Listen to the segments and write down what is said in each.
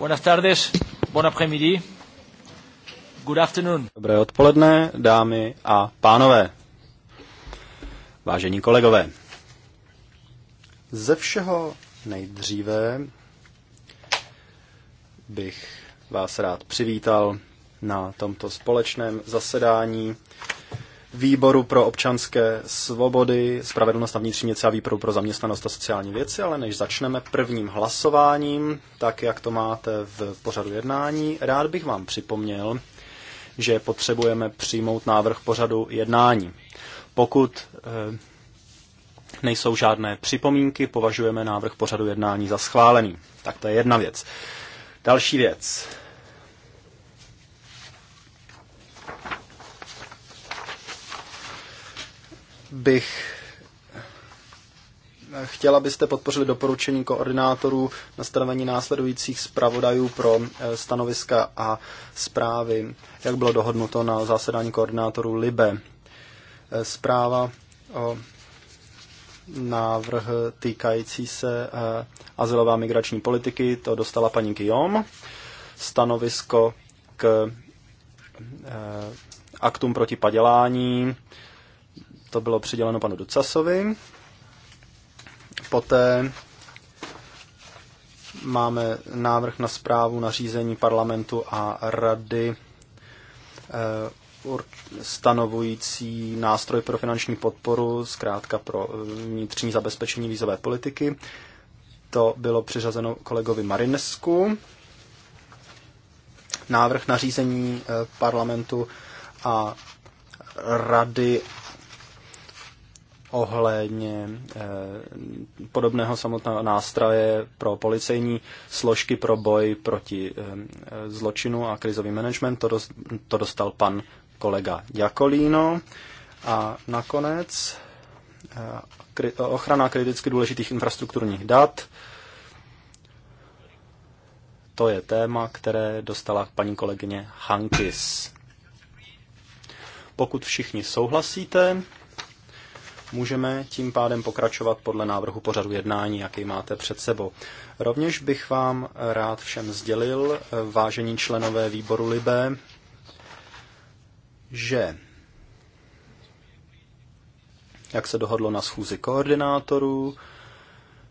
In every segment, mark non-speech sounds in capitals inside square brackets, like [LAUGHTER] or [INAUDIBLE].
Buenas tardes, bon après-midi. Good afternoon. Dobré odpoledne, dámy a pánové. Vážení kolegové, ze všeho nejdříve bych vás rád přivítal na tomto společném zasedání výboru pro občanské svobody, spravedlnost na vnitřní věci a výboru pro zaměstnanost a sociální věci, ale než začneme prvním hlasováním, tak jak to máte v pořadu jednání, rád bych vám připomněl, že potřebujeme přijmout návrh pořadu jednání. Pokud eh, nejsou žádné připomínky, považujeme návrh pořadu jednání za schválený. Tak to je jedna věc. Další věc. bych chtěla, abyste podpořili doporučení koordinátorů na stanovení následujících zpravodajů pro eh, stanoviska a zprávy, jak bylo dohodnuto na zasedání koordinátorů LIBE. Eh, zpráva o návrh týkající se eh, azylová migrační politiky, to dostala paní Guillaume. Stanovisko k aktům proti padělání, to bylo přiděleno panu Ducasovi. Poté máme návrh na zprávu na řízení parlamentu a rady eh, stanovující nástroj pro finanční podporu, zkrátka pro eh, vnitřní zabezpečení vízové politiky. To bylo přiřazeno kolegovi Marinesku. Návrh na řízení eh, parlamentu a rady ohledně eh, podobného samotného nástroje pro policejní složky pro boj proti eh, zločinu a krizový management. To, dost, to dostal pan kolega Jakolíno. A nakonec eh, kri, ochrana kriticky důležitých infrastrukturních dat. To je téma, které dostala paní kolegyně Hankis. Pokud všichni souhlasíte, Můžeme tím pádem pokračovat podle návrhu pořadu jednání, jaký máte před sebou. Rovněž bych vám rád všem sdělil, eh, vážení členové výboru Libé, že jak se dohodlo na schůzi koordinátorů,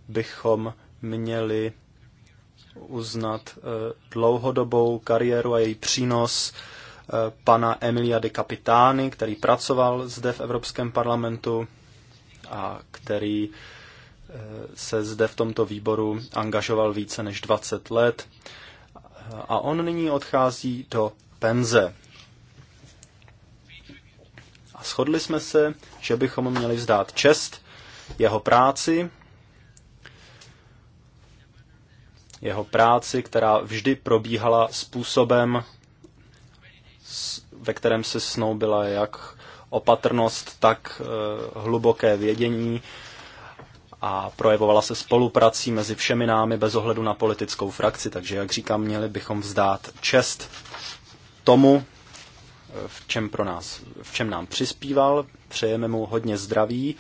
bychom měli uznat eh, dlouhodobou kariéru a její přínos eh, pana Emilia de Capitány, který pracoval zde v Evropském parlamentu a který eh, se zde v tomto výboru angažoval více než 20 let a on nyní odchází do penze. A shodli jsme se, že bychom měli vzdát čest jeho práci, jeho práci, která vždy probíhala způsobem, ve kterém se snoubila jak opatrnost, tak eh, hluboké vědění a projevovala se spoluprací mezi všemi námi bez ohledu na politickou frakci. Takže, jak říkám, měli bychom vzdát čest tomu, eh, v čem, pro nás, v čem nám přispíval. Přejeme mu hodně zdraví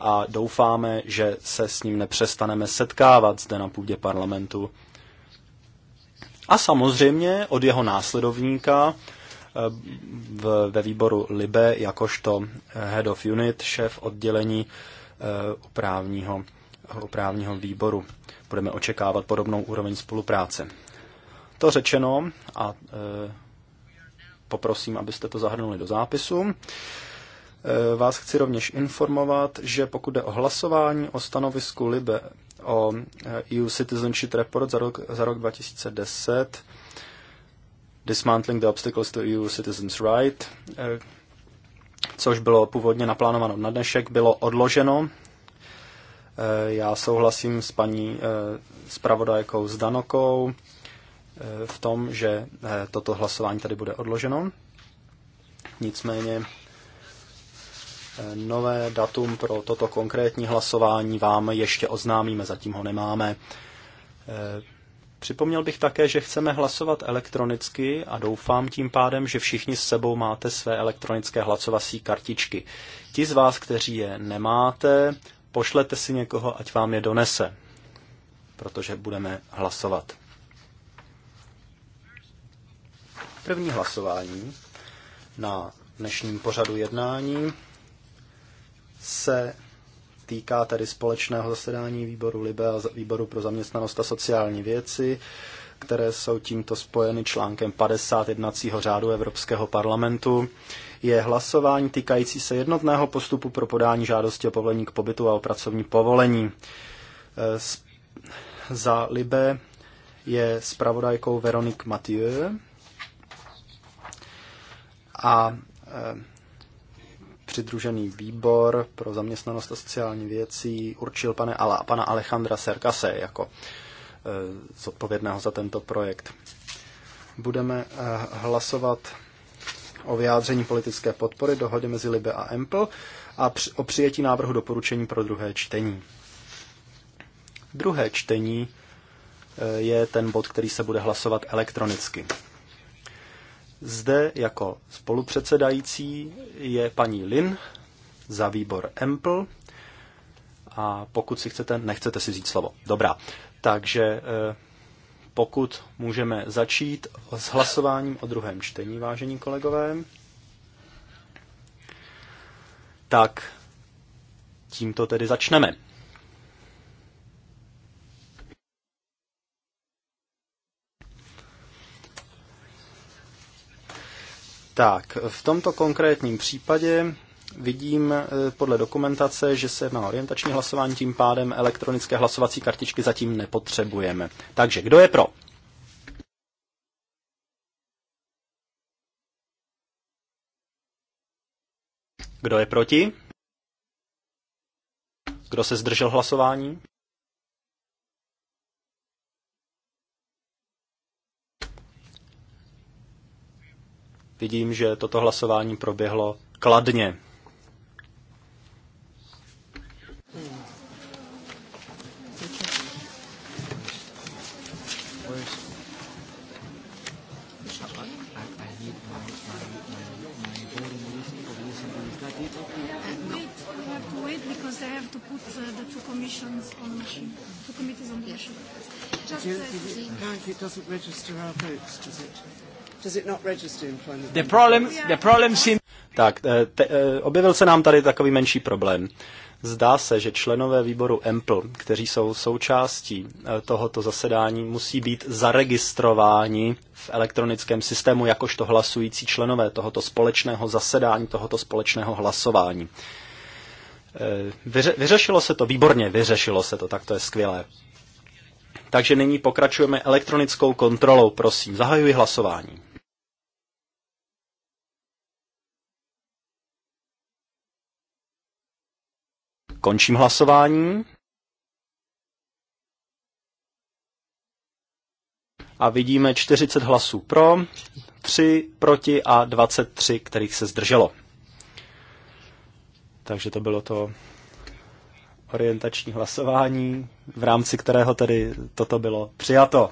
a doufáme, že se s ním nepřestaneme setkávat zde na půdě parlamentu. A samozřejmě od jeho následovníka ve výboru LIBE jakožto Head of Unit, šéf oddělení eh, u právního, u právního výboru. Budeme očekávat podobnou úroveň spolupráce. To řečeno a eh, poprosím, abyste to zahrnuli do zápisu. Eh, vás chci rovněž informovat, že pokud jde o hlasování o stanovisku Libe o EU e Citizenship Report za rok, za rok 2010, Dismantling the Obstacles to EU Citizens' Right, eh, což bylo původně naplánováno na dnešek, bylo odloženo. Eh, já souhlasím s paní eh, zpravodajkou Zdanokou v tom, že toto hlasování tady bude odloženo. Nicméně nové datum pro toto konkrétní hlasování vám ještě oznámíme, zatím ho nemáme. Připomněl bych také, že chceme hlasovat elektronicky a doufám tím pádem, že všichni s sebou máte své elektronické hlasovací kartičky. Ti z vás, kteří je nemáte, pošlete si někoho, ať vám je donese, protože budeme hlasovat. První hlasování na dnešním pořadu jednání se týká tedy společného zasedání výboru LIBE a výboru pro zaměstnanost a sociální věci, které jsou tímto spojeny článkem 50 jednacího řádu Evropského parlamentu, je hlasování týkající se jednotného postupu pro podání žádosti o povolení k pobytu a o pracovní povolení. E, za Libe je spravodajkou Veronik Mathieu a e, přidružený výbor pro zaměstnanost a sociální věcí určil pane, Ale, pana Alejandra Serkase jako e, zodpovědného za tento projekt. Budeme e, hlasovat o vyjádření politické podpory dohodě mezi Libe a Empl a o přijetí návrhu doporučení pro druhé čtení. Druhé čtení e, je ten bod, který se bude hlasovat elektronicky. Zde jako spolupředsedající je paní Lin za výbor EMPL. A pokud si chcete, nechcete si říct slovo. Dobrá. Takže eh, pokud můžeme začít s hlasováním o druhém čtení, vážení kolegové, tak tímto tedy začneme. Tak, v tomto konkrétním případě vidím eh, podle dokumentace, že se má orientační hlasování, tím pádem elektronické hlasovací kartičky zatím nepotřebujeme. Takže kdo je pro? Kdo je proti? Kdo se zdržel hlasování? Vidím, že toto hlasování proběhlo kladně. Just, uh, it doesn't register our votes, does it? Does it not register employment? The problem, the problem seems... Tak, eh, te, eh, objevil se nám tady takový menší problém. Zdá se, že členové výboru EMPL, kteří jsou součástí eh, tohoto zasedání, musí být zaregistrováni v elektronickém systému jakožto hlasující členové tohoto společného zasedání, tohoto společného hlasování. Vyře- vyřešilo se to, výborně vyřešilo se to, tak to je skvělé. Takže nyní pokračujeme elektronickou kontrolou, prosím. Zahajuji hlasování. Končím hlasování. A vidíme 40 hlasů pro, 3 proti a 23, kterých se zdrželo. Takže to bylo to orientační hlasování, v rámci kterého tedy toto bylo přijato.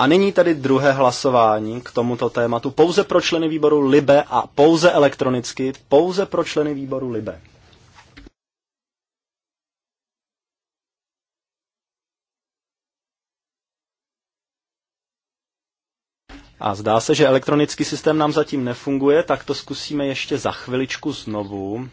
A nyní tedy druhé hlasování k tomuto tématu pouze pro členy výboru LIBE a pouze elektronicky, pouze pro členy výboru LIBE. A zdá se, že elektronický systém nám zatím nefunguje, tak to zkusíme ještě za chviličku znovu.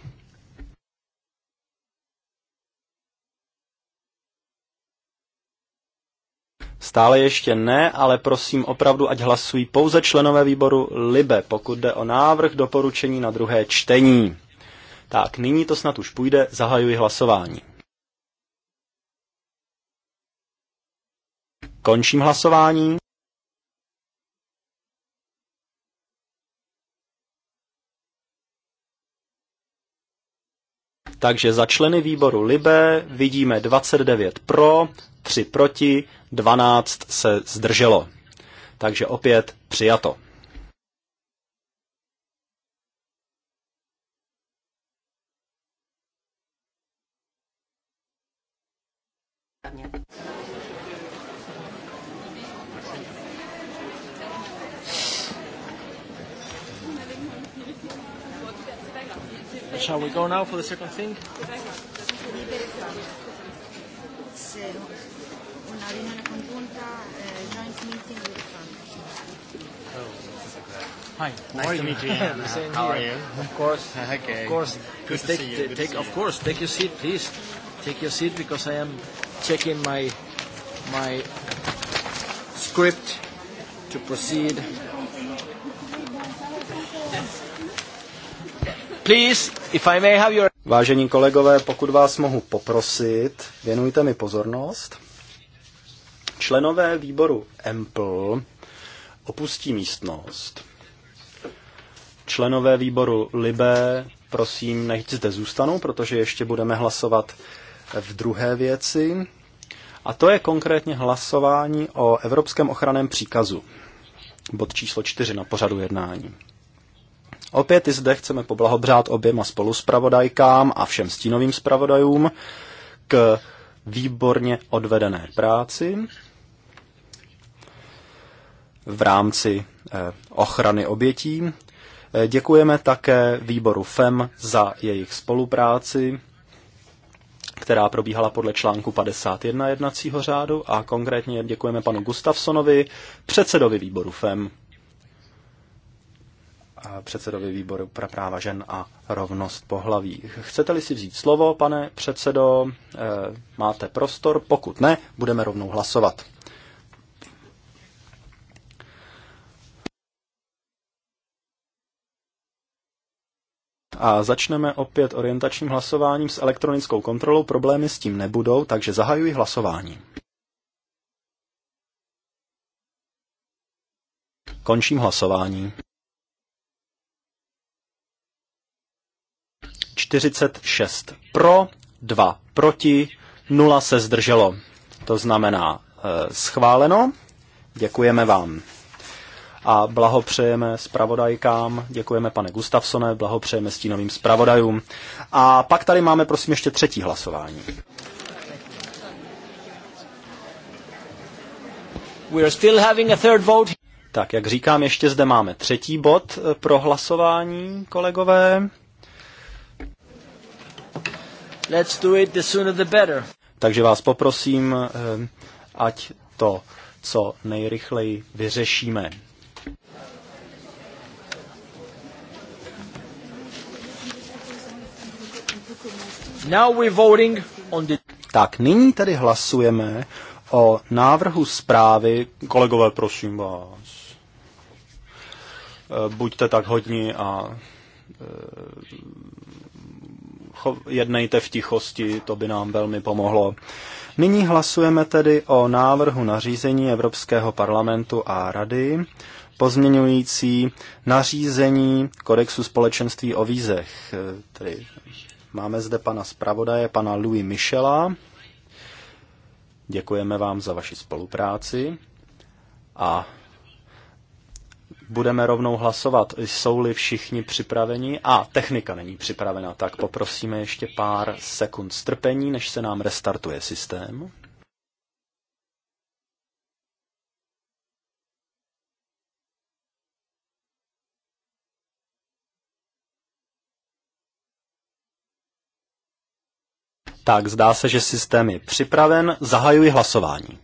Stále ještě ne, ale prosím opravdu, ať hlasují pouze členové výboru LIBE, pokud jde o návrh doporučení na druhé čtení. Tak, nyní to snad už půjde, zahajuji hlasování. Končím hlasování. Takže za členy výboru Libe vidíme 29 pro, 3 proti, 12 se zdrželo. Takže opět přijato. Shall we go now for the second thing? Hi. Nice to you? meet you. Anna. [LAUGHS] Same How here. are you? Of course. [LAUGHS] okay. Of course. Good to take, see you. Good take, to see of you. course, take your seat, please. Take your seat because I am checking my my script to proceed. Please, if I may have your... Vážení kolegové, pokud vás mohu poprosit, věnujte mi pozornost. Členové výboru EMPL opustí místnost. Členové výboru LIBE, prosím, nechť zde zůstanou, protože ještě budeme hlasovat v druhé věci. A to je konkrétně hlasování o Evropském ochraném příkazu. Bod číslo čtyři na pořadu jednání. Opět i zde chceme poblahobřát oběma spoluspravodajkám a všem stínovým spravodajům k výborně odvedené práci v rámci eh, ochrany obětí. Eh, děkujeme také výboru FEM za jejich spolupráci, která probíhala podle článku 51 jednacího řádu a konkrétně děkujeme panu Gustavsonovi, předsedovi výboru FEM předsedovi výboru pro práva žen a rovnost pohlaví. Chcete-li si vzít slovo, pane předsedo, eh, máte prostor, pokud ne, budeme rovnou hlasovat. A začneme opět orientačním hlasováním s elektronickou kontrolou. Problémy s tím nebudou, takže zahajuji hlasování. Končím hlasování. 46 pro, 2 proti, 0 se zdrželo. To znamená e, schváleno. Děkujeme vám. A blahopřejeme zpravodajkám, děkujeme pane Gustavsone, blahopřejeme stínovým zpravodajům. A pak tady máme prosím ještě třetí hlasování. We are still having a third vote. Tak, jak říkám, ještě zde máme třetí bod e, pro hlasování, kolegové. Let's do it the sooner the better. Takže vás poprosím, eh, ať to co nejrychleji vyřešíme. Now we're voting on the... Tak, nyní tady hlasujeme o návrhu zprávy. Kolegové, prosím vás, eh, buďte tak hodní a eh, jednejte v tichosti, to by nám velmi pomohlo. Nyní hlasujeme tedy o návrhu nařízení Evropského parlamentu a rady pozměňující nařízení Kodexu společenství o vízech. E, tedy máme zde pana zpravodaje, pana Louis Michela. Děkujeme vám za vaši spolupráci a budeme rovnou hlasovat, jsou-li všichni připraveni a technika není připravena, tak poprosíme ještě pár sekund strpení, než se nám restartuje systém. Tak, zdá se, že systém je připraven. Zahajuji hlasování.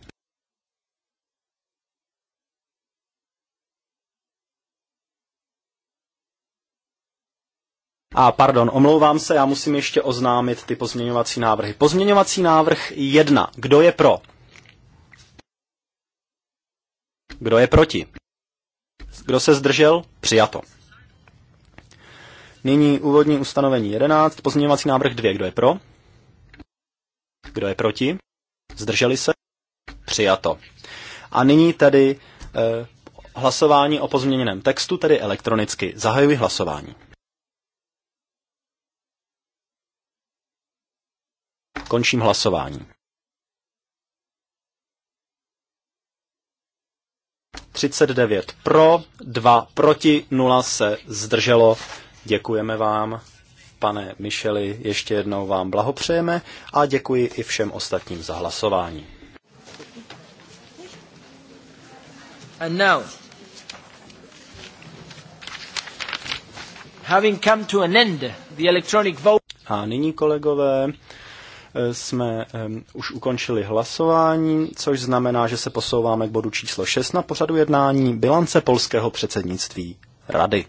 A pardon, omlouvám se, já musím ještě oznámit ty pozměňovací návrhy. Pozměňovací návrh 1. Kdo je pro? Kdo je proti? Kdo se zdržel? Přijato. Nyní úvodní ustanovení 11, pozměňovací návrh 2. Kdo je pro? Kdo je proti? Zdrželi se? Přijato. A nyní tedy eh, hlasování o pozměněném textu, tedy elektronicky. Zahajuji hlasování. Končím hlasování. 39 pro, 2 proti, 0 se zdrželo. Děkujeme vám, pane Micheli, ještě jednou vám blahopřejeme a děkuji i všem ostatním za hlasování. And now, having come to an end, the electronic vote... A nyní, kolegové, jsme už ukončili hlasování, což znamená, že se posouváme k bodu číslo 6 na pořadu jednání bilance polského předsednictví Rady.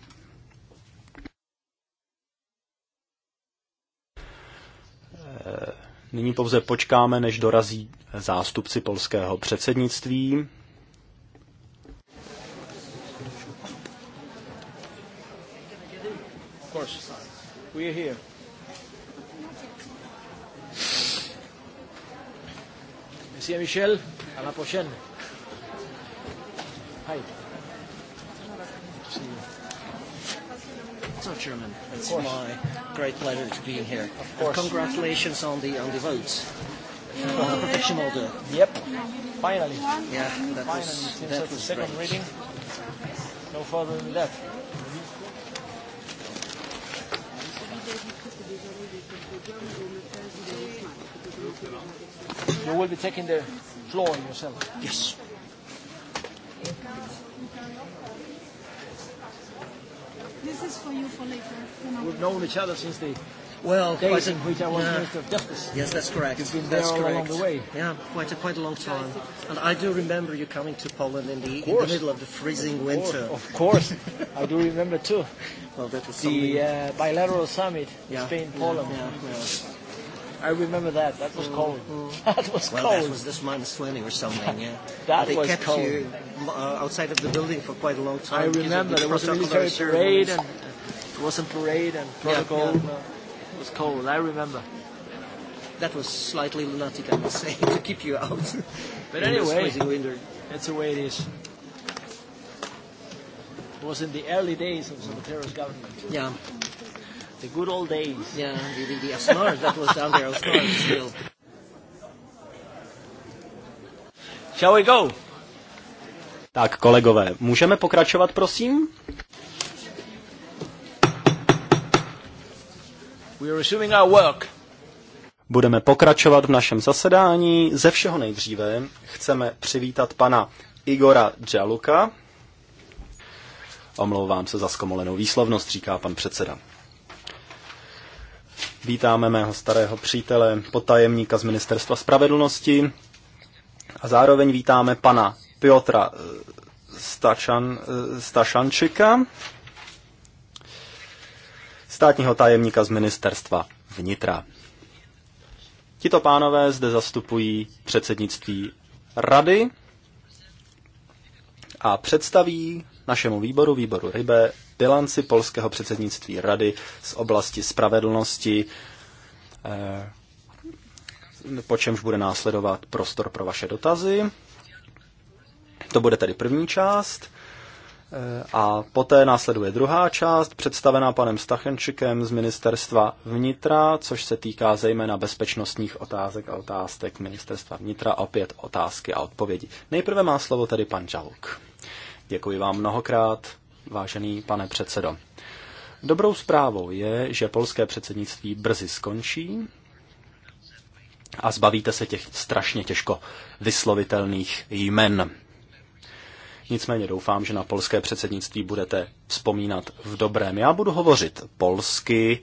Eh, nyní pouze počkáme, než dorazí zástupci polského předsednictví. We are here. Merci Michel. À la prochaine. Hi. See It's not German. It's my great pleasure to be here. Of course. congratulations on the on the votes. On the protection order. Yep. Finally. Yeah, that Finally, was, that was the second great. reading. No further than that. Celui d'Asie, You will be taking the floor yourself. Yes. This is for you for later. We've known each other since the well, days in which I was yeah. Minister of Justice. Yes, that's correct. You've been there that's all correct. along the way. Yeah, quite a, quite a long time. And I do remember you coming to Poland in the, in the middle of the freezing of winter. Of course, I do remember too. [LAUGHS] Well, that was the uh, bilateral summit, yeah. Spain-Poland. Yeah, yeah, yeah. I remember that. That was cold. Mm. [LAUGHS] That was well, cold. Well, that was this minus 20 or something, yeah. [LAUGHS] that they was kept cold. you uh, outside of the building for quite a long time. I remember. There was a military parade and uh, it was a parade and protocol. Yeah, yeah. Uh, it was cold. I remember. That was slightly lunatic, I would [LAUGHS] say, to keep you out. But anyway, winter. that's the way it is. It was in the early days of Zapatero's government. Yeah the good old days. Yeah, the, the, the Asnars that was down there, Asnars still. Shall we go? Tak, kolegové, můžeme pokračovat, prosím? We are resuming our work. Budeme pokračovat v našem zasedání. Ze všeho nejdříve chceme přivítat pana Igora Džaluka. Omlouvám se za skomolenou výslovnost, říká pan předseda. Vítáme mého starého přítele, potajemníka z Ministerstva spravedlnosti a zároveň vítáme pana Piotra eh, Stačan, eh, Stašančika, státního tajemníka z Ministerstva vnitra. Tito pánové zde zastupují předsednictví rady a představí našemu výboru, výboru Rybe, bilanci polského předsednictví rady z oblasti spravedlnosti, eh, po čemž bude následovat prostor pro vaše dotazy. To bude tedy první část. Eh, a poté následuje druhá část, představená panem Stachenčikem z ministerstva vnitra, což se týká zejména bezpečnostních otázek a otázek ministerstva vnitra, opět otázky a odpovědi. Nejprve má slovo tedy pan Žaluk. Děkuji vám mnohokrát vážený pane předsedo. Dobrou zprávou je, že polské předsednictví brzy skončí a zbavíte se těch strašně těžko vyslovitelných jmen. Nicméně doufám, že na polské předsednictví budete vzpomínat v dobrém. Já budu hovořit polsky,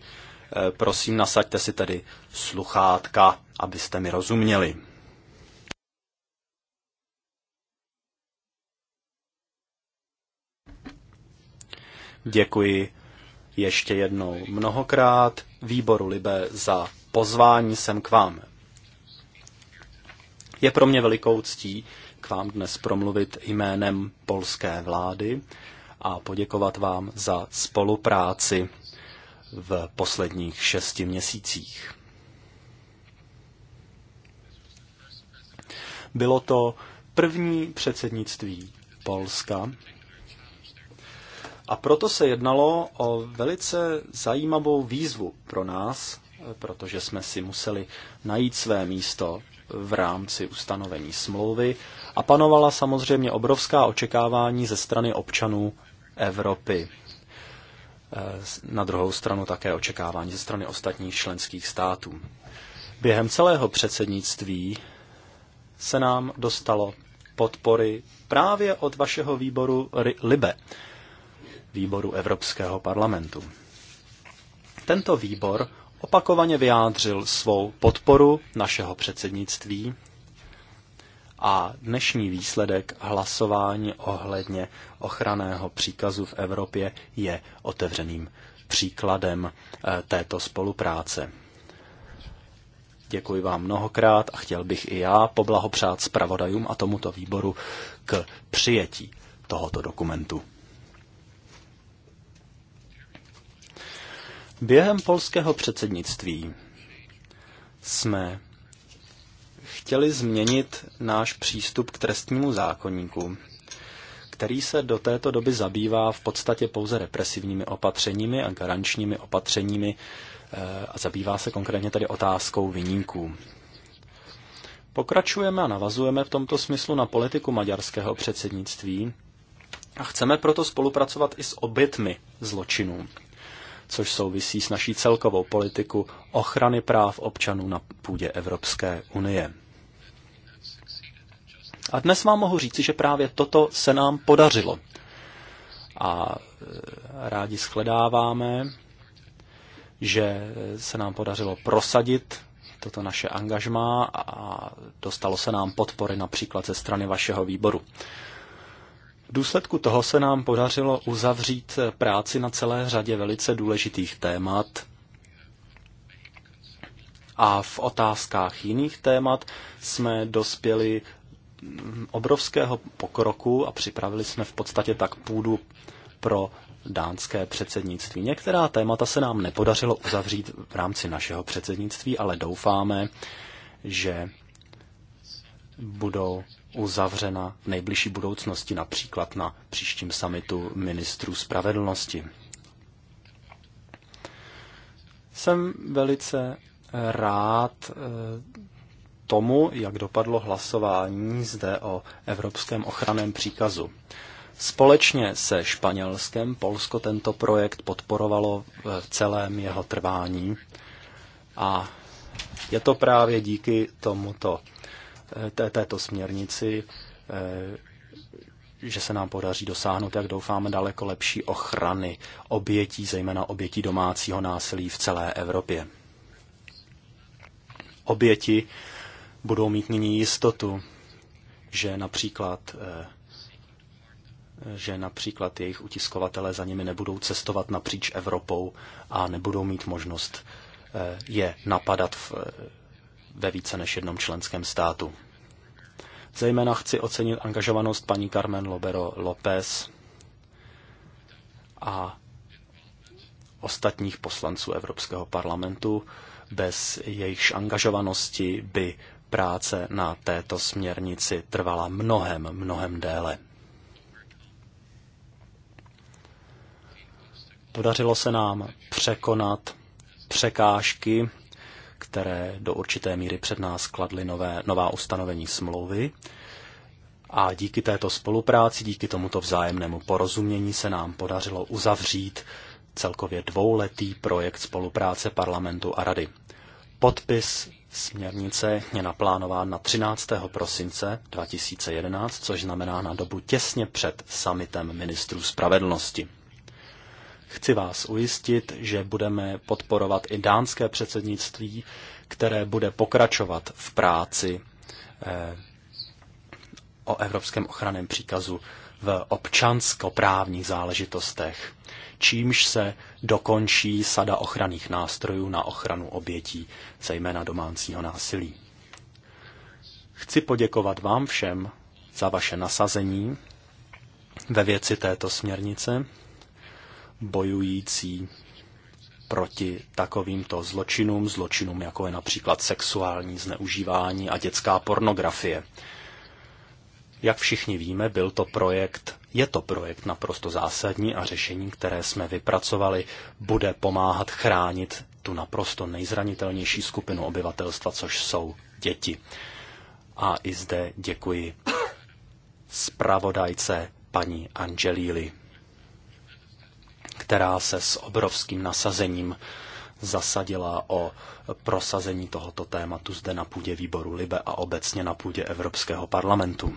eh, prosím, nasaďte si tedy sluchátka, abyste mi rozuměli. Děkuji ještě jednou mnohokrát výboru Libe za pozvání sem k vám. Je pro mě velikou ctí k vám dnes promluvit jménem polské vlády a poděkovat vám za spolupráci v posledních šesti měsících. Bylo to první předsednictví Polska a proto se jednalo o velice zajímavou výzvu pro nás, protože jsme si museli najít své místo v rámci ustanovení smlouvy a panovala samozřejmě obrovská očekávání ze strany občanů Evropy. E, na druhou stranu také očekávání ze strany ostatních členských států. Během celého předsednictví se nám dostalo podpory právě od vašeho výboru Libe výboru Evropského parlamentu. Tento výbor opakovaně vyjádřil svou podporu našeho předsednictví a dnešní výsledek hlasování ohledně ochranného příkazu v Evropě je otevřeným příkladem eh, této spolupráce. Děkuji vám mnohokrát a chtěl bych i já poblahopřát zpravodajům a tomuto výboru k přijetí tohoto dokumentu. Během polského předsednictví jsme chtěli změnit náš přístup k trestnímu zákonníku, který se do této doby zabývá v podstatě pouze represivními opatřeními a garančními opatřeními eh, a zabývá se konkrétně tady otázkou vyníků. Pokračujeme a navazujeme v tomto smyslu na politiku maďarského předsednictví a chceme proto spolupracovat i s obětmi zločinů což souvisí s naší celkovou politiku ochrany práv občanů na půdě Evropské unie. A dnes vám mohu říci, že právě toto se nám podařilo. A e, rádi shledáváme, že se nám podařilo prosadit toto naše angažmá a dostalo se nám podpory například ze strany vašeho výboru. V důsledku toho se nám podařilo uzavřít práci na celé řadě velice důležitých témat a v otázkách jiných témat jsme dospěli obrovského pokroku a připravili jsme v podstatě tak půdu pro dánské předsednictví. Některá témata se nám nepodařilo uzavřít v rámci našeho předsednictví, ale doufáme, že budou uzavřena v nejbližší budoucnosti, například na příštím samitu ministrů spravedlnosti. Jsem velice rád eh, tomu, jak dopadlo hlasování zde o Evropském ochraném příkazu. Společně se Španělskem Polsko tento projekt podporovalo v celém jeho trvání a je to právě díky tomuto této směrnici, eh, že se nám podaří dosáhnout, jak doufáme, daleko lepší ochrany obětí, zejména obětí domácího násilí v celé Evropě. Oběti budou mít nyní jistotu, že například eh, že například jejich utiskovatele za nimi nebudou cestovat napříč Evropou a nebudou mít možnost eh, je napadat v ve více než jednom členském státu. Zejména chci ocenit angažovanost paní Carmen Lobero López a ostatních poslanců Evropského parlamentu. Bez jejichž angažovanosti by práce na této směrnici trvala mnohem, mnohem déle. Podařilo se nám překonat překážky, které do určité míry před nás kladly nové, nová ustanovení smlouvy. A díky této spolupráci, díky tomuto vzájemnému porozumění se nám podařilo uzavřít celkově dvouletý projekt spolupráce parlamentu a rady. Podpis směrnice je naplánován na 13. prosince 2011, což znamená na dobu těsně před summitem ministrů spravedlnosti. Chci vás ujistit, že budeme podporovat i dánské předsednictví, které bude pokračovat v práci eh, o Evropském ochranném příkazu v občanskoprávních záležitostech, čímž se dokončí sada ochranných nástrojů na ochranu obětí, zejména domácího násilí. Chci poděkovat vám všem za vaše nasazení ve věci této směrnice bojující proti takovýmto zločinům, zločinům jako je například sexuální zneužívání a dětská pornografie. Jak všichni víme, byl to projekt, je to projekt naprosto zásadní a řešení, které jsme vypracovali, bude pomáhat chránit tu naprosto nejzranitelnější skupinu obyvatelstva, což jsou děti. A i zde děkuji zpravodajce paní Angelíli která se s obrovským nasazením zasadila o prosazení tohoto tématu zde na půdě výboru Libe a obecně na půdě Evropského parlamentu.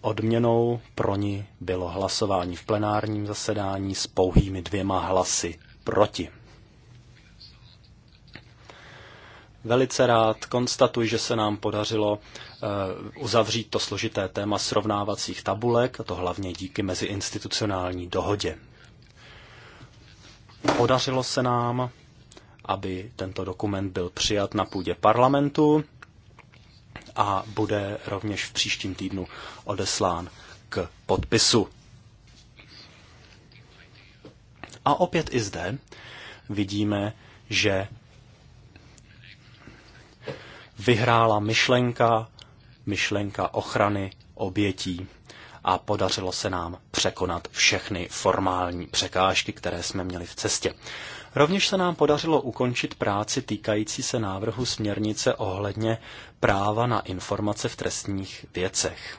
Odměnou pro ní bylo hlasování v plenárním zasedání s pouhými dvěma hlasy proti. Velice rád konstatuji, že se nám podařilo eh, uzavřít to složité téma srovnávacích tabulek, a to hlavně díky meziinstitucionální dohodě. Podařilo se nám, aby tento dokument byl přijat na půdě parlamentu a bude rovněž v příštím týdnu odeslán k podpisu. A opět i zde vidíme, že vyhrála myšlenka, myšlenka ochrany obětí a podařilo se nám překonat všechny formální překážky, které jsme měli v cestě. Rovněž se nám podařilo ukončit práci týkající se návrhu směrnice ohledně práva na informace v trestních věcech.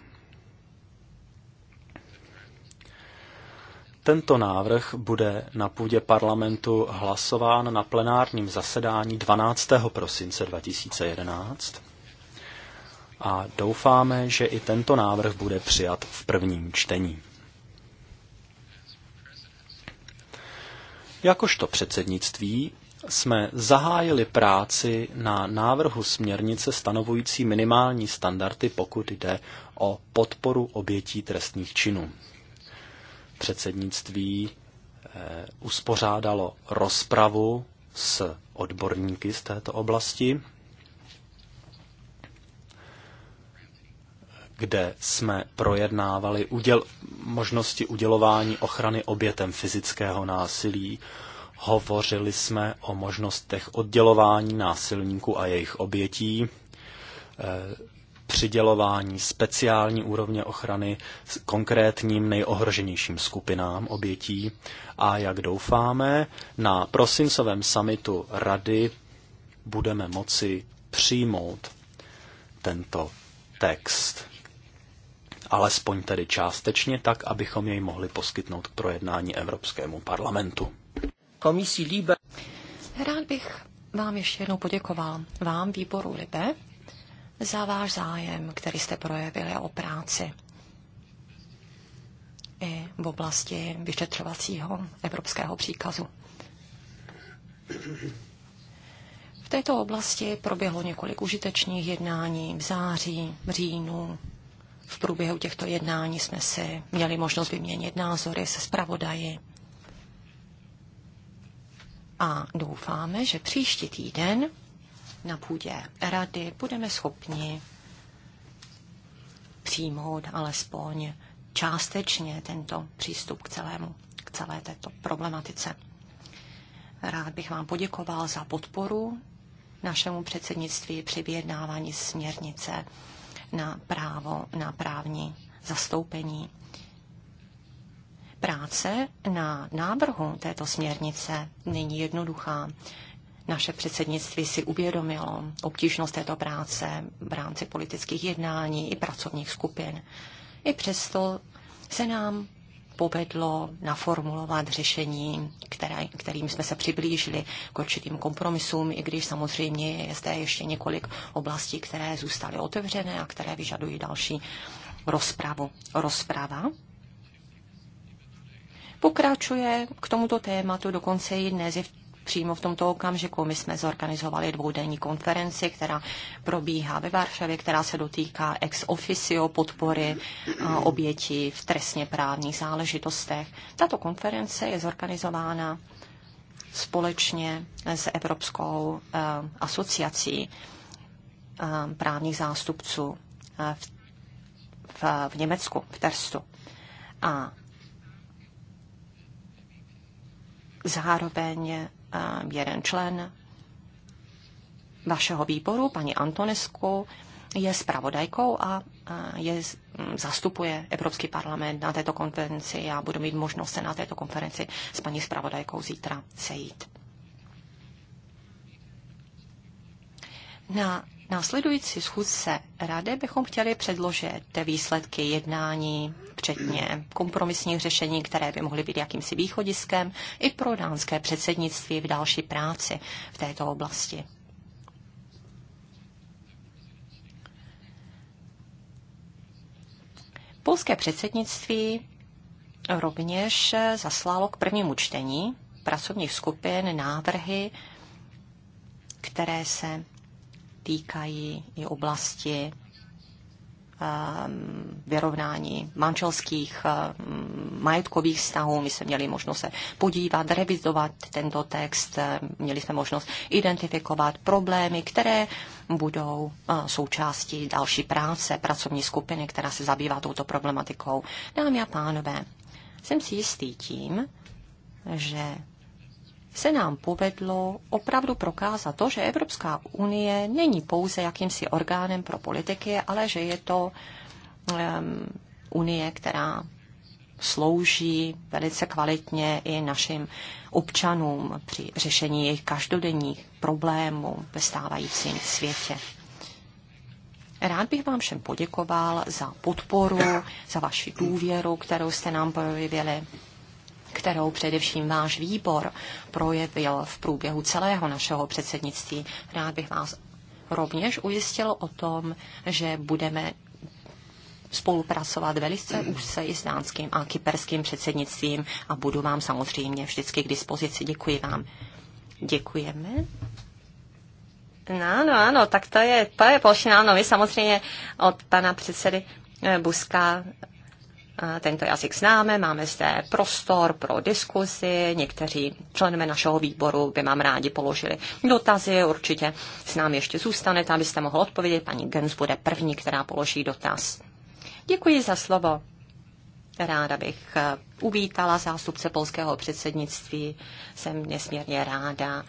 Tento návrh bude na půdě parlamentu hlasován na plenárním zasedání 12. prosince 2011 a doufáme, že i tento návrh bude přijat v prvním čtení. Jakožto předsednictví jsme zahájili práci na návrhu směrnice stanovující minimální standardy, pokud jde o podporu obětí trestných činů předsednictví eh, uspořádalo rozpravu s odborníky z této oblasti, kde jsme projednávali uděl- možnosti udělování ochrany obětem fyzického násilí. Hovořili jsme o možnostech oddělování násilníků a jejich obětí. Eh, přidělování speciální úrovně ochrany s konkrétním nejohroženějším skupinám obětí a jak doufáme, na prosincovém samitu Rady budeme moci přijmout tento text. Alespoň tedy částečně tak, abychom jej mohli poskytnout k projednání Evropskému parlamentu. Komisí Líbe. Rád bych vám ještě jednou poděkoval. Vám, výboru Libe, za váš zájem, který jste projevili o práci i v oblasti vyšetřovacího evropského příkazu. V této oblasti proběhlo několik užitečných jednání v září, v říjnu. V průběhu těchto jednání jsme si měli možnost vyměnit názory se zpravodaji. A doufáme, že příští týden na půdě rady budeme schopni přijmout alespoň částečně tento přístup k celému, k celé této problematice. Rád bych vám poděkoval za podporu našemu předsednictví při vyjednávání směrnice na právo na právní zastoupení. Práce na návrhu této směrnice není jednoduchá. Naše předsednictví si uvědomilo obtížnost této práce v rámci politických jednání i pracovních skupin. I přesto se nám povedlo naformulovat řešení, které, kterým jsme se přiblížili k určitým kompromisům, i když samozřejmě je zde ještě několik oblastí, které zůstaly otevřené a které vyžadují další rozpravu. Rozprava pokračuje k tomuto tématu dokonce i dnes přímo v tomto okamžiku. My jsme zorganizovali dvoudenní konferenci, která probíhá ve Varšavě, která se dotýká ex officio podpory obětí v trestně právních záležitostech. Tato konference je zorganizována společně s Evropskou asociací právních zástupců v, v, v Německu, v Terstu. A zároveň Eh, jeden člen vašeho výboru, paní Antonesku, je zpravodajkou a eh, je, hm, zastupuje Evropský parlament na této konferenci a budu mít možnost se na této konferenci s paní zpravodajkou zítra sejít. Na následující schůzce rady bychom chtěli předložit výsledky jednání, včetně kompromisních řešení, které by mohly být jakýmsi východiskem i pro dánské předsednictví v další práci v této oblasti. Polské předsednictví rovněž zaslalo k prvnímu čtení pracovních skupin návrhy, které se týkají i oblasti ehm, vyrovnání manželských ehm, majetkových vztahů. My jsme měli možnost se podívat, revizovat tento text, ehm, měli jsme možnost identifikovat problémy, které budou eh, součástí další práce pracovní skupiny, která se zabývá touto problematikou. Dámy a pánové, jsem si jistý tím, že se nám povedlo opravdu prokázat to, že Evropská unie není pouze jakýmsi orgánem pro politiky, ale že je to um, unie, která slouží velice kvalitně i našim občanům při řešení jejich každodenních problémů ve stávajícím světě. Rád bych vám všem poděkoval za podporu, za vaši důvěru, kterou jste nám projevili kterou především váš výbor projevil v průběhu celého našeho předsednictví. Rád bych vás rovněž ujistil o tom, že budeme spolupracovat velice úzce i s dánským a kyperským předsednictvím a budu vám samozřejmě vždycky k dispozici. Děkuji vám. Děkujeme. No, no, ano, tak to je, to je plošina, No, my samozřejmě od pana předsedy eh, Buska tento jazyk známe, máme zde prostor pro diskuzi, někteří členové našeho výboru by vám rádi položili dotazy, určitě s námi ještě zůstanete, abyste mohl odpovědět. Paní Gens bude první, která položí dotaz. Děkuji za slovo. Ráda bych eh, uvítala zástupce polského předsednictví. Jsem nesmírně ráda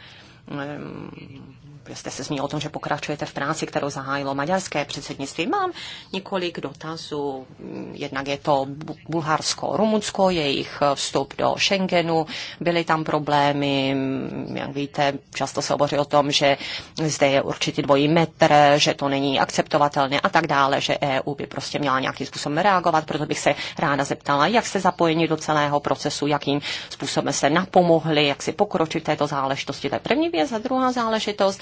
mm, jste se zmínil o tom, že pokračujete v práci, kterou zahájilo maďarské předsednictví. Mám několik dotazů. Jednak je to Bulharsko, Rumunsko, jejich vstup do Schengenu. Byly tam problémy, jak víte, často se hovoří o tom, že zde je určitě dvojí metr, že to není akceptovatelné a tak dále, že EU by prostě měla nějakým způsobem reagovat. Proto bych se ráda zeptala, jak jste zapojeni do celého procesu, jakým způsobem se napomohli, jak si pokročit této záležitosti. To je první věc. A druhá záležitost,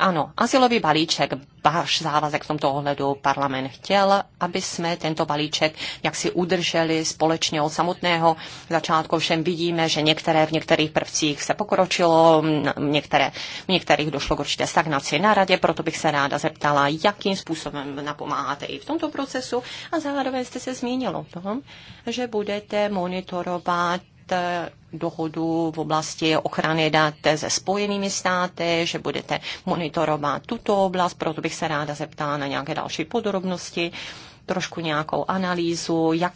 ano, asilový balíček, váš závazek v tomto ohledu parlament chtěl, aby jsme tento balíček jaksi udrželi společně od samotného začátku. Všem vidíme, že některé v některých prvcích se pokročilo, některé, v některých došlo k určité stagnaci na radě, proto bych se ráda zeptala, jakým způsobem napomáháte i v tomto procesu a zároveň jste se zmínilo o tom, že budete monitorovat Eh, dohodu v oblasti ochrany dat se spojenými státy, že budete monitorovat tuto oblast, proto bych se ráda zeptala na nějaké další podrobnosti trošku nějakou analýzu, jak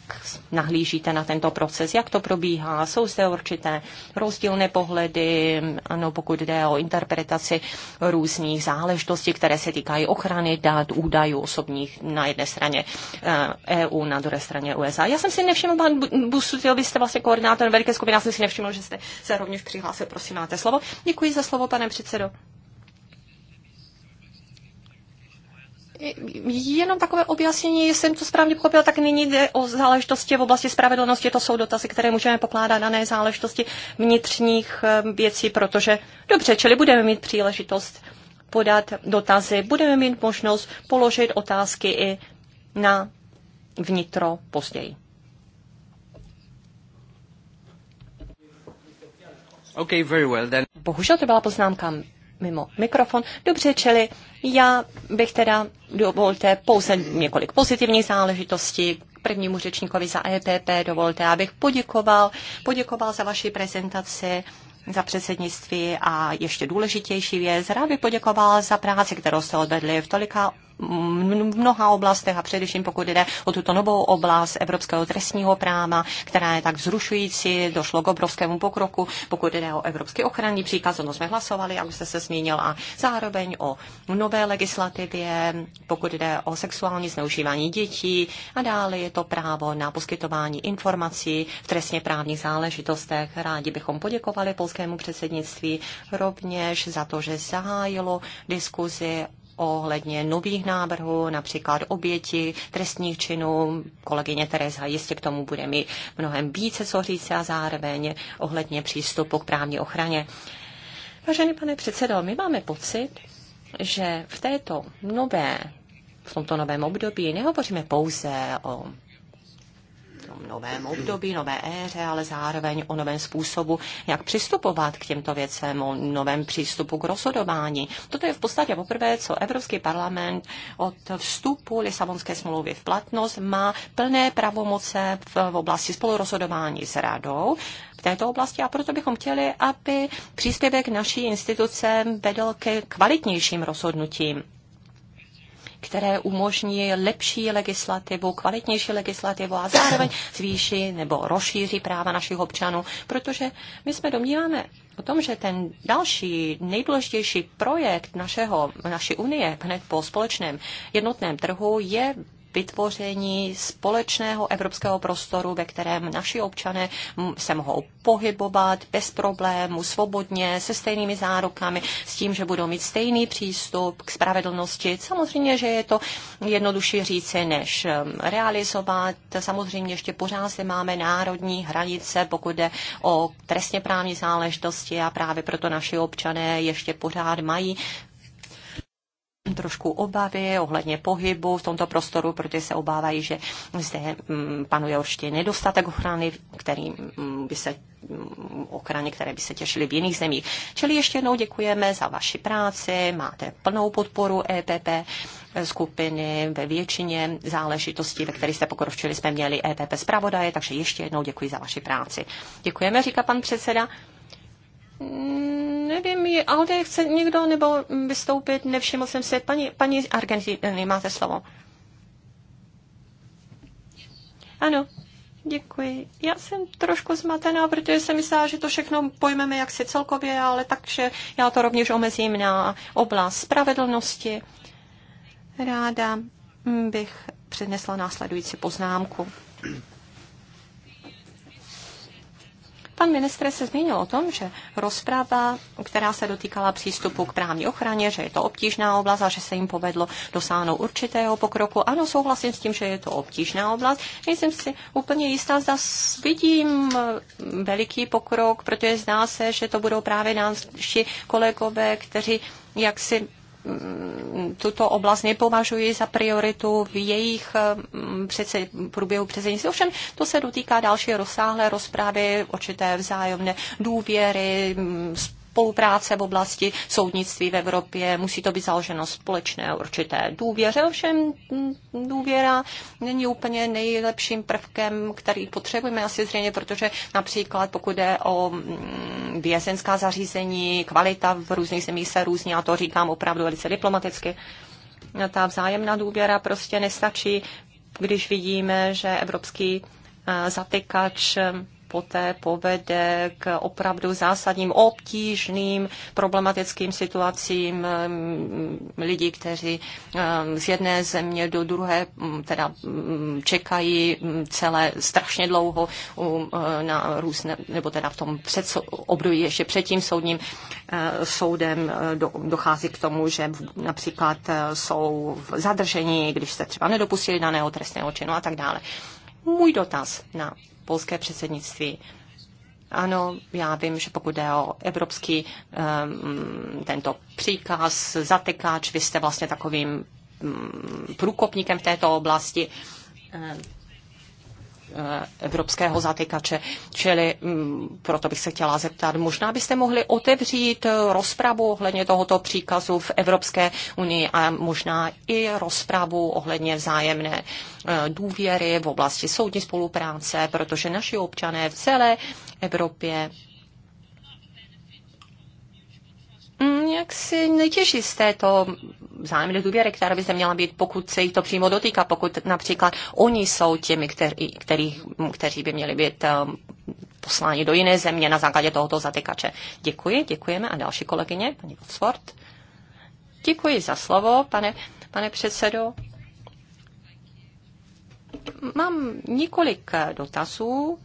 nahlížíte na tento proces, jak to probíhá, jsou zde určité rozdílné pohledy, ano, pokud jde o interpretaci různých záležitostí, které se týkají ochrany dat, údajů osobních na jedné straně EU, eh, e na druhé straně USA. Já jsem si nevšiml, pan Busu, vy jste vlastně koordinátor veliké skupiny, já jsem si nevšiml, že jste se rovněž přihlásil, prosím, máte slovo. Děkuji za slovo, pane předsedo. Jenom takové objasnění, jestli jsem to správně pochopil, tak nyní jde o záležitosti v oblasti spravedlnosti. To jsou dotazy, které můžeme pokládat na ne záležitosti vnitřních eh, věcí, protože dobře, čili budeme mít příležitost podat dotazy, budeme mít možnost položit otázky i na vnitro později. Okay, very well, then. Bohužel to byla poznámka mimo mikrofon. Dobře, čili já bych teda, dovolte, pouze několik pozitivních záležitostí, prvnímu řečníkovi za EPP. Dovolte, abych poděkoval, poděkoval za vaši prezentaci za předsednictví a ještě důležitější věc, rád bych poděkoval za práci, kterou jste odvedli v tolika mnoha oblastech a především pokud jde o tuto novou oblast evropského trestního práva, která je tak vzrušující, došlo k obrovskému pokroku, pokud jde o evropský ochranný příkaz, ono jsme hlasovali, jak jste se zmínil, a zároveň o nové legislativě, pokud jde o sexuální zneužívání dětí a dále je to právo na poskytování informací v trestně právních záležitostech. Rádi bychom poděkovali polskému předsednictví rovněž za to, že zahájilo diskuzi ohledně nových návrhů, například oběti trestních činů. Kolegyně Tereza jistě k tomu bude mít mnohem více co říct a zároveň ohledně přístupu k právní ochraně. Vážený pane předsedo, my máme pocit, že v této nové v tomto novém období nehovoříme pouze o novém období, nové éře, ale zároveň o novém způsobu, jak přistupovat k těmto věcem, o novém přístupu k rozhodování. Toto je v podstatě poprvé, co Evropský parlament od vstupu Lisabonské smlouvy v platnost má plné pravomoce v oblasti spolurozhodování s radou v této oblasti a proto bychom chtěli, aby příspěvek naší instituce vedl ke kvalitnějším rozhodnutím které umožní lepší legislativu, kvalitnější legislativu a zároveň zvýší nebo rozšíří práva našich občanů, protože my jsme domníváme o tom, že ten další nejdůležitější projekt našeho, naší unie hned po společném jednotném trhu je vytvoření společného evropského prostoru, ve kterém naši občané se mohou pohybovat bez problémů, svobodně, se stejnými zárukami, s tím, že budou mít stejný přístup k spravedlnosti. Samozřejmě, že je to jednodušší říci, než um, realizovat. Samozřejmě ještě pořád zde máme národní hranice, pokud jde o trestně právní záležitosti a právě proto naši občané ještě pořád mají trošku obavy ohledně pohybu v tomto prostoru, protože se obávají, že zde mm, panuje určitě nedostatek ochrany, který mm, by se mm, ochrany, které by se těšily v jiných zemích. Čili ještě jednou děkujeme za vaši práci, máte plnou podporu EPP skupiny ve většině záležitostí, ve kterých jste pokročili, jsme měli EPP zpravodaje, takže ještě jednou děkuji za vaši práci. Děkujeme, říká pan předseda. Mm, nevím, je ale chce někdo nebo vystoupit, nevšiml jsem se. Paní, paní Argentiny, máte slovo. Ano, děkuji. Já jsem trošku zmatená, protože jsem myslela, že to všechno pojmeme jaksi celkově, ale takže já to rovněž omezím na oblast spravedlnosti. Ráda bych přednesla následující poznámku. Pan ministr se zmínil o tom, že rozprava, která se dotýkala přístupu k právní ochraně, že je to obtížná oblast a že se jim povedlo dosáhnout určitého pokroku. Ano, souhlasím s tím, že je to obtížná oblast. Nejsem si úplně jistá, zda vidím eh, veliký pokrok, protože zdá se, že to budou právě náši kolegové, kteří jak si tuto oblast nepovažují za prioritu v jejich mm, přece, průběhu předsednictví. Ovšem to se dotýká další rozsáhlé rozpravy, určité vzájemné důvěry, mm, spolupráce v oblasti soudnictví v Evropě, musí to být založeno společné určité důvěře, ovšem důvěra není úplně nejlepším prvkem, který potřebujeme asi zřejmě, protože například pokud jde o vězenská zařízení, kvalita v různých zemích se různí, a to říkám opravdu velice diplomaticky, no, ta vzájemná důvěra prostě nestačí, když vidíme, že evropský zatykač poté povede k opravdu zásadním obtížným problematickým situacím mm, lidí, kteří mm, z jedné země do druhé mm, teda čekají celé strašně dlouho na různé, nebo teda v tom před, období ještě před tím soudním eh, soudem eh, do, dochází k tomu, že například eh, jsou v zadržení, když se třeba nedopustili daného trestného činu a tak dále. Můj dotaz na polské předsednictví. Ano, já vím, že pokud jde o evropský um, tento příkaz, zatekáč, vy jste vlastně takovým um, průkopníkem v této oblasti. Um, Eh, evropského zatykače. Čili mm, proto bych se chtěla zeptat, možná byste mohli otevřít eh, rozpravu ohledně tohoto příkazu v Evropské unii a možná i rozpravu ohledně vzájemné eh, důvěry v oblasti soudní spolupráce, protože naši občané v celé Evropě Mm, jak si netěží z této vzájemné důvěry, která by se měla být, pokud se jich to přímo dotýká, pokud například oni jsou těmi, který, který, kteří by měli být um, posláni do jiné země na základě tohoto zatykače. Děkuji, děkujeme. A další kolegyně, paní Oxford. Děkuji za slovo, pane, pane předsedo. Mám několik dotazů.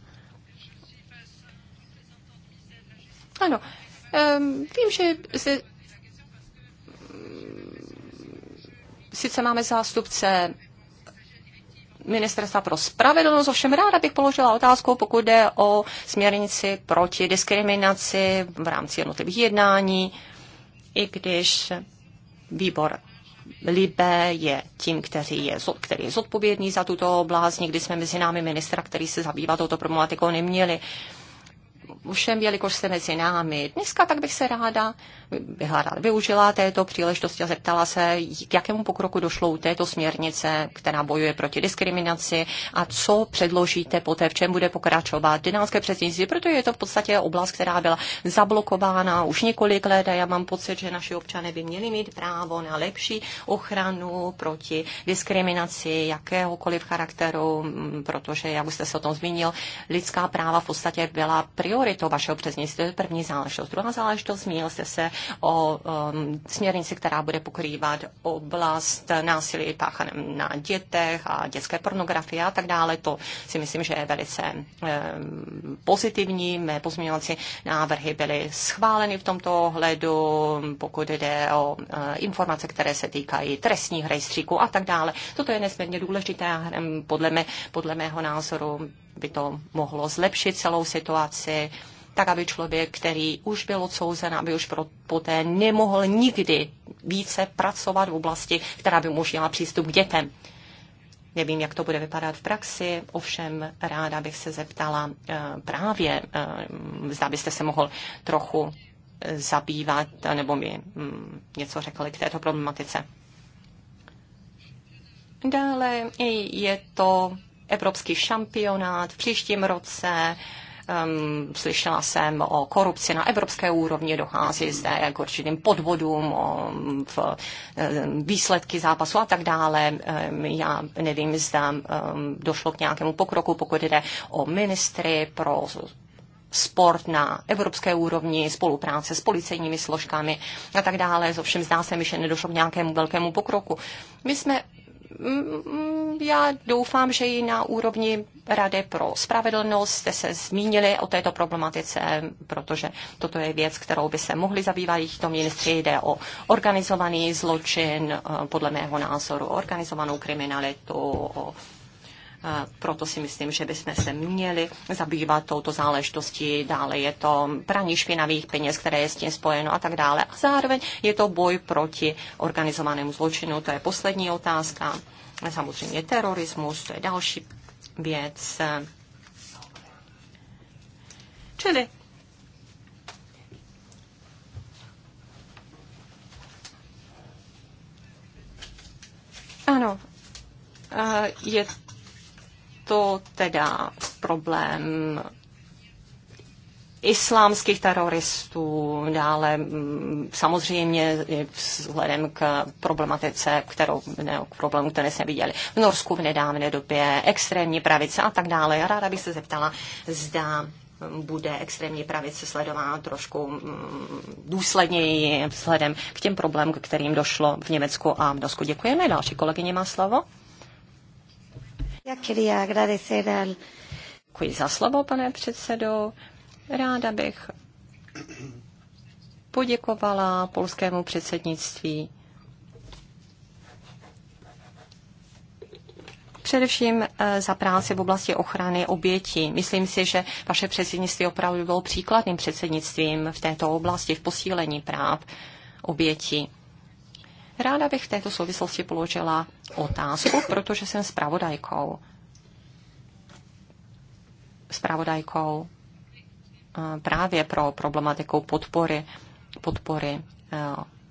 Ano, Ehm, vím, že se, sice máme zástupce Ministerstva pro spravedlnost, ovšem ráda bych položila otázku, pokud jde o směrnici proti diskriminaci v rámci jednotlivých jednání, i když výbor Libé je tím, který je, který je zodpovědný za tuto oblast. Nikdy jsme mezi námi ministra, který se zabývá touto problematikou, neměli. Uh, ovšem, jelikož jste mezi námi dneska, tak bych se ráda vyhledala, využila této příležitosti a zeptala se, k jakému pokroku došlo u této směrnice, která bojuje proti diskriminaci a co předložíte poté, v čem bude pokračovat dynamické předsednictví, protože je to v podstatě oblast, která byla zablokována už několik let a já mám pocit, že naši občané by měli mít právo na lepší ochranu proti diskriminaci jakéhokoliv charakteru, mm, protože, jak už jste se o tom zmínil, lidská práva v podstatě byla prioritou vašeho předsednictví. To je první záležitost. Druhá záležitost, zmínil jste se o um, směrnici, která bude pokrývat oblast násilí páchaném na dětech a dětské pornografie a tak dále. To si myslím, že je velice um, pozitivní. Mé pozměňovací návrhy byly schváleny v tomto ohledu, pokud jde o uh, informace, které se týkají trestních rejstříků a tak dále. Toto je nesmírně důležité a um, podle, mé, podle mého názoru by to mohlo zlepšit celou situaci tak aby člověk, který už byl odsouzen, aby už pro, poté nemohl nikdy více pracovat v oblasti, která by umožnila přístup k dětem. Nevím, jak to bude vypadat v praxi, ovšem ráda bych se zeptala eh, právě, eh, zda byste se mohl trochu eh, zabývat, nebo mi mm, něco řekli k této problematice. Dále je to Evropský šampionát v příštím roce Um, slyšela jsem o korupci na evropské úrovni, dochází zde k určitým podvodům, o, v, výsledky zápasu a tak dále. Um, já nevím, zda um, došlo k nějakému pokroku, pokud jde o ministry pro sport na evropské úrovni, spolupráce s policejními složkami a tak dále. Ovšem zdá se mi, že nedošlo k nějakému velkému pokroku. My jsme já doufám, že i na úrovni Rady pro spravedlnost jste se zmínili o této problematice, protože toto je věc, kterou by se mohli zabývat jich to ministři. Jde o organizovaný zločin, eh, podle mého názoru, organizovanou kriminalitu, o proto si myslím, že bychom se měli zabývat touto záležitostí. Dále je to praní špinavých peněz, které je s tím spojeno a tak dále. A zároveň je to boj proti organizovanému zločinu, to je poslední otázka. Samozřejmě terorismus, to je další věc. Čili Ano, je to teda problém islámských teroristů, dále mm, samozřejmě vzhledem k problematice, kterou, ne, k problému, které jsme viděli v Norsku v nedávné době, extrémní pravice a tak dále. Ráda bych se zeptala, zda bude extrémní pravice sledována trošku mm, důsledněji vzhledem k těm problémům, kterým došlo v Německu a v Norsku. Děkujeme. Další kolegyně má slovo. Já quería agradecer al... Děkuji za slovo, pane předsedo. Ráda bych poděkovala polskému předsednictví. Především eh, za práci v oblasti ochrany obětí. Myslím si, že vaše předsednictví opravdu bylo příkladným předsednictvím v této oblasti, v posílení práv obětí. Ráda bych v této souvislosti položila otázku, protože jsem zpravodajkou. Zpravodajkou eh, právě pro problematiku podpory, podpory eh,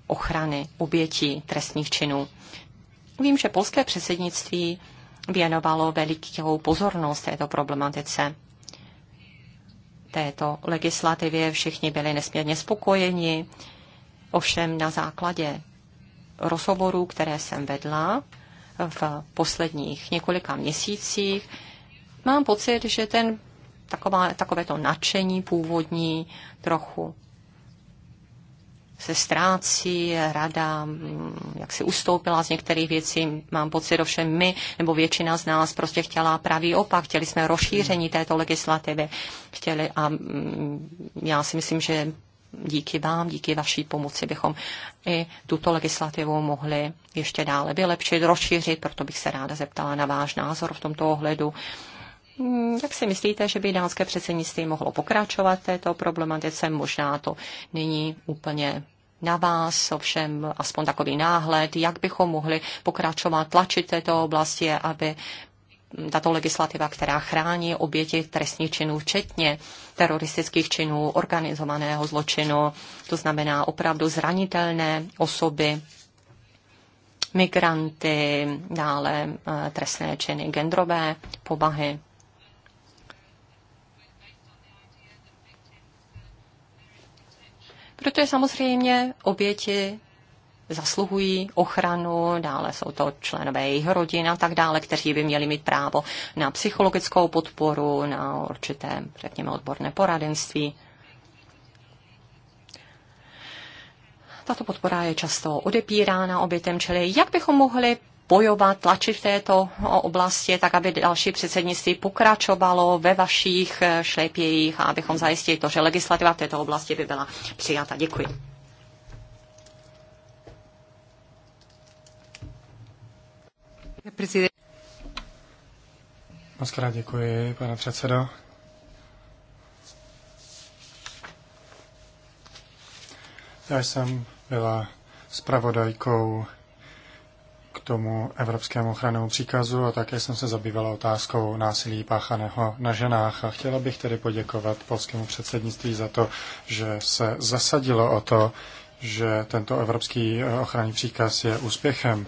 ochrany obětí trestních činů. Vím, že polské předsednictví věnovalo velikou pozornost této problematice. Této legislativě všichni byli nesmírně spokojeni, ovšem na základě rozhovorů, které jsem vedla v posledních několika měsících, mám pocit, že ten taková, takové to nadšení původní trochu se ztrácí, rada, mm, jak si ustoupila z některých věcí, mám pocit, ovšem my, nebo většina z nás prostě chtěla pravý opak, chtěli jsme rozšíření hmm. této legislativy, chtěli a mm, já si myslím, že díky vám, díky vaší pomoci bychom i tuto legislativu mohli ještě dále vylepšit, rozšířit, proto bych se ráda zeptala na váš názor v tomto ohledu. Hmm, jak si myslíte, že by dánské předsednictví mohlo pokračovat této problematice? Možná to není úplně na vás, ovšem aspoň takový náhled, jak bychom mohli pokračovat, tlačit této oblasti, aby tato legislativa, která chrání oběti trestních činů, včetně teroristických činů, organizovaného zločinu, to znamená opravdu zranitelné osoby, migranty, dále eh, trestné činy genderové povahy. Protože samozřejmě oběti zasluhují ochranu, dále jsou to členové jejich rodin a tak dále, kteří by měli mít právo na psychologickou podporu, na určité, řekněme, odborné poradenství. Tato podpora je často odepírána obětem, čili jak bychom mohli bojovat, tlačit v této oblasti, tak aby další předsednictví pokračovalo ve vašich šlepějích a abychom zajistili to, že legislativa v této oblasti by byla přijata. Děkuji. Moc krát děkuji, pane předsedo. Já jsem byla spravodajkou k tomu evropskému ochrannému příkazu a také jsem se zabývala otázkou násilí páchaného na ženách. A chtěla bych tedy poděkovat polskému předsednictví za to, že se zasadilo o to, že tento evropský ochranný příkaz je úspěchem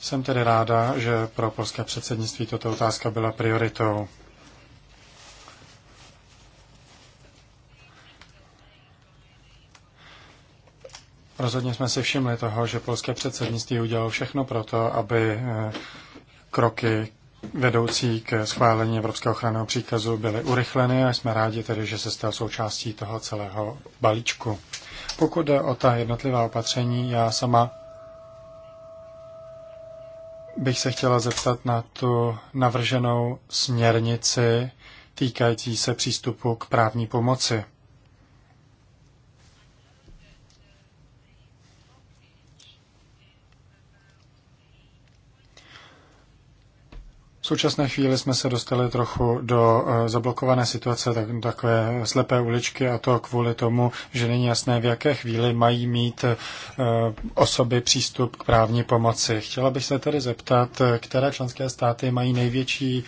jsem tedy ráda, že pro polské předsednictví toto otázka byla prioritou. Rozhodně jsme si všimli toho, že polské předsednictví udělalo všechno pro to, aby eh, kroky vedoucí k schválení Evropského ochranného příkazu byly urychleny a jsme rádi tedy, že se stal součástí toho celého balíčku. Pokud jde o ta jednotlivá opatření, já sama bych se chtěla zeptat na tu navrženou směrnici týkající se přístupu k právní pomoci. současné chvíli jsme se dostali trochu do eh, zablokované situace, tak, takové slepé uličky a to kvůli tomu, že není jasné, v jaké chvíli mají mít eh, osoby přístup k právní pomoci. Chtěla bych se tedy zeptat, eh, které členské státy mají největší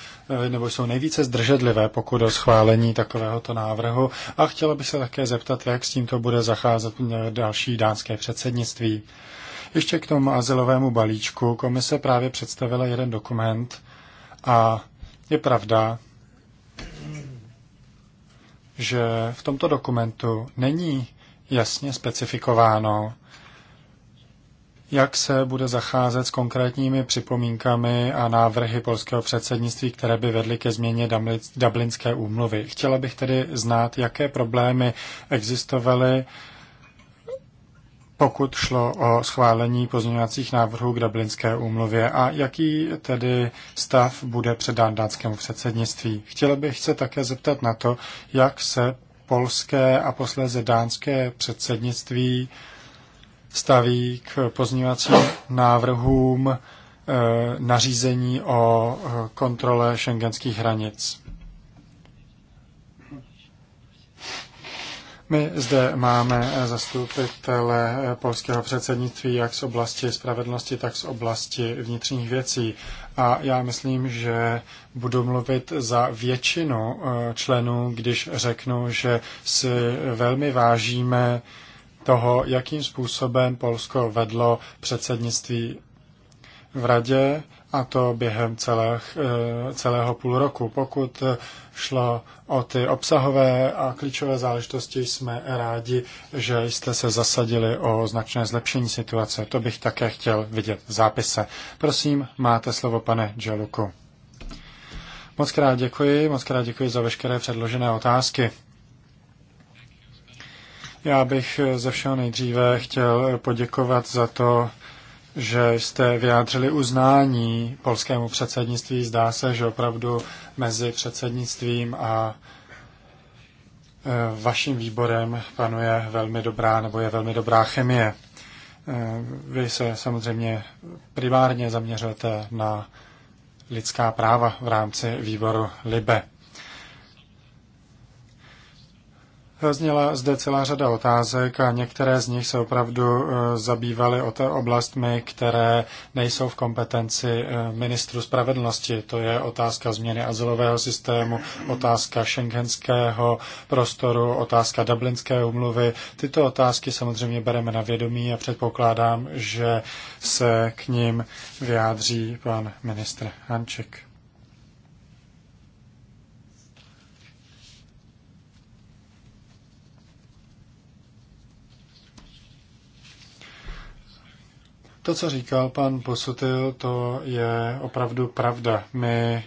nebo jsou nejvíce zdržedlivé, pokud o schválení takovéhoto návrhu. A chtěla bych se také zeptat, jak s tímto bude zacházet další dánské předsednictví. Ještě k tomu azylovému balíčku. Komise právě představila jeden dokument, a je pravda, že v tomto dokumentu není jasně specifikováno, jak se bude zacházet s konkrétními připomínkami a návrhy polského předsednictví, které by vedly ke změně Dublinské úmluvy. Chtěla bych tedy znát, jaké problémy existovaly pokud šlo o schválení pozměňovacích návrhů k Dublinské úmluvě a jaký tedy stav bude předán dánskému předsednictví. Chtěl bych se také zeptat na to, jak se polské a posléze dánské předsednictví staví k pozměňovacím návrhům eh, nařízení o eh, kontrole šengenských hranic. My zde máme zastupitele polského předsednictví jak z oblasti spravedlnosti, tak z oblasti vnitřních věcí. A já myslím, že budu mluvit za většinu eh, členů, když řeknu, že si velmi vážíme toho, jakým způsobem Polsko vedlo předsednictví v radě a to během celých, eh, celého půl roku. Pokud eh, šlo o ty obsahové a klíčové záležitosti, jsme rádi, že jste se zasadili o značné zlepšení situace. To bych také chtěl vidět v zápise. Prosím, máte slovo, pane Dželuku. Moc krát děkuji, moc krát děkuji za veškeré předložené otázky. Já bych eh, ze všeho nejdříve chtěl poděkovat za to, že jste vyjádřili uznání polskému předsednictví. Zdá se, že opravdu mezi předsednictvím a e, vaším výborem panuje velmi dobrá nebo je velmi dobrá chemie. E, vy se samozřejmě primárně zaměřujete na lidská práva v rámci výboru LIBE. Zněla zde celá řada otázek a některé z nich se opravdu eh, zabývaly o té oblastmi, které nejsou v kompetenci eh, ministru spravedlnosti. To je otázka změny azylového systému, otázka šengenského prostoru, otázka dublinské umluvy. Tyto otázky samozřejmě bereme na vědomí a předpokládám, že se k ním vyjádří pan ministr Hanček. To, co říkal pan Posutil, to je opravdu pravda. My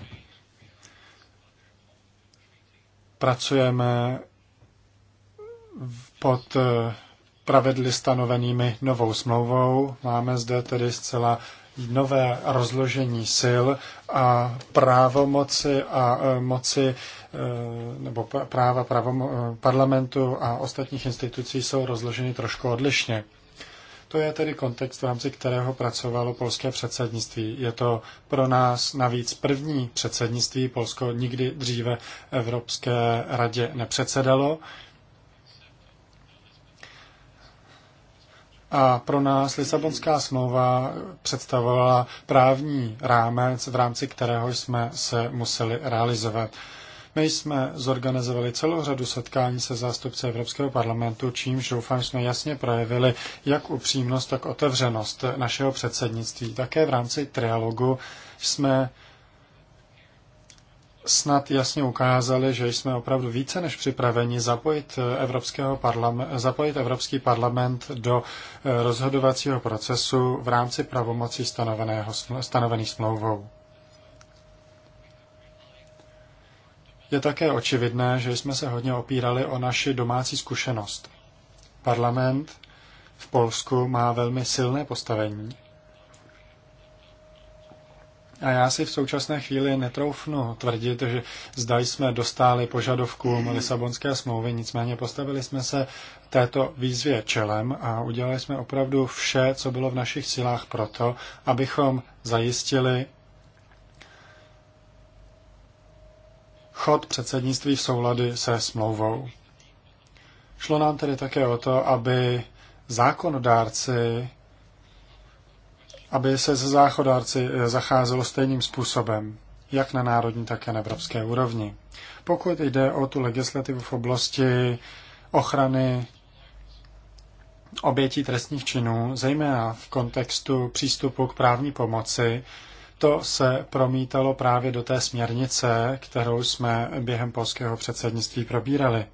pracujeme pod pravidly stanovenými novou smlouvou. Máme zde tedy zcela nové rozložení sil a právomoci a e, moci e, nebo práva e, parlamentu a ostatních institucí jsou rozloženy trošku odlišně. To je tedy kontext, v rámci kterého pracovalo polské předsednictví. Je to pro nás navíc první předsednictví. Polsko nikdy dříve Evropské radě nepředsedalo. A pro nás Lisabonská smlouva představovala právní rámec, v rámci kterého jsme se museli realizovat. My jsme zorganizovali celou řadu setkání se zástupci Evropského parlamentu, čímž doufám jsme jasně projevili jak upřímnost, tak otevřenost našeho předsednictví. Také v rámci trialogu jsme snad jasně ukázali, že jsme opravdu více než připraveni zapojit, Evropského parlament, zapojit Evropský parlament do eh, rozhodovacího procesu v rámci pravomocí stanovených smlouvou. Je také očividné, že jsme se hodně opírali o naši domácí zkušenost. Parlament v Polsku má velmi silné postavení. A já si v současné chvíli netroufnu tvrdit, že zda jsme dostali požadovkům Lisabonské smlouvy, nicméně postavili jsme se této výzvě čelem a udělali jsme opravdu vše, co bylo v našich silách proto, abychom zajistili chod předsednictví v souladu se smlouvou. Šlo nám tedy také o to, aby zákonodárci, aby se ze záchodárci eh, zacházelo stejným způsobem, jak na národní, tak i na evropské úrovni. Pokud jde o tu legislativu v oblasti ochrany obětí trestních činů, zejména v kontextu přístupu k právní pomoci, to se promítalo právě do té směrnice, kterou jsme během polského předsednictví probírali.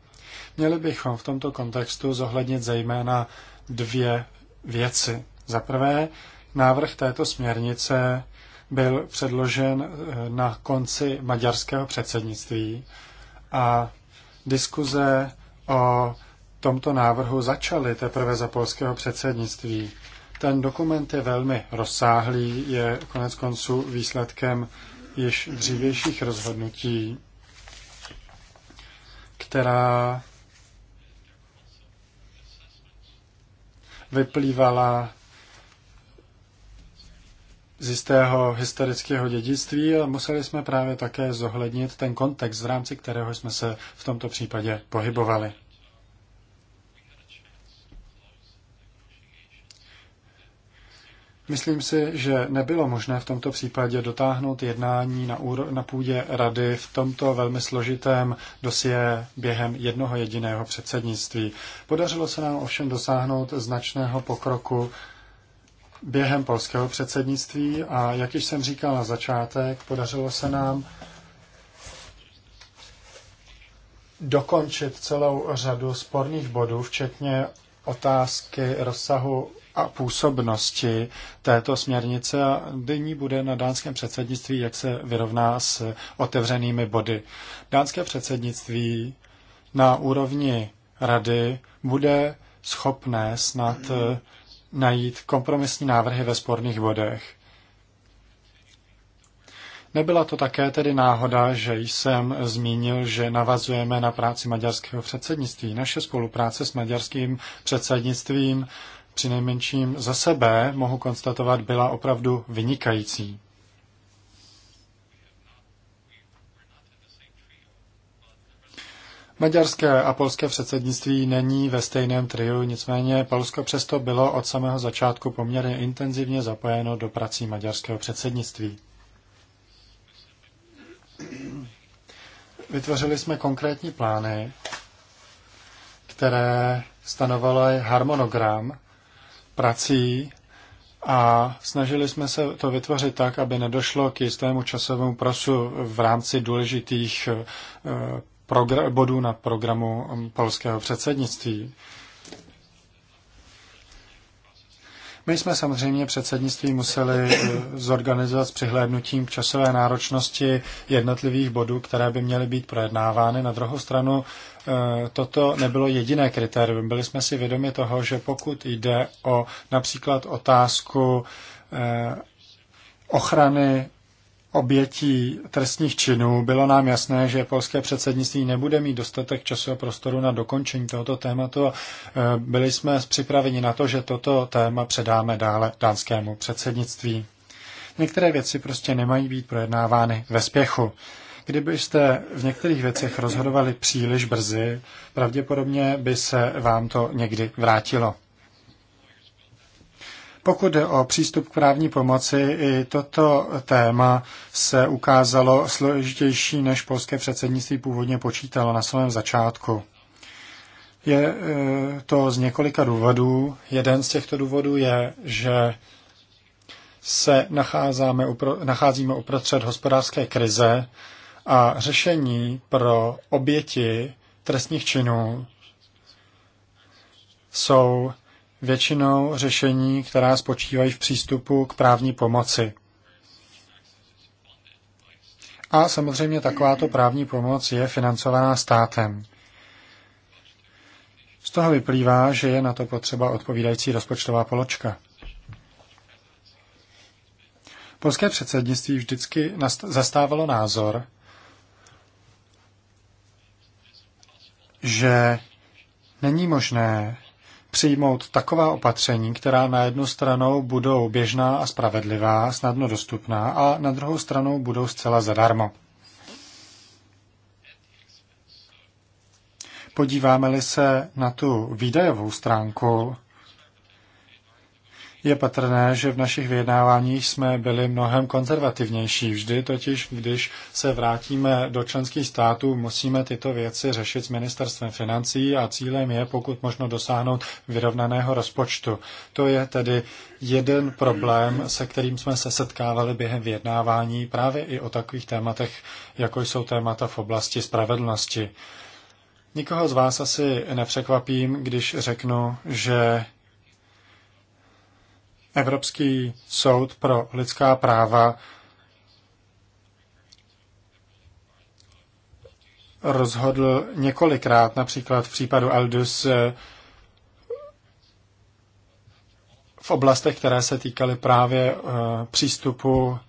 Měli bychom v tomto kontextu zohlednit zejména dvě věci. Za prvé, návrh této směrnice byl předložen eh, na konci maďarského předsednictví a diskuze o tomto návrhu začaly teprve za polského předsednictví. Ten dokument je velmi rozsáhlý, je konec konců výsledkem již dřívějších rozhodnutí, která vyplývala z jistého historického dědictví a museli jsme právě také zohlednit ten kontext, v rámci kterého jsme se v tomto případě pohybovali. Myslím si, že nebylo možné v tomto případě dotáhnout jednání na, úro, na půdě rady v tomto velmi složitém dosie během jednoho jediného předsednictví. Podařilo se nám ovšem dosáhnout značného pokroku během polského předsednictví a jak již jsem říkal na začátek, podařilo se nám dokončit celou řadu sporných bodů, včetně otázky rozsahu a působnosti této směrnice a nyní bude na dánském předsednictví, jak se vyrovná s otevřenými body. Dánské předsednictví na úrovni rady bude schopné snad eh, najít kompromisní návrhy ve sporných bodech. Nebyla to také tedy náhoda, že jsem zmínil, že navazujeme na práci maďarského předsednictví. Naše spolupráce s maďarským předsednictvím při nejmenším za sebe mohu konstatovat, byla opravdu vynikající. Maďarské a polské předsednictví není ve stejném triu, nicméně Polsko přesto bylo od samého začátku poměrně intenzivně zapojeno do prací maďarského předsednictví. Vytvořili jsme konkrétní plány, které stanovaly harmonogram prací a snažili jsme se to vytvořit tak, aby nedošlo k jistému časovému prosu v rámci důležitých eh, bodů na programu mm, polského předsednictví. My jsme samozřejmě předsednictví museli eh, zorganizovat s přihlédnutím k časové náročnosti jednotlivých bodů, které by měly být projednávány. Na druhou stranu Eh, toto nebylo jediné kritérium. Byli jsme si vědomi toho, že pokud jde o například otázku eh, ochrany obětí trestních činů, bylo nám jasné, že polské předsednictví nebude mít dostatek času a prostoru na dokončení tohoto tématu. Eh, byli jsme připraveni na to, že toto téma předáme dále dánskému předsednictví. Některé věci prostě nemají být projednávány ve spěchu. Kdybyste v některých věcech rozhodovali příliš brzy, pravděpodobně by se vám to někdy vrátilo. Pokud jde o přístup k právní pomoci, i toto téma se ukázalo složitější, než polské předsednictví původně počítalo na svém začátku. Je e, to z několika důvodů. Jeden z těchto důvodů je, že se nacházíme uprostřed hospodářské krize a řešení pro oběti trestních činů jsou většinou řešení, která spočívají v přístupu k právní pomoci. A samozřejmě takováto právní pomoc je financovaná státem. Z toho vyplývá, že je na to potřeba odpovídající rozpočtová poločka. Polské předsednictví vždycky zastávalo názor, že není možné přijmout taková opatření, která na jednu stranu budou běžná a spravedlivá, snadno dostupná a na druhou stranu budou zcela zadarmo. Podíváme-li se na tu výdajovou stránku, je patrné, že v našich vyjednáváních jsme byli mnohem konzervativnější. Vždy totiž, když se vrátíme do členských států, musíme tyto věci řešit s ministerstvem financí a cílem je pokud možno dosáhnout vyrovnaného rozpočtu. To je tedy jeden problém, se kterým jsme se setkávali během vyjednávání právě i o takových tématech, jako jsou témata v oblasti spravedlnosti. Nikoho z vás asi nepřekvapím, když řeknu, že Evropský soud pro lidská práva rozhodl několikrát, například v případu Aldus, eh, v oblastech, které se týkaly právě eh, přístupu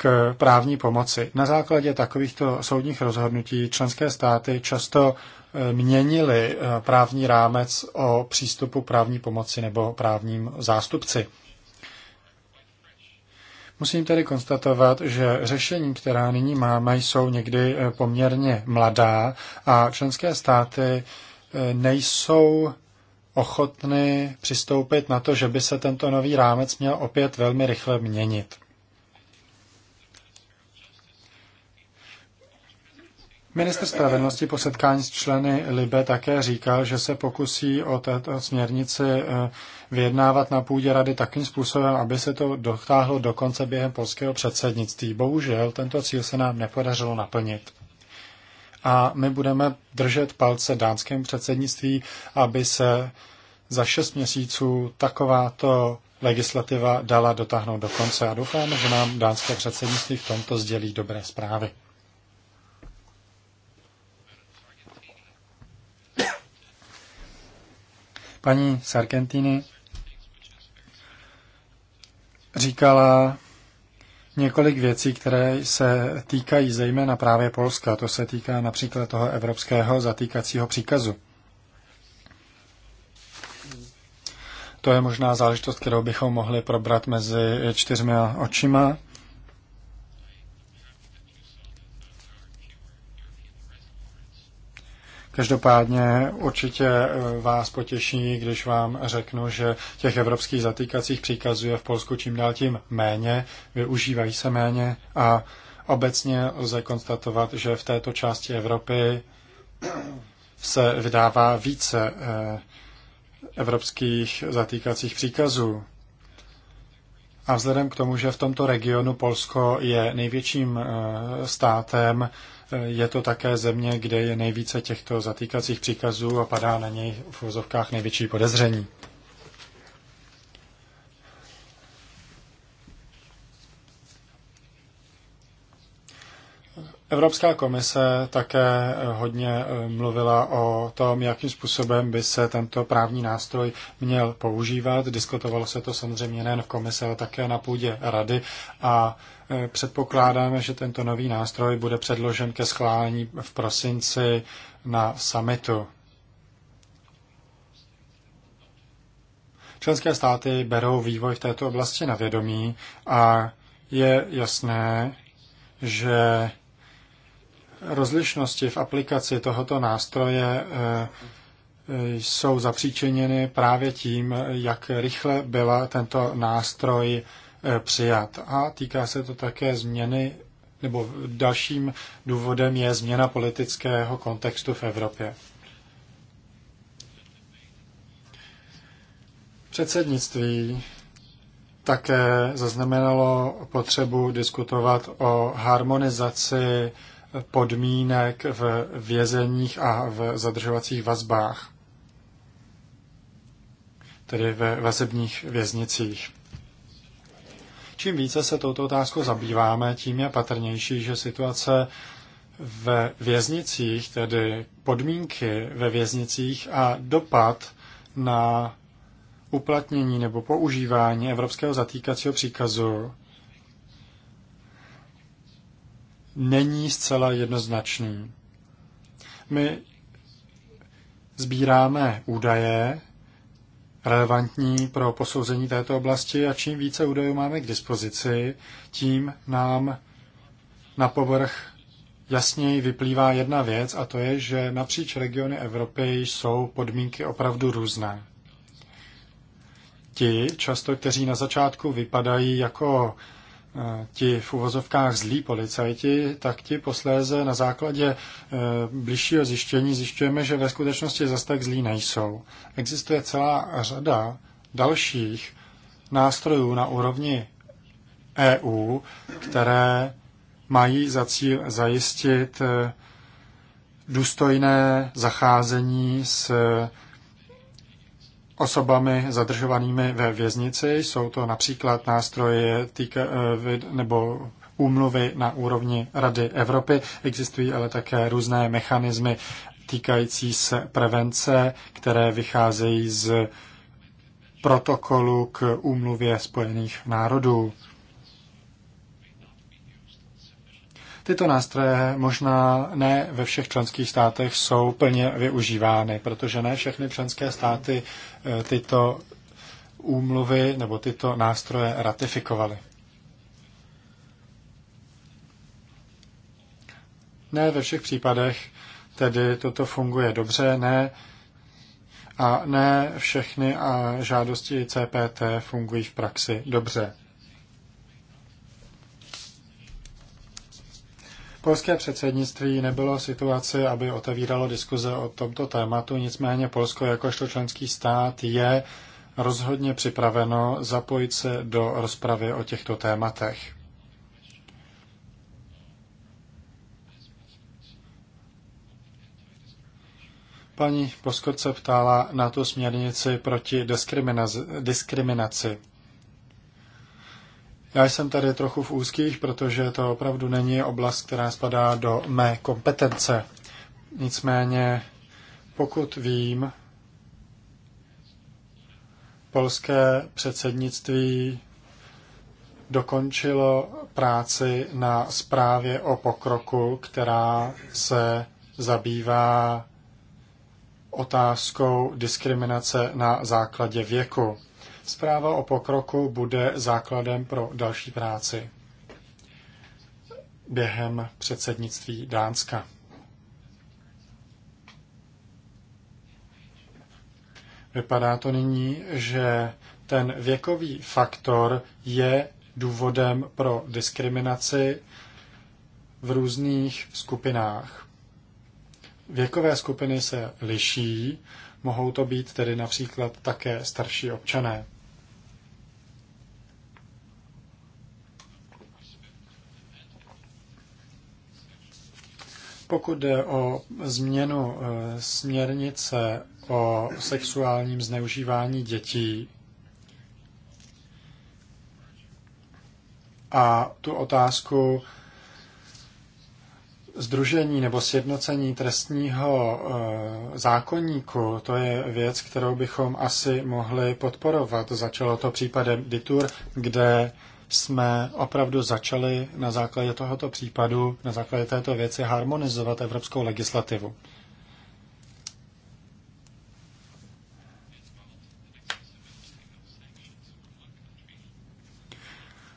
k právní pomoci. Na základě takovýchto soudních rozhodnutí členské státy často eh, měnily eh, právní rámec o přístupu právní pomoci nebo právním zástupci. Musím tedy konstatovat, že řešení, která nyní máme, jsou někdy eh, poměrně mladá a členské státy nejsou ochotny přistoupit na to, že by se tento nový rámec měl opět velmi rychle měnit. Minister spravedlnosti po setkání s členy Libe také říkal, že se pokusí o této směrnici eh, vyjednávat na půdě rady takým způsobem, aby se to dotáhlo konce během polského předsednictví. Bohužel tento cíl se nám nepodařilo naplnit. A my budeme držet palce dánskému předsednictví, aby se za šest měsíců takováto legislativa dala dotáhnout do konce a doufám, že nám dánské předsednictví v tomto sdělí dobré zprávy. Paní Argentiny říkala několik věcí, které se týkají zejména právě Polska. To se týká například toho evropského zatýkacího příkazu. To je možná záležitost, kterou bychom mohli probrat mezi čtyřmi očima. Každopádně určitě e, vás potěší, když vám řeknu, že těch evropských zatýkacích příkazů je v Polsku čím dál tím méně, využívají se méně a obecně lze konstatovat, že v této části Evropy se vydává více e, evropských zatýkacích příkazů. A vzhledem k tomu, že v tomto regionu Polsko je největším e, státem, je to také země, kde je nejvíce těchto zatýkacích příkazů a padá na něj v vozovkách největší podezření. Evropská komise také hodně eh, mluvila o tom, jakým způsobem by se tento právní nástroj měl používat. Diskutovalo se to samozřejmě nejen v komise, ale také na půdě rady a Eh, předpokládáme, že tento nový nástroj bude předložen ke schválení v prosinci na summitu. Členské státy berou vývoj v této oblasti na vědomí a je jasné, že rozlišnosti v aplikaci tohoto nástroje eh, jsou zapříčeněny právě tím, jak rychle byla tento nástroj Eh, přijat. A týká se to také změny, nebo dalším důvodem je změna politického kontextu v Evropě. Předsednictví také zaznamenalo potřebu diskutovat o harmonizaci podmínek v vězeních a v zadržovacích vazbách, tedy ve vazebních věznicích. Čím více se touto otázkou zabýváme, tím je patrnější, že situace ve věznicích, tedy podmínky ve věznicích a dopad na uplatnění nebo používání evropského zatýkacího příkazu není zcela jednoznačný. My sbíráme údaje relevantní pro posouzení této oblasti a čím více údajů máme k dispozici, tím nám na povrch jasněji vyplývá jedna věc a to je, že napříč regiony Evropy jsou podmínky opravdu různé. Ti často, kteří na začátku vypadají jako Eh, ti v uvozovkách zlí policajti, tak ti posléze na základě eh, bližšího zjištění zjišťujeme, že ve skutečnosti zase tak zlí nejsou. Existuje celá řada dalších nástrojů na úrovni EU, které mají za cíl zajistit eh, důstojné zacházení s osobami zadržovanými ve věznici. Jsou to například nástroje týka, eh, nebo úmluvy na úrovni Rady Evropy. Existují ale také různé mechanismy týkající se prevence, které vycházejí z protokolu k úmluvě Spojených národů. Tyto nástroje možná ne ve všech členských státech jsou plně využívány, protože ne všechny členské státy e, tyto úmluvy nebo tyto nástroje ratifikovaly. Ne ve všech případech tedy toto funguje dobře, ne a ne všechny a žádosti CPT fungují v praxi dobře. Polské předsednictví nebylo v situaci, aby otevíralo diskuze o tomto tématu, nicméně Polsko jakožto členský stát je rozhodně připraveno zapojit se do rozpravy o těchto tématech. Paní Poskot se ptala na tu směrnici proti diskriminaci. Já jsem tady trochu v úzkých, protože to opravdu není oblast, která spadá do mé kompetence. Nicméně, pokud vím, polské předsednictví dokončilo práci na zprávě o pokroku, která se zabývá otázkou diskriminace na základě věku. Zpráva o pokroku bude základem pro další práci během předsednictví Dánska. Vypadá to nyní, že ten věkový faktor je důvodem pro diskriminaci v různých skupinách. Věkové skupiny se liší, mohou to být tedy například také starší občané. Pokud jde o změnu eh, směrnice o sexuálním zneužívání dětí a tu otázku združení nebo sjednocení trestního eh, zákonníku, to je věc, kterou bychom asi mohli podporovat. Začalo to případem Ditur, kde jsme opravdu začali na základě tohoto případu, na základě této věci harmonizovat evropskou legislativu.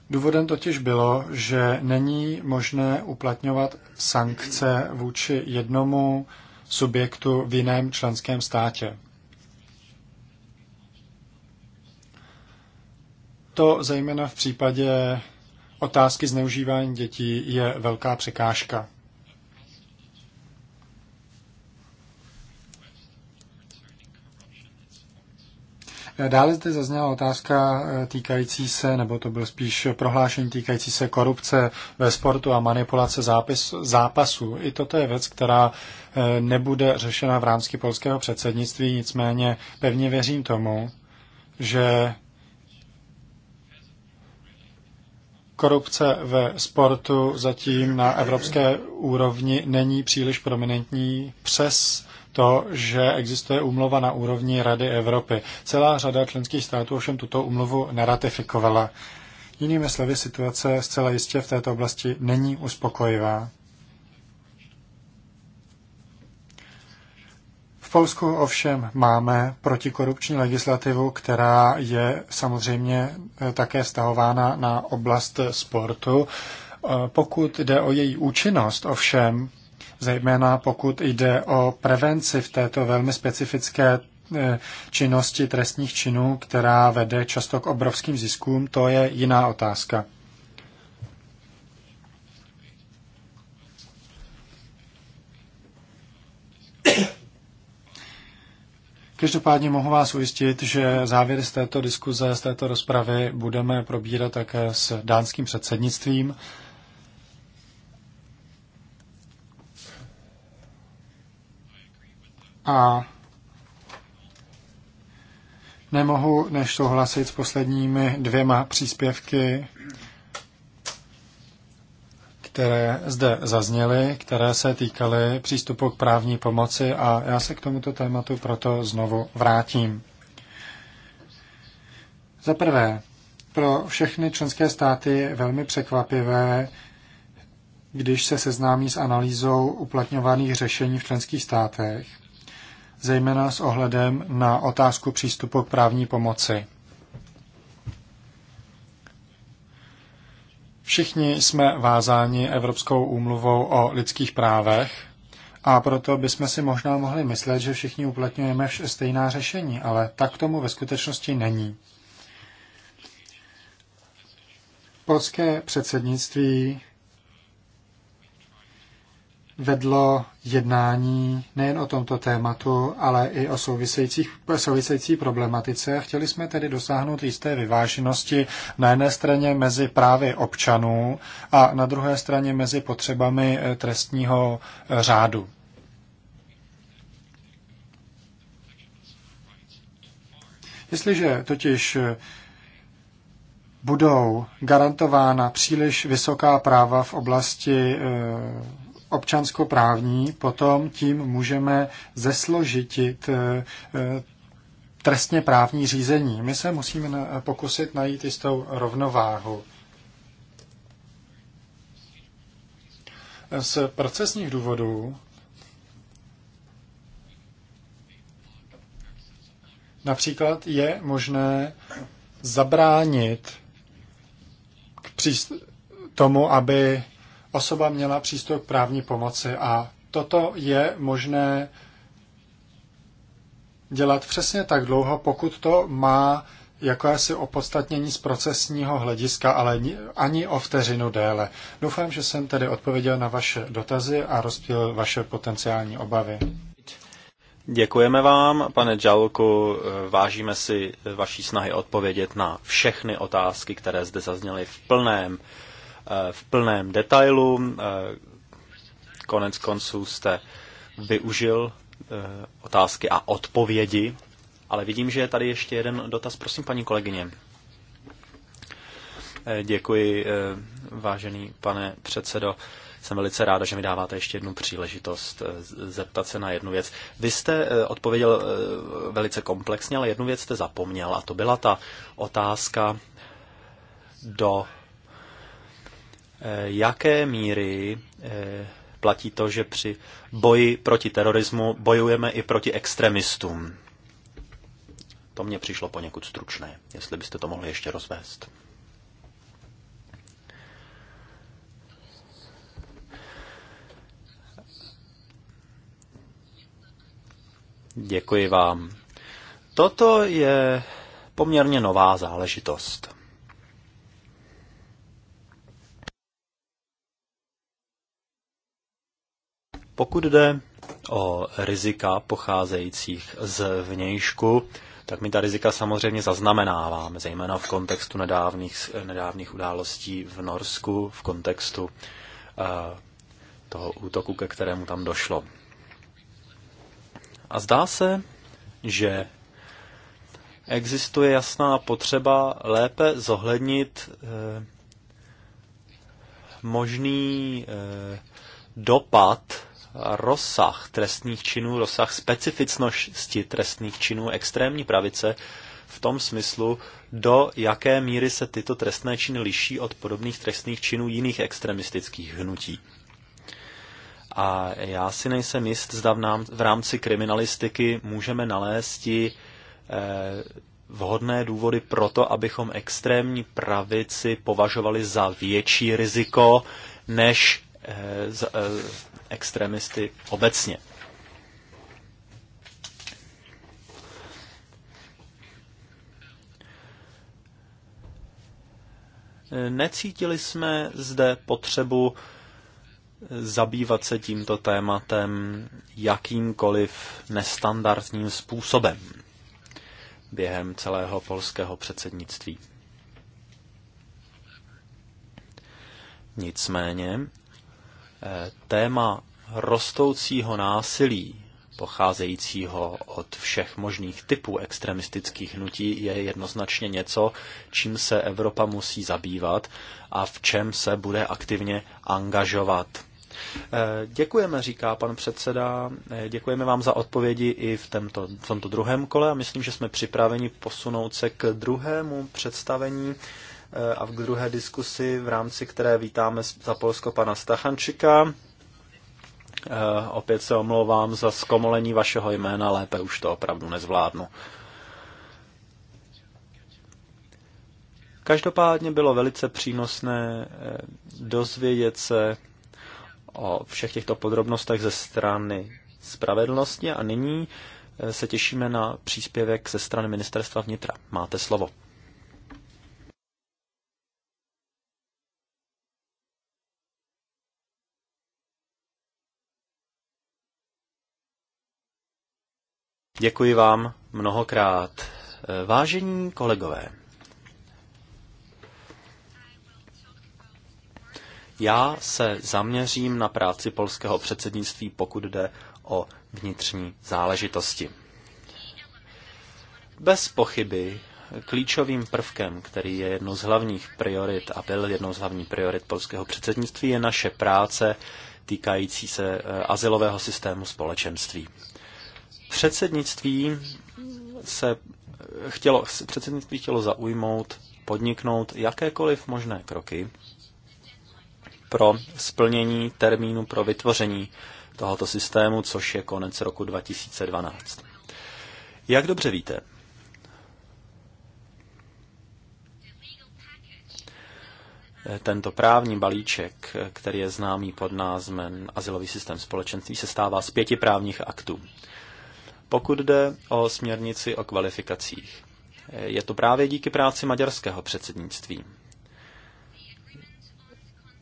Důvodem totiž bylo, že není možné uplatňovat sankce vůči jednomu subjektu v jiném členském státě. To zejména v případě otázky zneužívání dětí je velká překážka. Dále zde zazněla otázka eh, týkající se, nebo to byl spíš prohlášení týkající se korupce ve sportu a manipulace zápis, zápasů. I toto je věc, která eh, nebude řešena v rámci polského předsednictví, nicméně pevně věřím tomu, že korupce ve sportu zatím na evropské úrovni není příliš prominentní přes to, že existuje úmluva na úrovni Rady Evropy. Celá řada členských států ovšem tuto úmluvu neratifikovala. Jinými slovy, situace zcela jistě v této oblasti není uspokojivá. Polsku ovšem máme protikorupční legislativu, která je samozřejmě eh, také stahována na oblast sportu. Eh, pokud jde o její účinnost, ovšem, zejména pokud jde o prevenci v této velmi specifické eh, činnosti trestních činů, která vede často k obrovským ziskům, to je jiná otázka. Každopádně mohu vás ujistit, že závěry z této diskuze, z této rozpravy budeme probírat také s dánským předsednictvím. A nemohu než souhlasit s posledními dvěma příspěvky které zde zazněly, které se týkaly přístupu k právní pomoci a já se k tomuto tématu proto znovu vrátím. Za prvé, pro všechny členské státy je velmi překvapivé, když se seznámí s analýzou uplatňovaných řešení v členských státech, zejména s ohledem na otázku přístupu k právní pomoci. Všichni jsme vázáni Evropskou úmluvou o lidských právech a proto bychom si možná mohli myslet, že všichni uplatňujeme vše stejná řešení, ale tak tomu ve skutečnosti není. Polské předsednictví vedlo jednání nejen o tomto tématu, ale i o související problematice. Chtěli jsme tedy dosáhnout jisté vyváženosti na jedné straně mezi právy občanů a na druhé straně mezi potřebami eh, trestního eh, řádu. Jestliže totiž eh, budou garantována příliš vysoká práva v oblasti občanskoprávní, potom tím můžeme zesložitit eh, eh, trestně právní řízení. My se musíme pokusit najít jistou rovnováhu. Z procesních důvodů například je možné zabránit k příst- tomu, aby osoba měla přístup k právní pomoci a toto je možné dělat přesně tak dlouho, pokud to má jako asi opodstatnění z procesního hlediska, ale ani o vteřinu déle. Doufám, že jsem tedy odpověděl na vaše dotazy a rozptýlil vaše potenciální obavy. Děkujeme vám, pane Džalku. Vážíme si vaší snahy odpovědět na všechny otázky, které zde zazněly v plném Eh, v plném detailu. Eh, konec konců jste využil eh, otázky a odpovědi, ale vidím, že je tady ještě jeden dotaz. Prosím, paní kolegyně. Děkuji, vážený pane předsedo. Jsem velice ráda, že mi dáváte ještě jednu příležitost zeptat se na jednu věc. Vy jste odpověděl velice komplexně, ale jednu věc jste zapomněl, a to byla ta otázka, do Eh, jaké míry eh, platí to, že při boji proti terorismu bojujeme i proti extremistům. To mně přišlo poněkud stručné, jestli byste to mohli ještě rozvést. Děkuji vám. Toto je poměrně nová záležitost. Pokud jde o rizika pocházejících z vnějšku, tak my ta rizika samozřejmě zaznamenáváme, zejména v kontextu nedávných, nedávných událostí v Norsku, v kontextu uh, toho útoku, ke kterému tam došlo. A zdá se, že existuje jasná potřeba lépe zohlednit eh, možný eh, dopad rozsah trestných činů, rozsah specifičnosti trestných činů extrémní pravice v tom smyslu, do jaké míry se tyto trestné činy liší od podobných trestných činů jiných extremistických hnutí. A já si nejsem jist, zda v, nám, v rámci kriminalistiky můžeme nalézt eh, vhodné důvody pro to, abychom extrémní pravici považovali za větší riziko než eh, z, extremisty obecně. Necítili jsme zde potřebu zabývat se tímto tématem jakýmkoliv nestandardním způsobem během celého polského předsednictví. Nicméně Eh, téma rostoucího násilí pocházejícího od všech možných typů extremistických hnutí je jednoznačně něco, čím se Evropa musí zabývat a v čem se bude aktivně angažovat. Eh, děkujeme, říká pan předseda. Eh, děkujeme vám za odpovědi i v tomto, v tomto druhém kole a myslím, že jsme připraveni posunout se k druhému představení Eh, a v druhé diskusi, v rámci které vítáme za Polsko pana Stachančika. Eh, opět se omlouvám za zkomolení vašeho jména, lépe už to opravdu nezvládnu. Každopádně bylo velice přínosné eh, dozvědět se o všech těchto podrobnostech ze strany spravedlnosti a nyní se těšíme na příspěvek ze strany Ministerstva vnitra. Máte slovo. Děkuji vám mnohokrát. Eh, vážení kolegové, já se zaměřím na práci polského předsednictví, pokud jde o vnitřní záležitosti. Bez pochyby klíčovým prvkem, který je jednou z hlavních priorit a byl jednou z hlavních priorit polského předsednictví, je naše práce týkající se eh, asilového systému společenství. Předsednictví se chtělo, předsednictví chtělo zaujmout, podniknout jakékoliv možné kroky pro splnění termínu pro vytvoření tohoto systému, což je konec roku 2012. Jak dobře víte, tento právní balíček, který je známý pod názvem Azylový systém společenství, se stává z pěti právních aktů. Pokud jde o směrnici o kvalifikacích, je to právě díky práci maďarského předsednictví,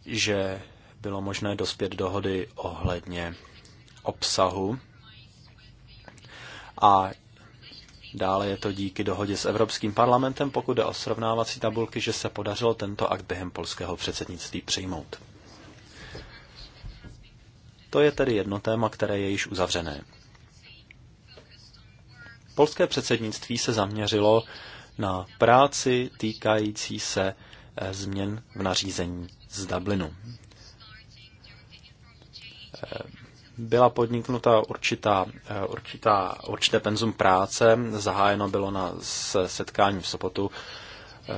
že bylo možné dospět dohody ohledně obsahu a dále je to díky dohodě s Evropským parlamentem, pokud jde o srovnávací tabulky, že se podařilo tento akt během polského předsednictví přijmout. To je tedy jedno téma, které je již uzavřené. Polské předsednictví se zaměřilo na práci týkající se eh, změn v nařízení z Dublinu. Eh, byla podniknuta určitá, eh, určitá, určité penzum práce, zahájeno bylo na setkání v Sopotu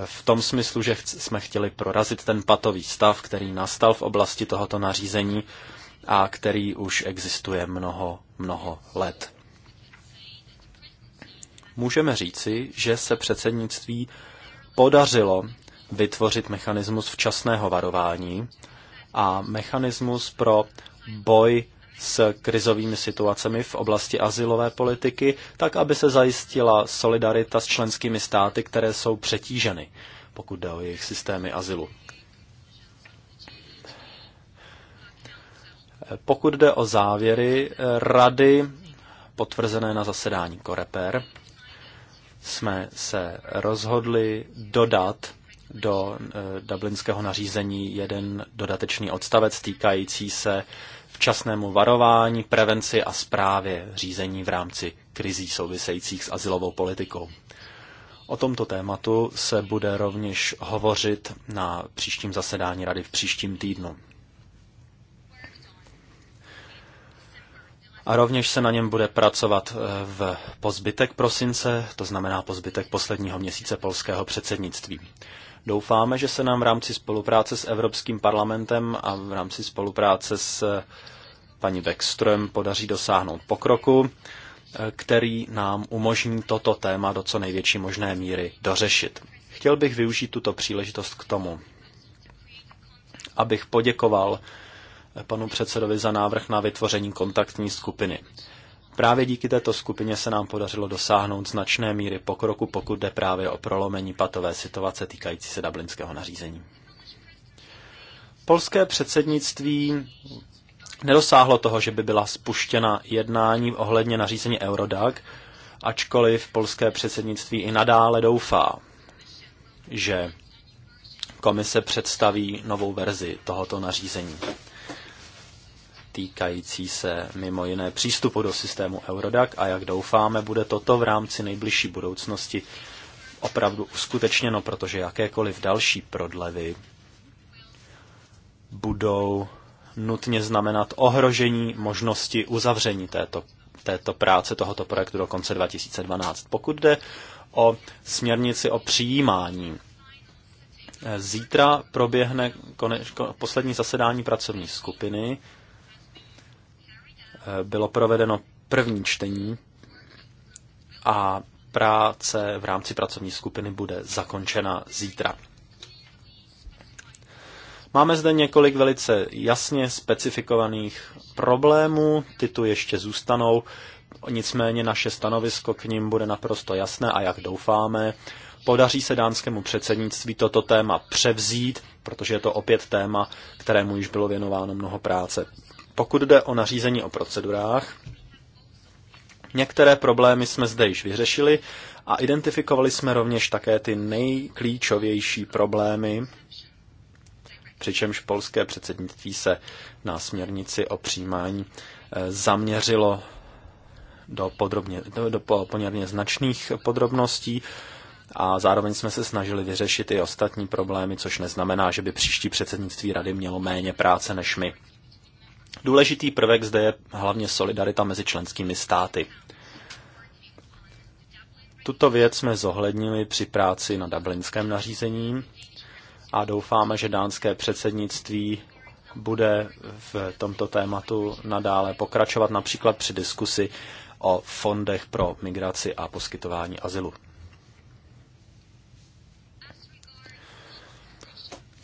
v tom smyslu, že jsme chtěli prorazit ten patový stav, který nastal v oblasti tohoto nařízení a který už existuje mnoho, mnoho let můžeme říci, že se předsednictví podařilo vytvořit mechanismus včasného varování a mechanismus pro boj s krizovými situacemi v oblasti asilové politiky, tak aby se zajistila solidarita s členskými státy, které jsou přetíženy, pokud jde o jejich systémy azylu. Pokud jde o závěry eh, rady potvrzené na zasedání Koreper, jsme se rozhodli dodat do eh, dublinského nařízení jeden dodatečný odstavec týkající se včasnému varování, prevenci a zprávě řízení v rámci krizí souvisejících s asilovou politikou. O tomto tématu se bude rovněž hovořit na příštím zasedání rady v příštím týdnu. a rovněž se na něm bude pracovat eh, v pozbytek prosince, to znamená pozbytek posledního měsíce polského předsednictví. Doufáme, že se nám v rámci spolupráce s Evropským parlamentem a v rámci spolupráce s eh, paní Beckström podaří dosáhnout pokroku, eh, který nám umožní toto téma do co největší možné míry dořešit. Chtěl bych využít tuto příležitost k tomu, abych poděkoval panu předsedovi za návrh na vytvoření kontaktní skupiny. Právě díky této skupině se nám podařilo dosáhnout značné míry pokroku, pokud jde právě o prolomení patové situace týkající se dublinského nařízení. Polské předsednictví nedosáhlo toho, že by byla spuštěna jednání ohledně nařízení Eurodac, ačkoliv polské předsednictví i nadále doufá, že komise představí novou verzi tohoto nařízení týkající se mimo jiné přístupu do systému Eurodac a jak doufáme, bude toto v rámci nejbližší budoucnosti opravdu uskutečněno, protože jakékoliv další prodlevy budou nutně znamenat ohrožení možnosti uzavření této, této práce, tohoto projektu do konce 2012. Pokud jde o směrnici o přijímání, zítra proběhne koneč, poslední zasedání pracovní skupiny, Eh, bylo provedeno první čtení a práce v rámci pracovní skupiny bude zakončena zítra. Máme zde několik velice jasně specifikovaných problémů, ty tu ještě zůstanou, nicméně naše stanovisko k ním bude naprosto jasné a jak doufáme, podaří se dánskému předsednictví toto téma převzít, protože je to opět téma, kterému již bylo věnováno mnoho práce. Pokud jde o nařízení o procedurách, některé problémy jsme zde již vyřešili a identifikovali jsme rovněž také ty nejklíčovější problémy, přičemž polské předsednictví se na směrnici o přijímání eh, zaměřilo do, podrobně, do, do poměrně značných podrobností a zároveň jsme se snažili vyřešit i ostatní problémy, což neznamená, že by příští předsednictví rady mělo méně práce než my. Důležitý prvek zde je hlavně solidarita mezi členskými státy. Tuto věc jsme zohlednili při práci na dublinském nařízení a doufáme, že dánské předsednictví bude v tomto tématu nadále pokračovat, například při diskusi o fondech pro migraci a poskytování azylu.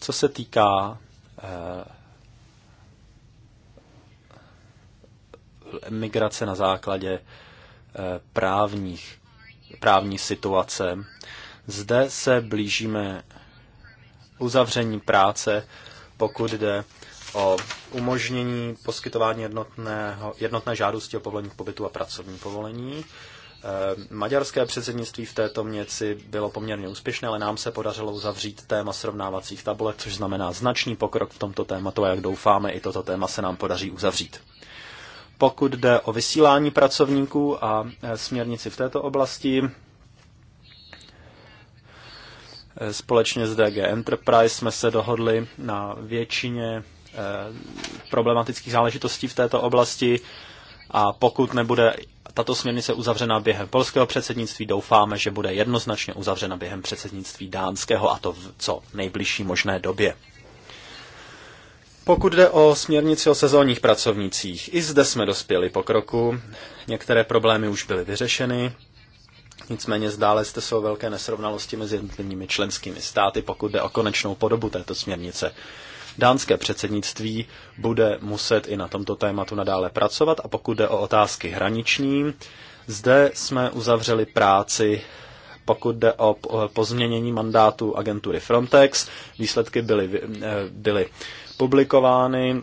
Co se týká eh, migrace na základě eh, právních, právní situace. Zde se blížíme uzavření práce, pokud jde o umožnění poskytování jednotného, jednotné žádosti o povolení k pobytu a pracovní povolení. Eh, maďarské předsednictví v této měci bylo poměrně úspěšné, ale nám se podařilo uzavřít téma srovnávacích tabulek, což znamená značný pokrok v tomto tématu a jak doufáme, i toto téma se nám podaří uzavřít. Pokud jde o vysílání pracovníků a e, směrnici v této oblasti, e, společně s DG Enterprise jsme se dohodli na většině e, problematických záležitostí v této oblasti a pokud nebude tato směrnice uzavřena během polského předsednictví, doufáme, že bude jednoznačně uzavřena během předsednictví dánského a to v co nejbližší možné době. Pokud jde o směrnici o sezónních pracovnicích, i zde jsme dospěli kroku. Některé problémy už byly vyřešeny, nicméně zdále jste jsou velké nesrovnalosti mezi jednotlivými členskými státy, pokud jde o konečnou podobu této směrnice. Dánské předsednictví bude muset i na tomto tématu nadále pracovat a pokud jde o otázky hraniční, zde jsme uzavřeli práci pokud jde o pozměnění mandátu agentury Frontex. Výsledky byly, eh, byly publikovány.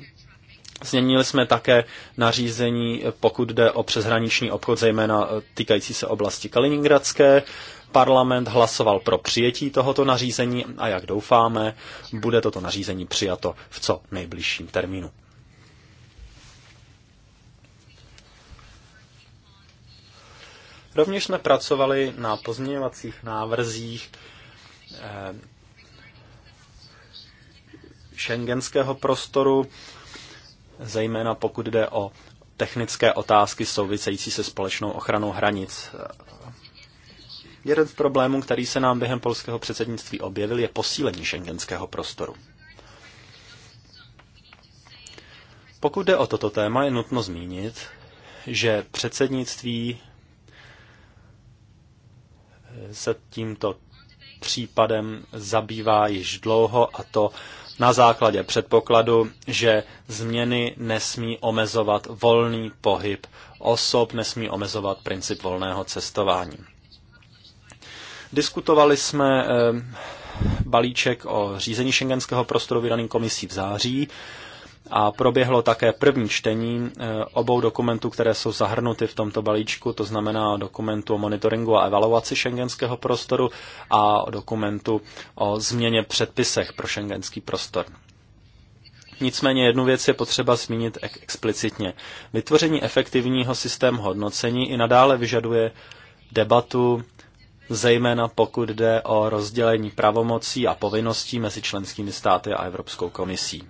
Změnili jsme také nařízení, pokud jde o přeshraniční obchod, zejména eh, týkající se oblasti Kaliningradské. Parlament hlasoval pro přijetí tohoto nařízení a jak doufáme, bude toto nařízení přijato v co nejbližším termínu. Rovněž jsme pracovali na pozměňovacích návrzích eh, šengenského prostoru, zejména pokud jde o technické otázky související se společnou ochranou hranic. Jeden z problémů, který se nám během polského předsednictví objevil, je posílení šengenského prostoru. Pokud jde o toto téma, je nutno zmínit, že předsednictví se tímto případem zabývá již dlouho a to na základě předpokladu, že změny nesmí omezovat volný pohyb osob, nesmí omezovat princip volného cestování. Diskutovali jsme eh, balíček o řízení šengenského prostoru vydaný komisí v září a proběhlo také první čtení eh, obou dokumentů, které jsou zahrnuty v tomto balíčku, to znamená dokumentu o monitoringu a evaluaci šengenského prostoru a dokumentu o změně předpisech pro šengenský prostor. Nicméně jednu věc je potřeba zmínit explicitně. Vytvoření efektivního systému hodnocení i nadále vyžaduje debatu, zejména pokud jde o rozdělení pravomocí a povinností mezi členskými státy a Evropskou komisí.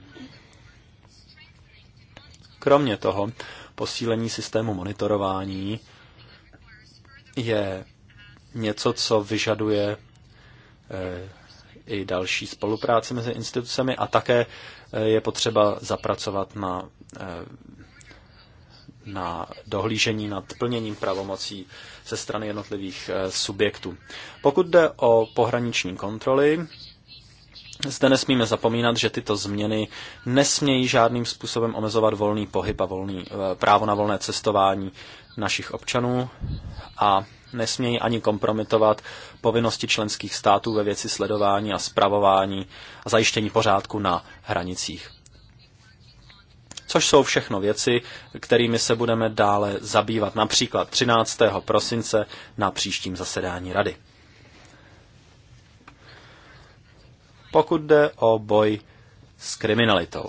Kromě toho, posílení systému monitorování je něco, co vyžaduje eh, i další spolupráci mezi institucemi a také eh, je potřeba zapracovat na, eh, na dohlížení nad plněním pravomocí ze strany jednotlivých subjektů. Pokud jde o pohraniční kontroly, zde nesmíme zapomínat, že tyto změny nesmějí žádným způsobem omezovat volný pohyb a volný, eh, právo na volné cestování našich občanů a nesmějí ani kompromitovat povinnosti členských států ve věci sledování a zpravování a zajištění pořádku na hranicích. Což jsou všechno věci, kterými se budeme dále zabývat, například 13. prosince na příštím zasedání Rady. pokud jde o boj s kriminalitou.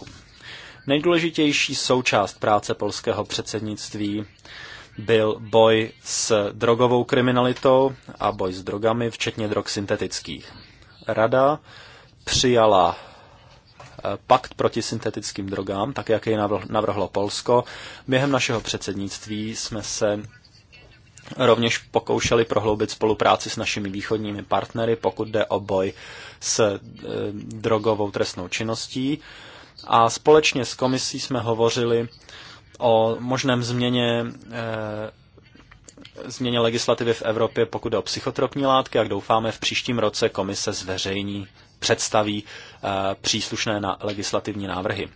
Nejdůležitější součást práce polského předsednictví byl boj s drogovou kriminalitou a boj s drogami, včetně drog syntetických. Rada přijala eh, pakt proti syntetickým drogám, tak jak jej navrhlo Polsko. Během našeho předsednictví jsme se rovněž pokoušeli prohloubit spolupráci s našimi východními partnery, pokud jde o boj s e, drogovou trestnou činností. A společně s komisí jsme hovořili o možném změně e, změně legislativy v Evropě, pokud jde o psychotropní látky, jak doufáme, v příštím roce komise zveřejní, představí e, příslušné na legislativní návrhy.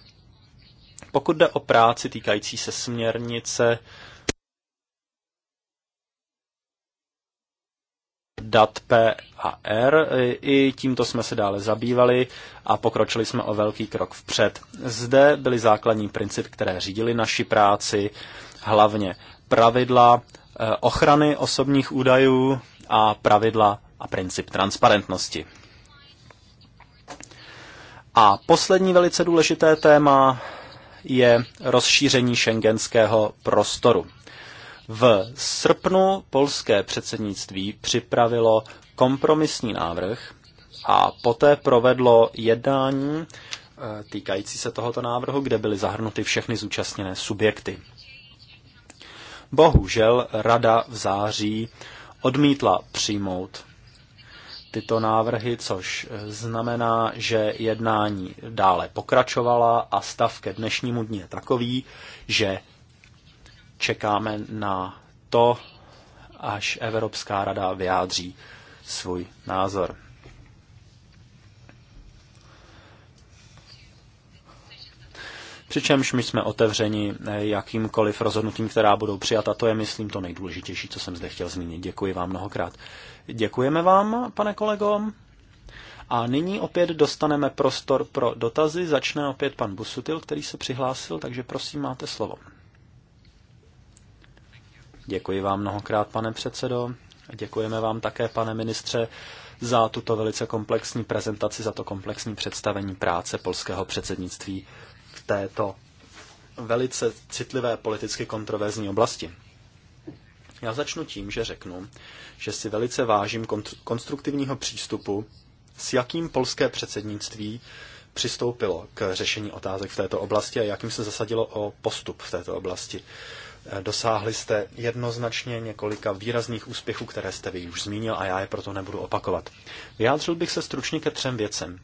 Pokud jde o práci týkající se směrnice dat P a R. I tímto jsme se dále zabývali a pokročili jsme o velký krok vpřed. Zde byly základní princip, které řídili naši práci, hlavně pravidla eh, ochrany osobních údajů a pravidla a princip transparentnosti. A poslední velice důležité téma je rozšíření šengenského prostoru. V srpnu polské předsednictví připravilo kompromisní návrh a poté provedlo jednání eh, týkající se tohoto návrhu, kde byly zahrnuty všechny zúčastněné subjekty. Bohužel rada v září odmítla přijmout tyto návrhy, což eh, znamená, že jednání dále pokračovala a stav ke dnešnímu dní je takový, že čekáme na to, až Evropská rada vyjádří svůj názor. Přičemž my jsme otevřeni eh, jakýmkoliv rozhodnutím, která budou přijata. To je, myslím, to nejdůležitější, co jsem zde chtěl zmínit. Děkuji vám mnohokrát. Děkujeme vám, pane kolego. A nyní opět dostaneme prostor pro dotazy. Začne opět pan Busutil, který se přihlásil, takže prosím, máte slovo. Děkuji vám mnohokrát, pane předsedo. Děkujeme vám také, pane ministře, za tuto velice komplexní prezentaci, za to komplexní představení práce polského předsednictví v této velice citlivé politicky kontroverzní oblasti. Já začnu tím, že řeknu, že si velice vážím konstruktivního přístupu, s jakým polské předsednictví přistoupilo k řešení otázek v této oblasti a jakým se zasadilo o postup v této oblasti. Dosáhli jste jednoznačně několika výrazných úspěchů, které jste vy už zmínil a já je proto nebudu opakovat. Vyjádřil bych se stručně ke třem věcem.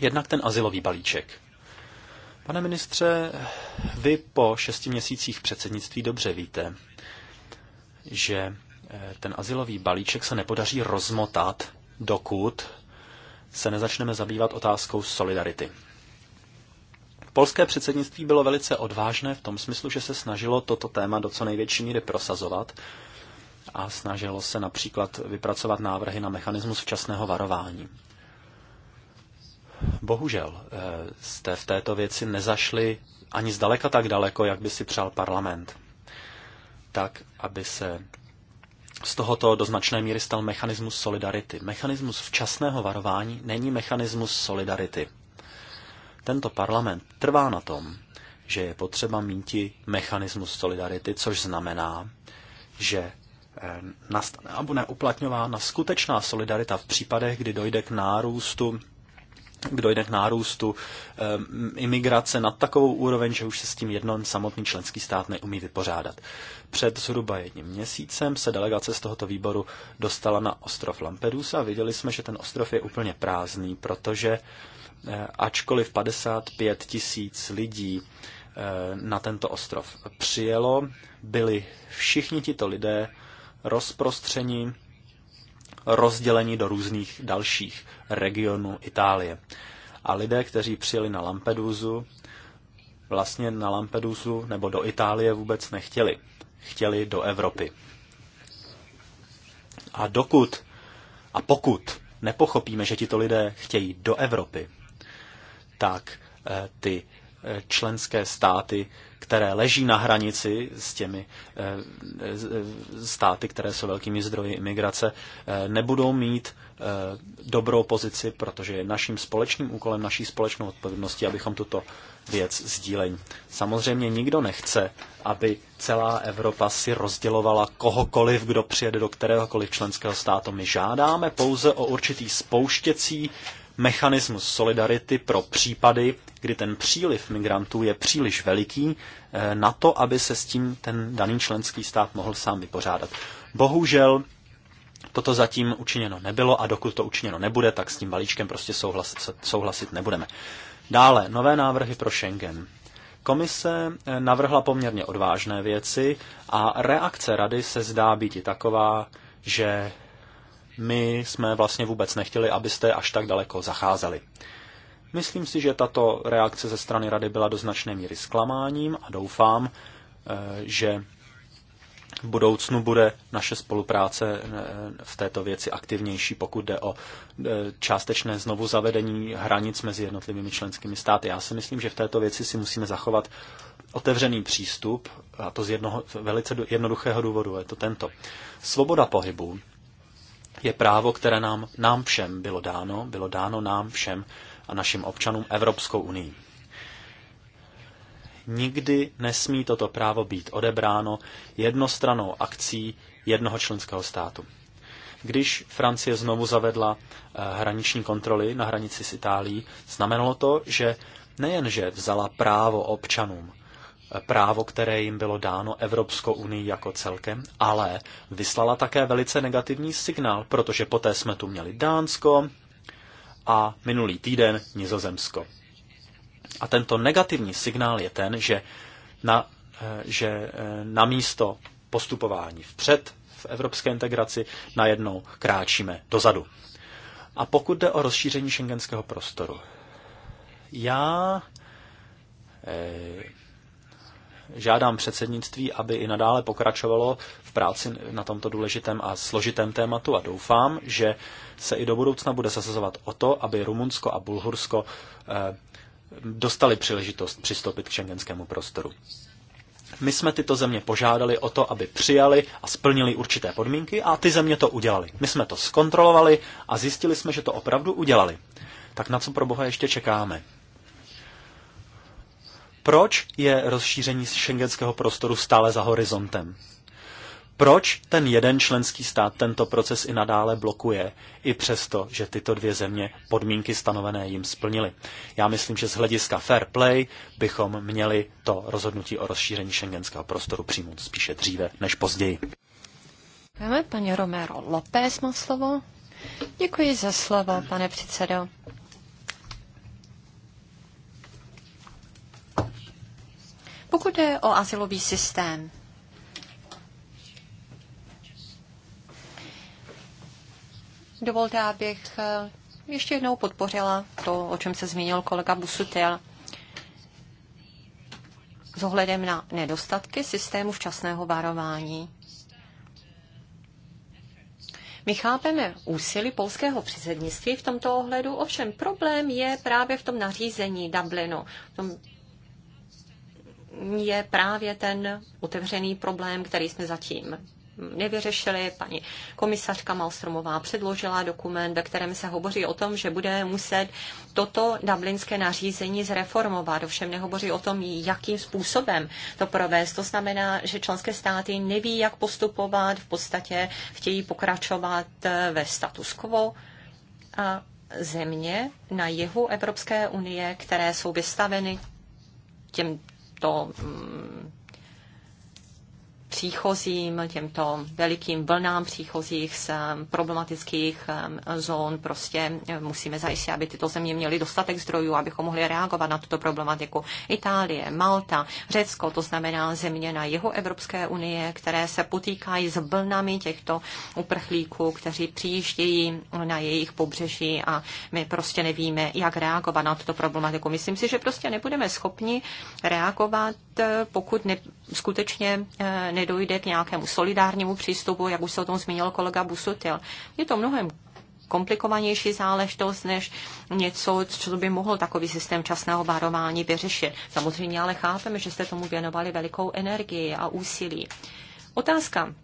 Jednak ten asilový balíček. Pane ministře, vy po šesti měsících předsednictví dobře víte, že eh, ten asilový balíček se nepodaří rozmotat, dokud se nezačneme zabývat otázkou solidarity. Polské předsednictví bylo velice odvážné v tom smyslu, že se snažilo toto téma do co největší míry prosazovat a snažilo se například vypracovat návrhy na mechanismus včasného varování. Bohužel eh, jste v této věci nezašli ani zdaleka tak daleko, jak by si přál parlament. Tak, aby se z tohoto do značné míry stal mechanismus solidarity. Mechanismus včasného varování není mechanismus solidarity. Tento parlament trvá na tom, že je potřeba míti mechanismus solidarity, což znamená, že eh, nastane a bude uplatňována skutečná solidarita v případech, kdy dojde k nárůstu kdo jde k nárůstu um, imigrace nad takovou úroveň, že už se s tím jedno samotný členský stát neumí vypořádat. Před zhruba jedním měsícem se delegace z tohoto výboru dostala na ostrov Lampedusa a viděli jsme, že ten ostrov je úplně prázdný, protože uh, Eh, ačkoliv 55 tisíc lidí eh, na tento ostrov přijelo, byli všichni tito lidé rozprostřeni, rozděleni do různých dalších regionů Itálie. A lidé, kteří přijeli na Lampedusu, vlastně na Lampedusu nebo do Itálie vůbec nechtěli. Chtěli do Evropy. A dokud a pokud nepochopíme, že tito lidé chtějí do Evropy, tak eh, ty eh, členské státy, které leží na hranici s těmi eh, státy, které jsou velkými zdroji imigrace, nebudou mít dobrou pozici, protože je naším společným úkolem, naší společnou odpovědností, abychom tuto věc sdílení. Samozřejmě nikdo nechce, aby celá Evropa si rozdělovala kohokoliv, kdo přijede do kteréhokoliv členského státu. My žádáme pouze o určitý spouštěcí mechanismus solidarity pro případy, kdy ten příliv migrantů je příliš veliký eh, na to, aby se s tím ten daný členský stát mohl sám vypořádat. Bohužel toto zatím učiněno nebylo a dokud to učiněno nebude, tak s tím balíčkem prostě souhlasit, souhlasit nebudeme. Dále, nové návrhy pro Schengen. Komise eh, navrhla poměrně odvážné věci a reakce rady se zdá být i taková, že my jsme vlastně vůbec nechtěli, abyste až tak daleko zacházeli. Myslím si, že tato reakce ze strany rady byla do značné míry zklamáním a doufám, eh, že v budoucnu bude naše spolupráce eh, v této věci aktivnější, pokud jde o eh, částečné znovu zavedení hranic mezi jednotlivými členskými státy. Já si myslím, že v této věci si musíme zachovat otevřený přístup, a to z jednoho velice jednoduchého důvodu, je to tento. Svoboda pohybu je právo, které nám, nám všem bylo dáno, bylo dáno nám všem a našim občanům Evropskou unii. Nikdy nesmí toto právo být odebráno jednostranou akcí jednoho členského státu. Když Francie znovu zavedla eh, hraniční kontroly na hranici s Itálií, znamenalo to, že nejenže vzala právo občanům, právo, které jim bylo dáno Evropskou unii jako celkem, ale vyslala také velice negativní signál, protože poté jsme tu měli Dánsko a minulý týden Nizozemsko. A tento negativní signál je ten, že na, eh, že eh, na místo postupování vpřed v evropské integraci najednou kráčíme dozadu. A pokud jde o rozšíření šengenského prostoru, já eh, žádám předsednictví, aby i nadále pokračovalo v práci na tomto důležitém a složitém tématu a doufám, že se i do budoucna bude zasazovat o to, aby Rumunsko a Bulhursko eh, dostali příležitost přistoupit k šengenskému prostoru. My jsme tyto země požádali o to, aby přijali a splnili určité podmínky a ty země to udělali. My jsme to zkontrolovali a zjistili jsme, že to opravdu udělali. Tak na co pro Boha ještě čekáme? Proč je rozšíření šengenského prostoru stále za horizontem? Proč ten jeden členský stát tento proces i nadále blokuje, i přesto, že tyto dvě země podmínky stanovené jim splnily? Já myslím, že z hlediska fair play bychom měli to rozhodnutí o rozšíření šengenského prostoru přijmout spíše dříve než později. Děkujeme. Paní Romero López má slovo. Děkuji za slovo, pane předsedo. Pokud je o asilový systém, dovolte, abych eh, ještě jednou podpořila to, o čem se zmínil kolega Busutil. S ohledem na nedostatky systému včasného varování. My chápeme úsilí polského předsednictví v tomto ohledu, ovšem problém je právě v tom nařízení Dublinu, v tom je právě ten otevřený problém, který jsme zatím nevyřešili. Paní komisařka Malstromová předložila dokument, ve kterém se hovoří o tom, že bude muset toto dublinské nařízení zreformovat. Ovšem nehovoří o tom, jakým způsobem to provést. To znamená, že členské státy neví, jak postupovat, v podstatě chtějí pokračovat ve status quo. A země na jihu Evropské unie, které jsou vystaveny těm to mm, příchozím, těmto velikým vlnám příchozích z problematických zón. Prostě eh, musíme zajistit, aby tyto země měly dostatek zdrojů, abychom mohli reagovat na tuto problematiku. Itálie, Malta, Řecko, to znamená země na jihu Evropské unie, které se potýkají s vlnami těchto uprchlíků, kteří přijíždějí na jejich pobřeží a my prostě nevíme, jak reagovat na tuto problematiku. Myslím si, že prostě nebudeme schopni reagovat Eh, pokud ne, skutečně eh, nedojde k nějakému solidárnímu přístupu, jak už se o tom zmínil kolega Busutil. Je to mnohem komplikovanější záležitost, než něco, co by mohl takový systém časného bárování vyřešit. Samozřejmě ale chápeme, že jste tomu věnovali velikou energii a úsilí. Otázka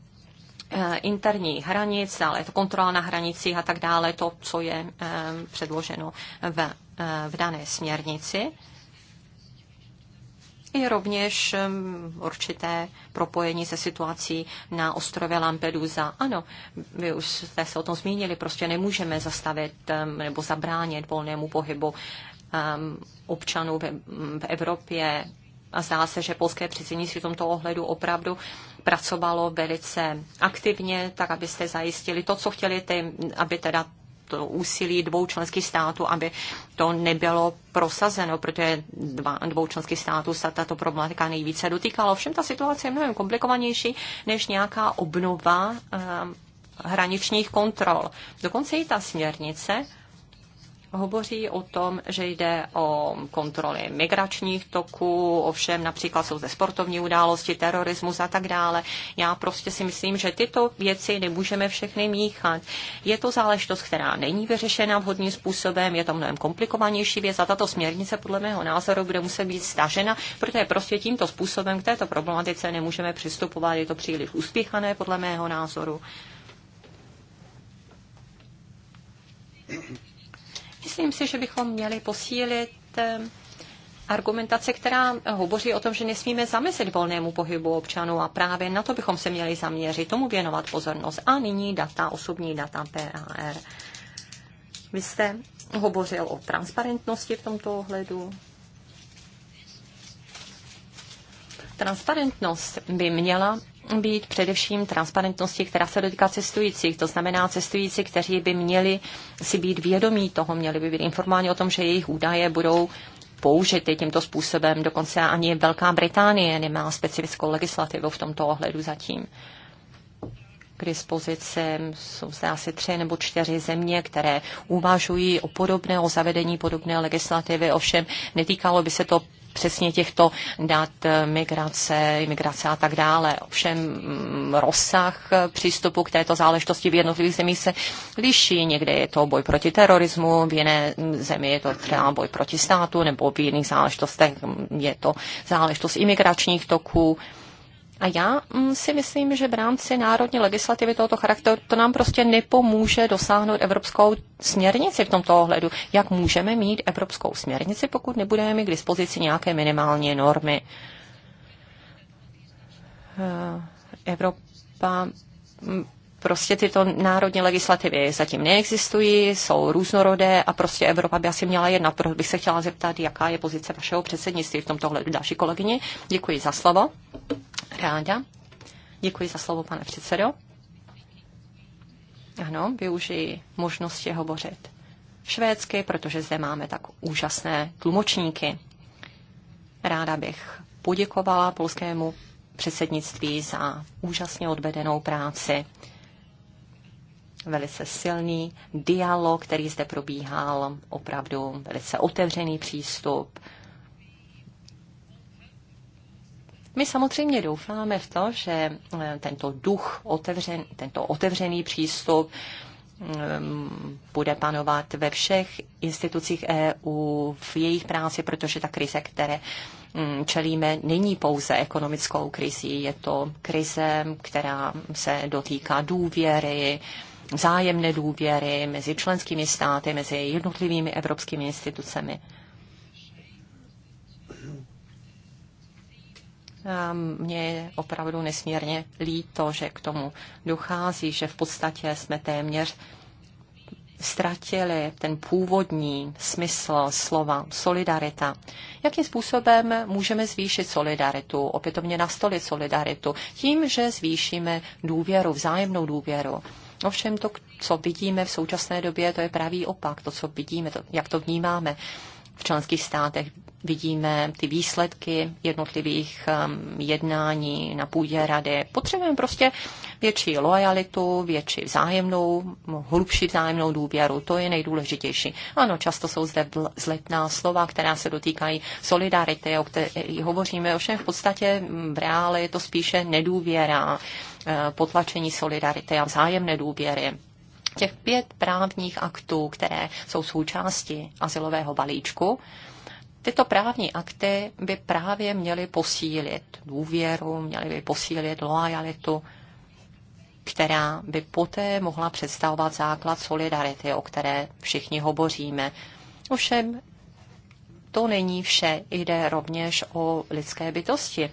eh, interní hranic, ale to kontrola na hranicích a tak dále, to, co je předloženo v, v dané směrnici i rovněž určité propojení se situací na ostrově Lampedusa. Ano, vy už jste se o tom zmínili, prostě nemůžeme zastavit nebo zabránit volnému pohybu občanů v Evropě. A zdá se, že polské si v tomto ohledu opravdu pracovalo velice aktivně, tak abyste zajistili to, co chtěli, ty, aby teda to úsilí dvou členských států, aby to nebylo prosazeno, protože dva, dvou členských států se tato problematika nejvíce dotýkala. Ovšem ta situace je mnohem komplikovanější než nějaká obnova um, hraničních kontrol. Dokonce i ta směrnice hovoří o tom, že jde o kontroly migračních toků, ovšem například jsou zde sportovní události, terorismus a tak dále. Já prostě si myslím, že tyto věci nemůžeme všechny míchat. Je to záležitost, která není vyřešena vhodným způsobem, je to mnohem komplikovanější věc a tato směrnice podle mého názoru bude muset být stažena, protože prostě tímto způsobem k této problematice nemůžeme přistupovat. Je to příliš uspěchané podle mého názoru. Myslím si, že bychom měli posílit eh, argumentace, která hovoří o tom, že nesmíme zamezit volnému pohybu občanů a právě na to bychom se měli zaměřit, tomu věnovat pozornost. A nyní data, osobní data PAR. Vy jste hovořil o transparentnosti v tomto ohledu. Transparentnost by měla být především transparentnosti, která se dotýká cestujících. To znamená cestující, kteří by měli si být vědomí toho, měli by být informováni o tom, že jejich údaje budou použity tímto způsobem. Dokonce ani Velká Británie nemá specifickou legislativu v tomto ohledu zatím. K dispozici jsou zde asi tři nebo čtyři země, které uvažují o podobné, o zavedení podobné legislativy. Ovšem netýkalo by se to přesně těchto dat eh, migrace, imigrace a tak dále. Ovšem mm, rozsah eh, přístupu k této záležitosti v jednotlivých zemích se liší. Někde je to boj proti terorismu, v jiné mm, zemi je to třeba boj proti státu, nebo v jiných záležitostech mm, je to záležitost imigračních toků. A já mm, si myslím, že v rámci národní legislativy tohoto charakteru to nám prostě nepomůže dosáhnout evropskou směrnici v tomto ohledu. Jak můžeme mít evropskou směrnici, pokud nebudeme mít k dispozici nějaké minimální normy? Eh, Evropa mm, prostě tyto národní legislativy zatím neexistují, jsou různorodé a prostě Evropa by asi měla jednat. Proto bych se chtěla zeptat, jaká je pozice vašeho předsednictví v tomto ohledu, Další kolegyně, děkuji za slovo ráda. Děkuji za slovo, pane předsedo. Ano, využiji možnosti hovořit švédsky, protože zde máme tak úžasné tlumočníky. Ráda bych poděkovala polskému předsednictví za úžasně odvedenou práci. Velice silný dialog, který zde probíhal, opravdu velice otevřený přístup, My samozřejmě doufáme v to, že eh, tento duch, otevřen, tento otevřený přístup mm, bude panovat ve všech institucích EU, v jejich práci, protože ta krize, které mm, čelíme, není pouze ekonomickou krizí, je to krize, která se dotýká důvěry, zájemné důvěry mezi členskými státy, mezi jednotlivými evropskými institucemi. Ehm, mně je opravdu nesmírně líto, že k tomu dochází, že v podstatě jsme téměř ztratili ten původní smysl slova solidarita. Jakým způsobem můžeme zvýšit solidaritu, opětovně nastolit solidaritu? Tím, že zvýšíme důvěru, vzájemnou důvěru. Ovšem to, co vidíme v současné době, to je pravý opak, to, co vidíme, to, jak to vnímáme v členských státech vidíme ty výsledky jednotlivých um, jednání na půdě rady. Potřebujeme prostě větší lojalitu, větší vzájemnou, hlubší vzájemnou důvěru. To je nejdůležitější. Ano, často jsou zde zletná slova, která se dotýkají solidarity, o které hovoříme. Ovšem v podstatě v reále je to spíše nedůvěra, uh, potlačení solidarity a vzájemné důvěry těch pět právních aktů, které jsou součástí asilového balíčku, Tyto právní akty by právě měly posílit důvěru, měly by posílit loajalitu, která by poté mohla představovat základ solidarity, o které všichni hovoříme. Ovšem, to není vše, jde rovněž o lidské bytosti.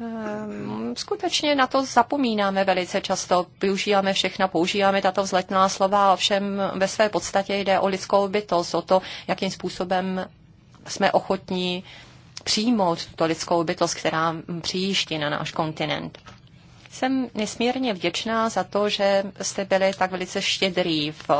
Ehm, skutečně na to zapomínáme velice často. Využíváme všechno, používáme tato vzletná slova, ovšem ve své podstatě jde o lidskou bytost, o to, jakým způsobem jsme ochotní přijmout tuto lidskou bytost, která přijíždí na náš kontinent. Jsem nesmírně vděčná za to, že jste byli tak velice štědrý v,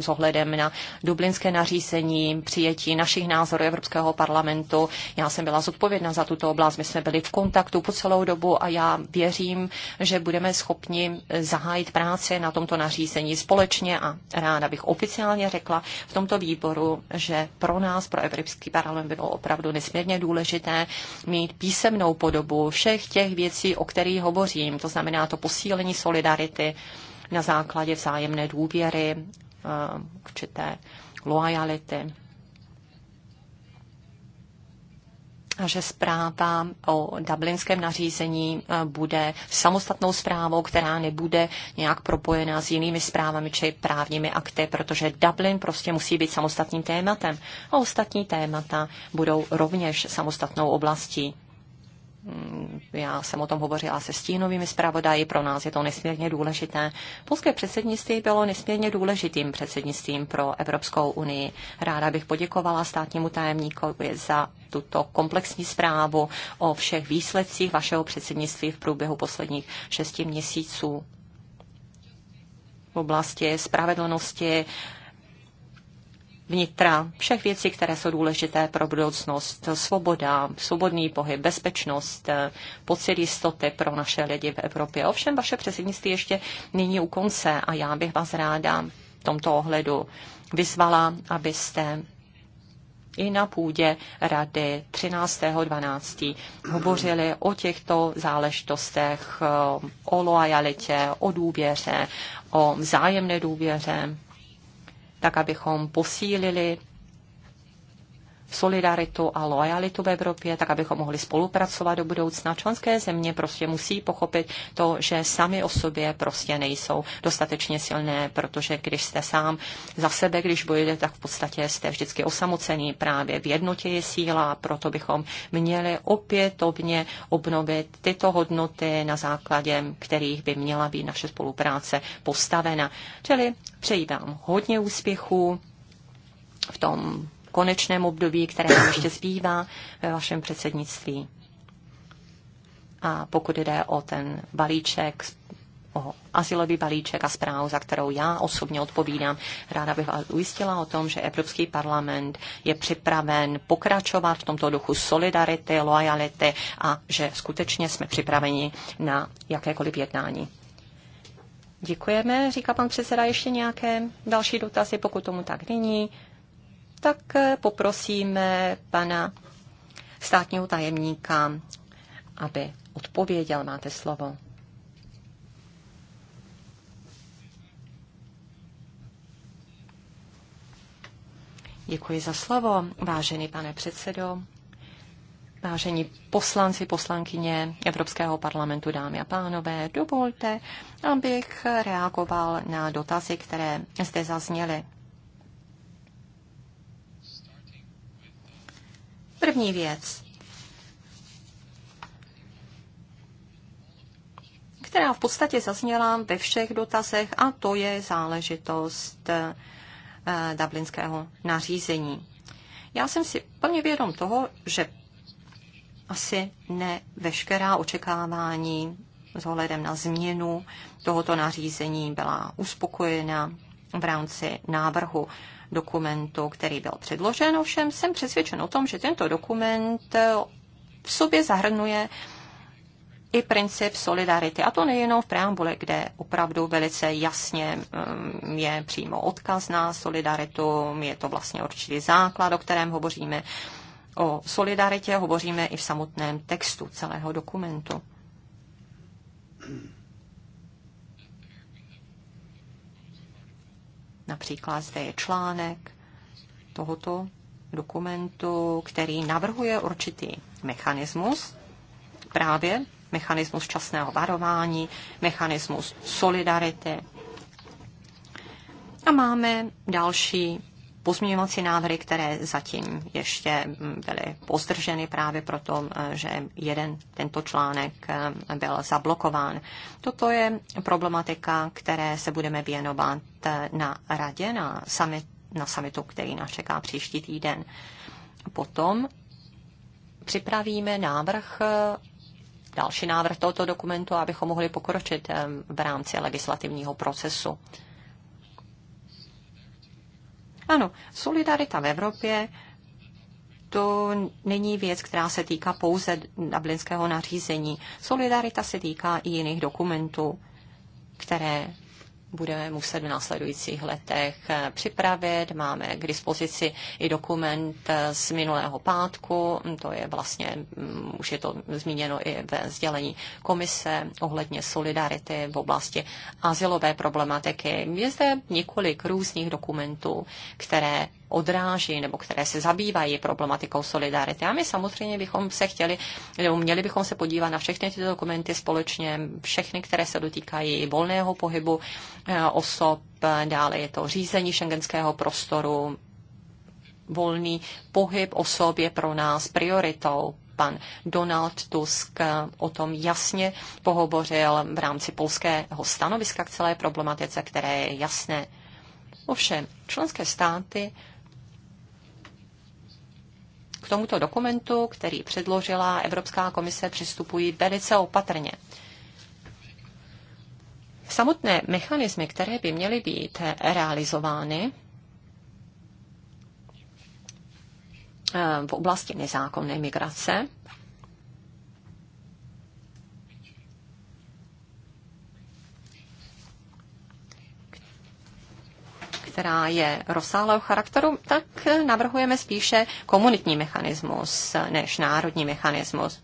s ohledem na dublinské nařízení, přijetí našich názorů Evropského parlamentu. Já jsem byla zodpovědná za tuto oblast, my jsme byli v kontaktu po celou dobu a já věřím, že budeme schopni zahájit práci na tomto nařízení společně a ráda bych oficiálně řekla v tomto výboru, že pro nás, pro Evropský parlament bylo opravdu nesmírně důležité mít písemnou podobu všech těch věcí, o kterých hovořím. To znamená to posílení solidarity na základě vzájemné důvěry, eh, určité loajality. a že zpráva o dublinském nařízení eh, bude samostatnou zprávou, která nebude nějak propojená s jinými zprávami či právními akty, protože Dublin prostě musí být samostatným tématem a ostatní témata budou rovněž samostatnou oblastí já jsem o tom hovořila se stínovými zpravodaji, pro nás je to nesmírně důležité. Polské předsednictví bylo nesmírně důležitým předsednictvím pro Evropskou unii. Ráda bych poděkovala státnímu tajemníkovi za tuto komplexní zprávu o všech výsledcích vašeho předsednictví v průběhu posledních šesti měsíců v oblasti spravedlnosti, vnitra, všech věcí, které jsou důležité pro budoucnost, svoboda, svobodný pohyb, bezpečnost, eh, pocit jistoty pro naše lidi v Evropě. Ovšem, vaše předsednictví ještě není u konce a já bych vás ráda v tomto ohledu vyzvala, abyste i na půdě rady 13.12. hovořili o těchto záležitostech, eh, o loajalitě, o důvěře, o vzájemné důvěře tak abychom posílili solidaritu a lojalitu v Evropě, tak abychom mohli spolupracovat do budoucna. Členské země prostě musí pochopit to, že sami o sobě prostě nejsou dostatečně silné, protože když jste sám za sebe, když bojujete, tak v podstatě jste vždycky osamocený. Právě v jednotě je síla, proto bychom měli opětovně obnovit tyto hodnoty, na základě kterých by měla být naše spolupráce postavena. Čili přeji vám hodně úspěchů v tom konečném období, které nám ještě zbývá ve vašem předsednictví. A pokud jde o ten balíček, o asilový balíček a zprávu, za kterou já osobně odpovídám, ráda bych vás ujistila o tom, že Evropský parlament je připraven pokračovat v tomto duchu solidarity, loajality a že skutečně jsme připraveni na jakékoliv jednání. Děkujeme, říká pan předseda, ještě nějaké další dotazy, pokud tomu tak není tak eh, poprosíme pana státního tajemníka, aby odpověděl. Máte slovo. Děkuji za slovo, vážený pane předsedo, vážení poslanci, poslankyně Evropského parlamentu, dámy a pánové. Dovolte, abych reagoval na dotazy, které zde zazněly. první věc, která v podstatě zazněla ve všech dotazech, a to je záležitost eh, dublinského nařízení. Já jsem si plně vědom toho, že asi ne veškerá očekávání s ohledem na změnu tohoto nařízení byla uspokojena v rámci návrhu dokumentu, který byl předložen. Ovšem jsem přesvědčen o tom, že tento dokument eh, v sobě zahrnuje i princip solidarity. A to nejenom v preambule, kde opravdu velice jasně mm, je přímo odkaz na solidaritu, je to vlastně určitý základ, o kterém hovoříme. O solidaritě hovoříme i v samotném textu celého dokumentu. Například zde je článek tohoto dokumentu, který navrhuje určitý mechanismus, právě mechanismus časného varování, mechanismus solidarity. A máme další pozměňovací návrhy, které zatím ještě mm, byly pozdrženy právě proto, mm, že jeden tento článek mm, byl zablokován. Toto je problematika, které se budeme věnovat na radě, na, summit, na summitu, který nás čeká příští týden. Potom připravíme návrh další návrh tohoto dokumentu, abychom mohli pokročit v rámci legislativního procesu. Ano, solidarita v Evropě to není věc, která se týká pouze dublinského nařízení. Solidarita se týká i jiných dokumentů, které budeme muset v následujících letech eh, připravit. Máme k dispozici i dokument eh, z minulého pátku, to je vlastně, mm, už je to zmíněno i ve sdělení komise ohledně solidarity v oblasti asilové problematiky. Je zde několik různých dokumentů, které odráží nebo které se zabývají problematikou solidarity. A my samozřejmě bychom se chtěli, nebo měli bychom se podívat na všechny tyto dokumenty společně, všechny, které se dotýkají volného pohybu eh, osob, eh, dále je to řízení šengenského prostoru, volný pohyb osob je pro nás prioritou. Pan Donald Tusk eh, o tom jasně pohovořil v rámci polského stanoviska k celé problematice, které je jasné. Ovšem, členské státy k tomuto dokumentu, který předložila Evropská komise, přistupují velice opatrně. Samotné mechanismy, které by měly být realizovány eh, v oblasti nezákonné migrace, která je rozsáhlého charakteru, tak navrhujeme spíše komunitní mechanismus než národní mechanismus.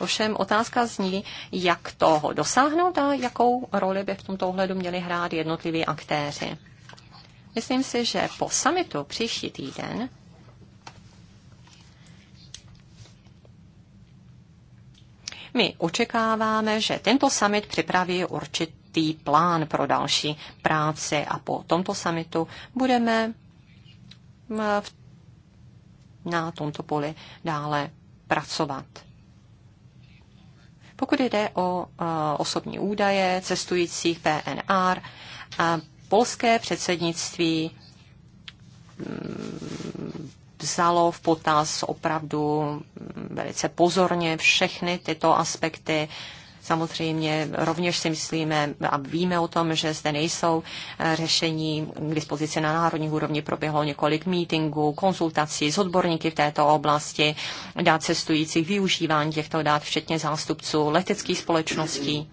Ovšem otázka zní, jak toho dosáhnout a jakou roli by v tomto ohledu měli hrát jednotliví aktéři. Myslím si, že po samitu příští týden My očekáváme, že tento summit připraví určitě určitý plán pro další práci a po tomto samitu budeme mm, v, na tomto poli dále pracovat. Pokud jde o a, e, osobní údaje cestujících PNR, a e, polské předsednictví mm, vzalo v potaz opravdu mm, velice pozorně všechny tyto aspekty. Samozřejmě rovněž si myslíme a víme o tom, že zde nejsou eh, řešení k dispozici na národní úrovni. Proběhlo několik meetingů, konzultací s odborníky v této oblasti, dát cestujících využívání těchto dát, včetně zástupců leteckých společností.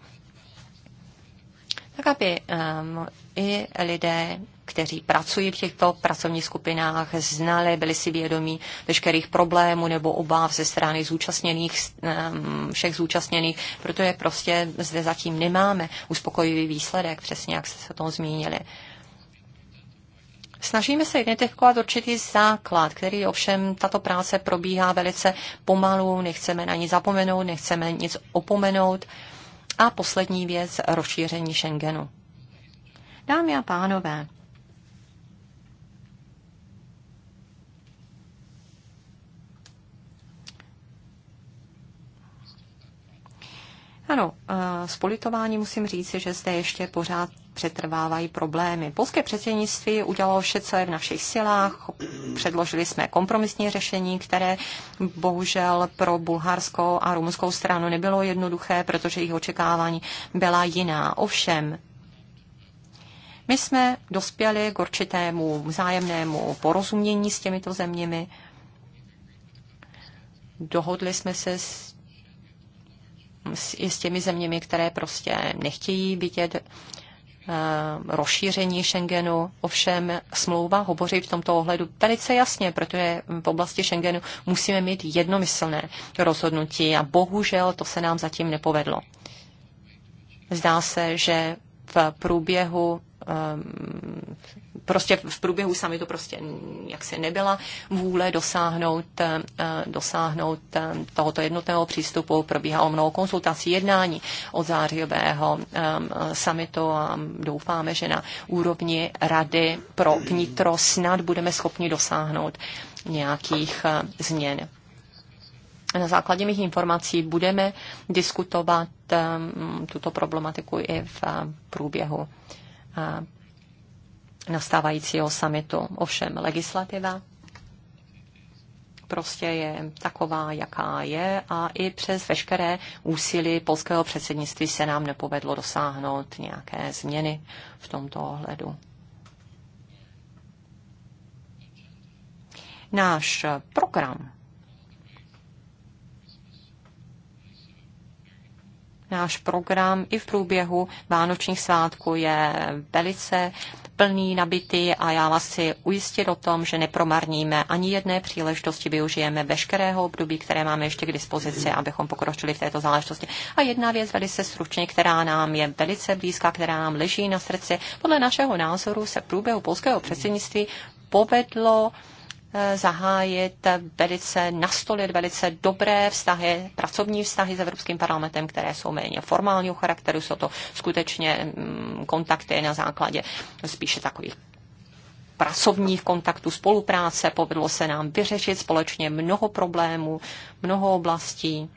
Tak aby um, i lidé kteří pracují v těchto pracovních skupinách, znali, byli si vědomí veškerých problémů nebo obáv ze strany zúčastněných, ehm, všech zúčastněných, protože prostě zde zatím nemáme uspokojivý výsledek, přesně jak jste se o tom zmínili. Snažíme se identifikovat určitý základ, který ovšem tato práce probíhá velice pomalu, nechceme na ní zapomenout, nechceme nic opomenout. A poslední věc, rozšíření Schengenu. Dámy a pánové, Ano, eh, s politováním musím říct, že zde ještě pořád přetrvávají problémy. Polské předsednictví udělalo vše, co je v našich silách. Předložili jsme kompromisní řešení, které bohužel pro bulharskou a rumunskou stranu nebylo jednoduché, protože jejich očekávání byla jiná. Ovšem, my jsme dospěli k určitému vzájemnému porozumění s těmito zeměmi. Dohodli jsme se s s, i s těmi zeměmi, které prostě nechtějí vidět eh, rozšíření Schengenu. Ovšem smlouva hovoří v tomto ohledu velice jasně, protože v oblasti Schengenu musíme mít jednomyslné rozhodnutí a bohužel to se nám zatím nepovedlo. Zdá se, že v průběhu ehm, prostě v průběhu sami to prostě jaksi nebyla vůle dosáhnout, eh, dosáhnout eh, tohoto jednotného přístupu. Probíhalo mnoho konzultací, jednání od zářivého eh, samitu a doufáme, že na úrovni rady pro vnitro snad budeme schopni dosáhnout nějakých změn. Na základě mých informací budeme diskutovat tuto problematiku i v průběhu nastávajícího samitu. Ovšem legislativa prostě je taková, jaká je a i přes veškeré úsilí polského předsednictví se nám nepovedlo dosáhnout nějaké změny v tomto ohledu. Náš program náš program i v průběhu vánočních svátků je velice plný, nabitý a já vás si ujistit o tom, že nepromarníme ani jedné příležitosti, využijeme veškerého období, které máme ještě k dispozici, abychom pokročili v této záležitosti. A jedna věc velice stručně, která nám je velice blízká, která nám leží na srdci. Podle našeho názoru se v průběhu polského předsednictví povedlo zahájit velice, nastolit velice dobré vztahy, pracovní vztahy s Evropským parlamentem, které jsou méně formálního charakteru, jsou to skutečně mm, kontakty na základě spíše takových pracovních kontaktů, spolupráce. Povedlo se nám vyřešit společně mnoho problémů, mnoho oblastí.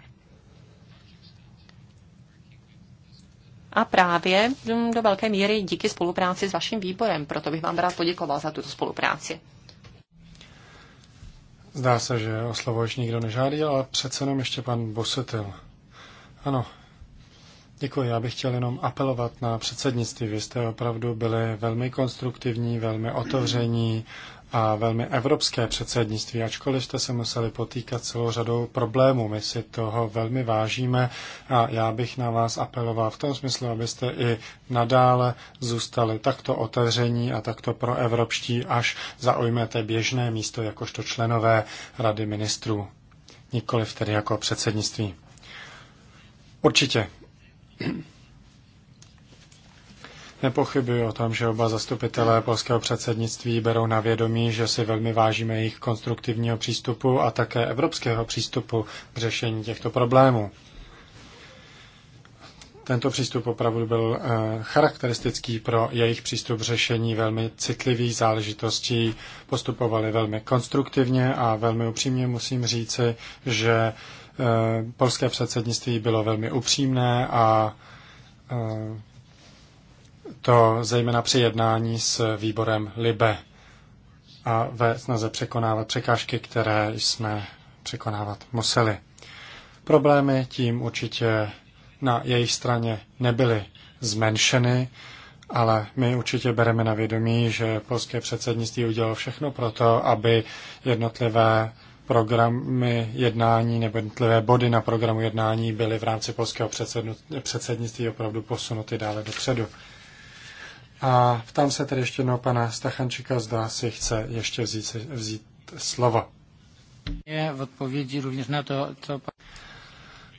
A právě mm, do velké míry díky spolupráci s vaším výborem. Proto bych vám rád poděkoval za tuto spolupráci. Zdá se, že o slovo již nikdo nežádí, ale přece jenom ještě pan Bosetil. Ano, děkuji. Já bych chtěl jenom apelovat na předsednictví. Vy jste opravdu byli velmi konstruktivní, velmi otevření a velmi evropské předsednictví, ačkoliv jste se museli potýkat celou řadou problémů. My si toho velmi vážíme a já bych na vás apeloval v tom smyslu, abyste i nadále zůstali takto otevření a takto proevropští, až zaujmete běžné místo jakožto členové Rady ministrů, nikoliv tedy jako předsednictví. Určitě. Nepochybuji o tom, že oba zastupitelé polského předsednictví berou na vědomí, že si velmi vážíme jejich konstruktivního přístupu a také evropského přístupu k řešení těchto problémů. Tento přístup opravdu byl eh, charakteristický pro jejich přístup k řešení velmi citlivých záležitostí. Postupovali velmi konstruktivně a velmi upřímně musím říci, že eh, polské předsednictví bylo velmi upřímné a eh, to zejména při jednání s výborem LIBE a ve snaze překonávat překážky, které jsme překonávat museli. Problémy tím určitě na jejich straně nebyly zmenšeny, ale my určitě bereme na vědomí, že polské předsednictví udělalo všechno pro to, aby jednotlivé programy jednání nebo jednotlivé body na programu jednání byly v rámci polského předsednictví opravdu posunuty dále dopředu. A ptám se tedy ještě jednou pana Stachančika, zda si chce ještě vzít, vzít slovo. Je v odpovědi rovněž na to, co...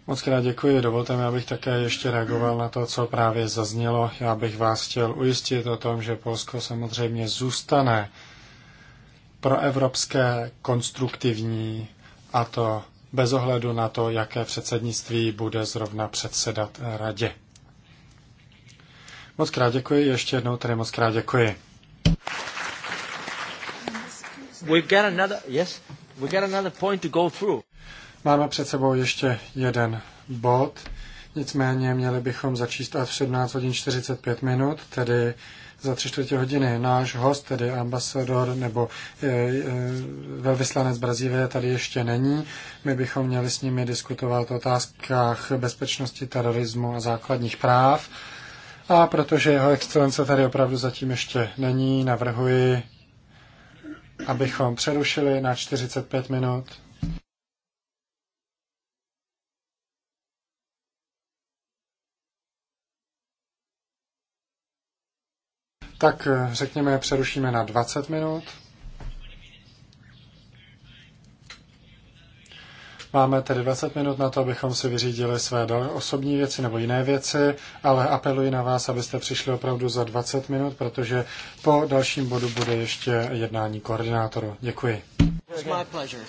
Moc krát děkuji. Dovolte mi, abych také ještě reagoval na to, co právě zaznělo. Já bych vás chtěl ujistit o tom, že Polsko samozřejmě zůstane pro evropské konstruktivní a to bez ohledu na to, jaké předsednictví bude zrovna předsedat radě. Moc krát děkuji, ještě jednou tady moc krát děkuji. We've got another, yes, we've got another point to go through. Máme před sebou ještě jeden bod, nicméně měli bychom začíst až v 17 hodin 45 minut, tedy za tři čtvrtě hodiny. Náš host, tedy ambasador nebo e, e, velvyslanec Brazílie, tady ještě není. My bychom měli s nimi diskutovat o otázkách bezpečnosti, terorismu a základních práv. A protože jeho excelence tady opravdu zatím ještě není, navrhuji, abychom přerušili na 45 minut. Tak eh, řekněme, přerušíme na 20 minut. Máme tedy 20 minut na to, abychom si vyřídili své osobní věci nebo jiné věci, ale apeluji na vás, abyste přišli opravdu za 20 minut, protože po dalším bodu bude ještě jednání koordinátoru. Děkuji. Pleasure.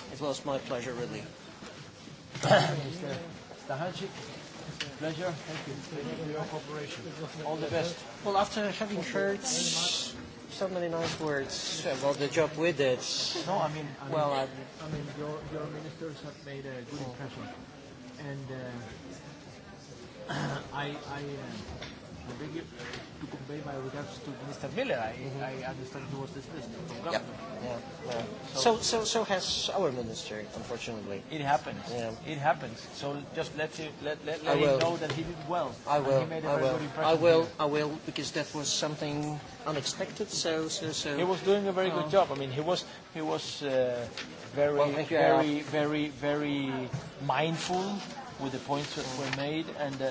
Thank you. Thank you for your cooperation. All the best. Well, after having heard so many nice words about the job we did. No, I mean, I mean, well, I, I mean, your, your ministers have made a good impression, and uh, [CLEARS THROAT] I, I. Uh, the video to convey my regards to Mr. Miller. I, mm-hmm. I understand he was dismissed from government. Yeah. Yeah. yeah. So, so, so, so has our minister, unfortunately. It happens. Yeah. It happens. So just let you let let, let him know that he did well. I will. He made a I very will. Good impression I will. Here. I will because that was something unexpected. So, so, so. He was doing a very oh. good job. I mean, he was he was uh, very well, very, very very very mindful with the points that were made and. Uh,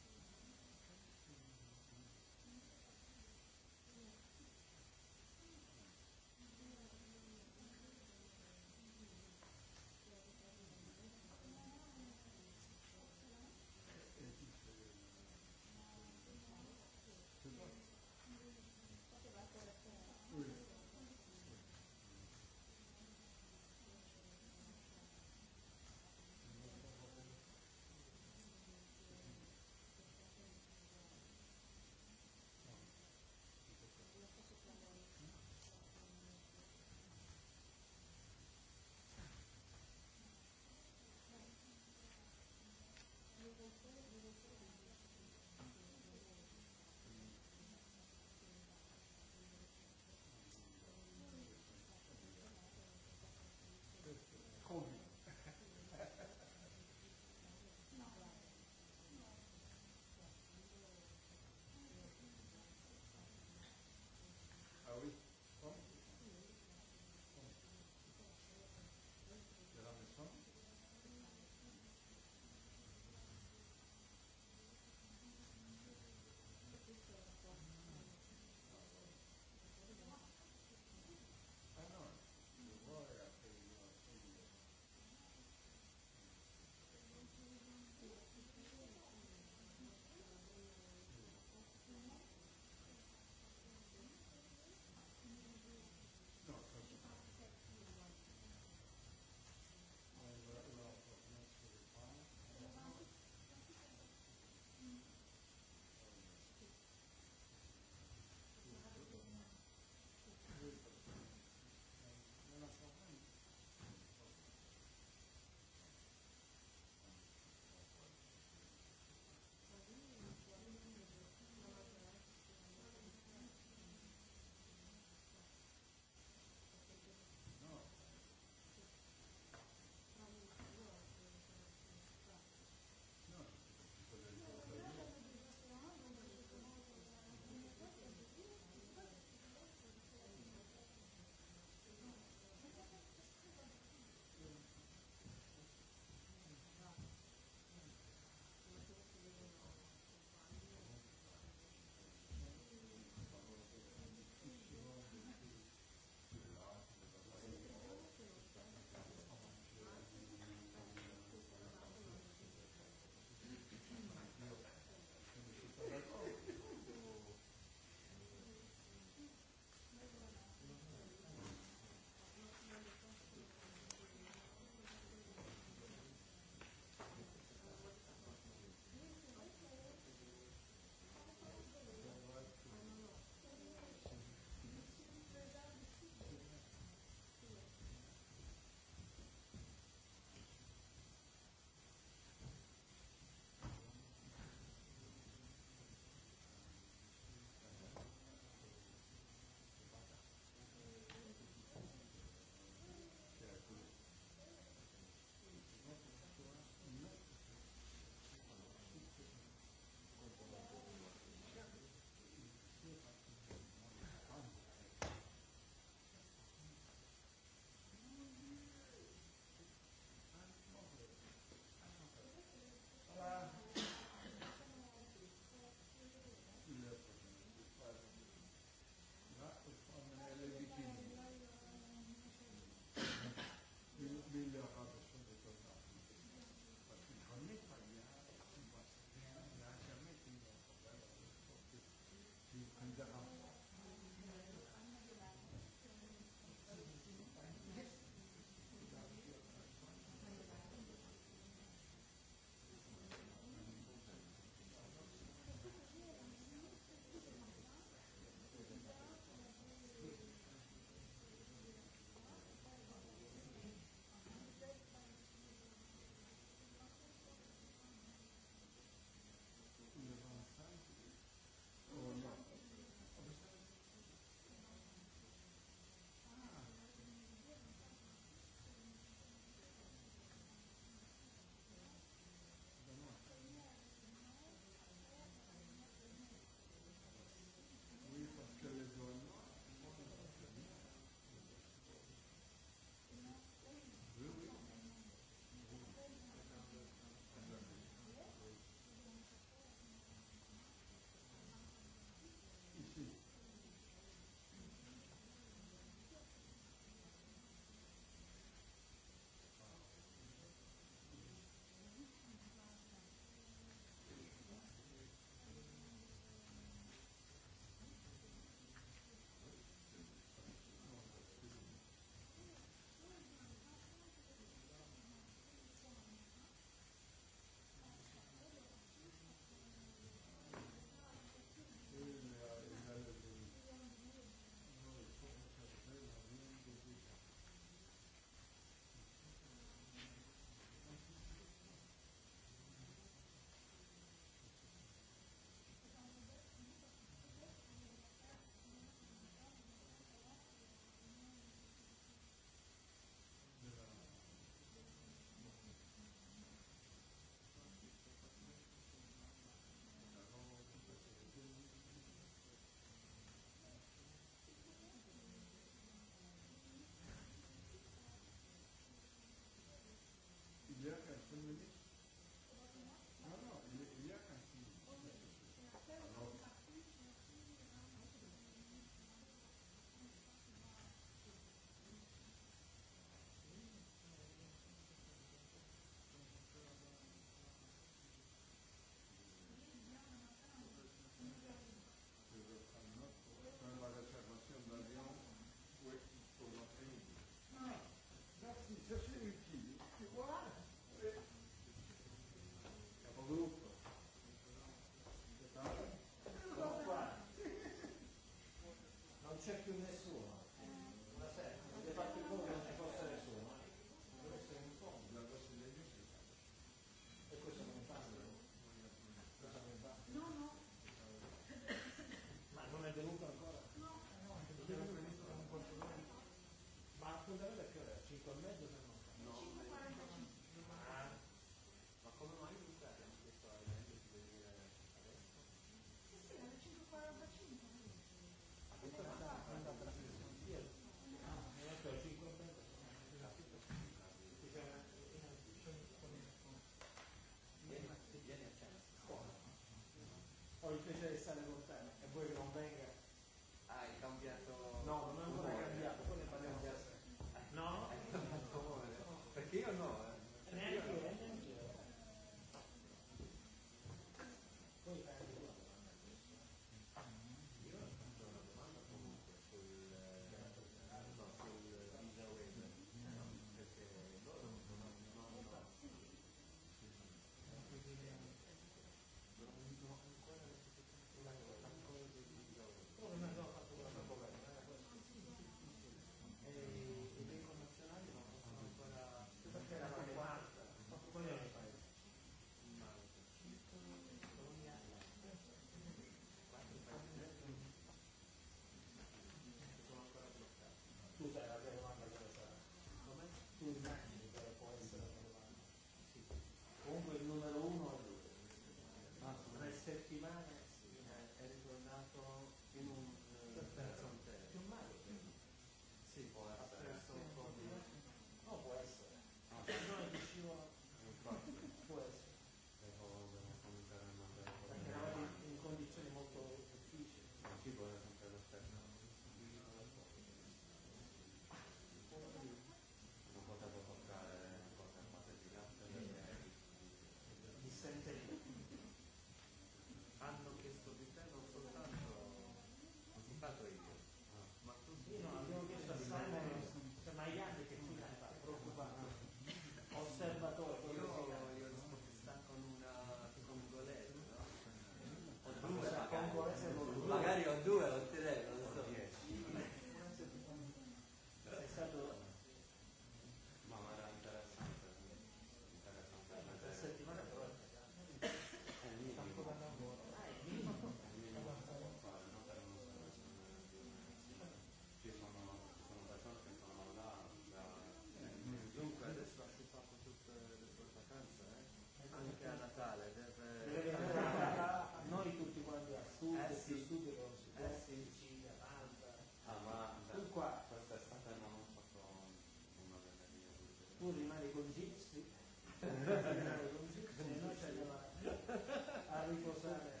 riposare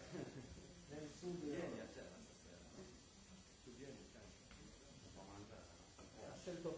nel sud Vieni a te, tu vieni a te, ha scelto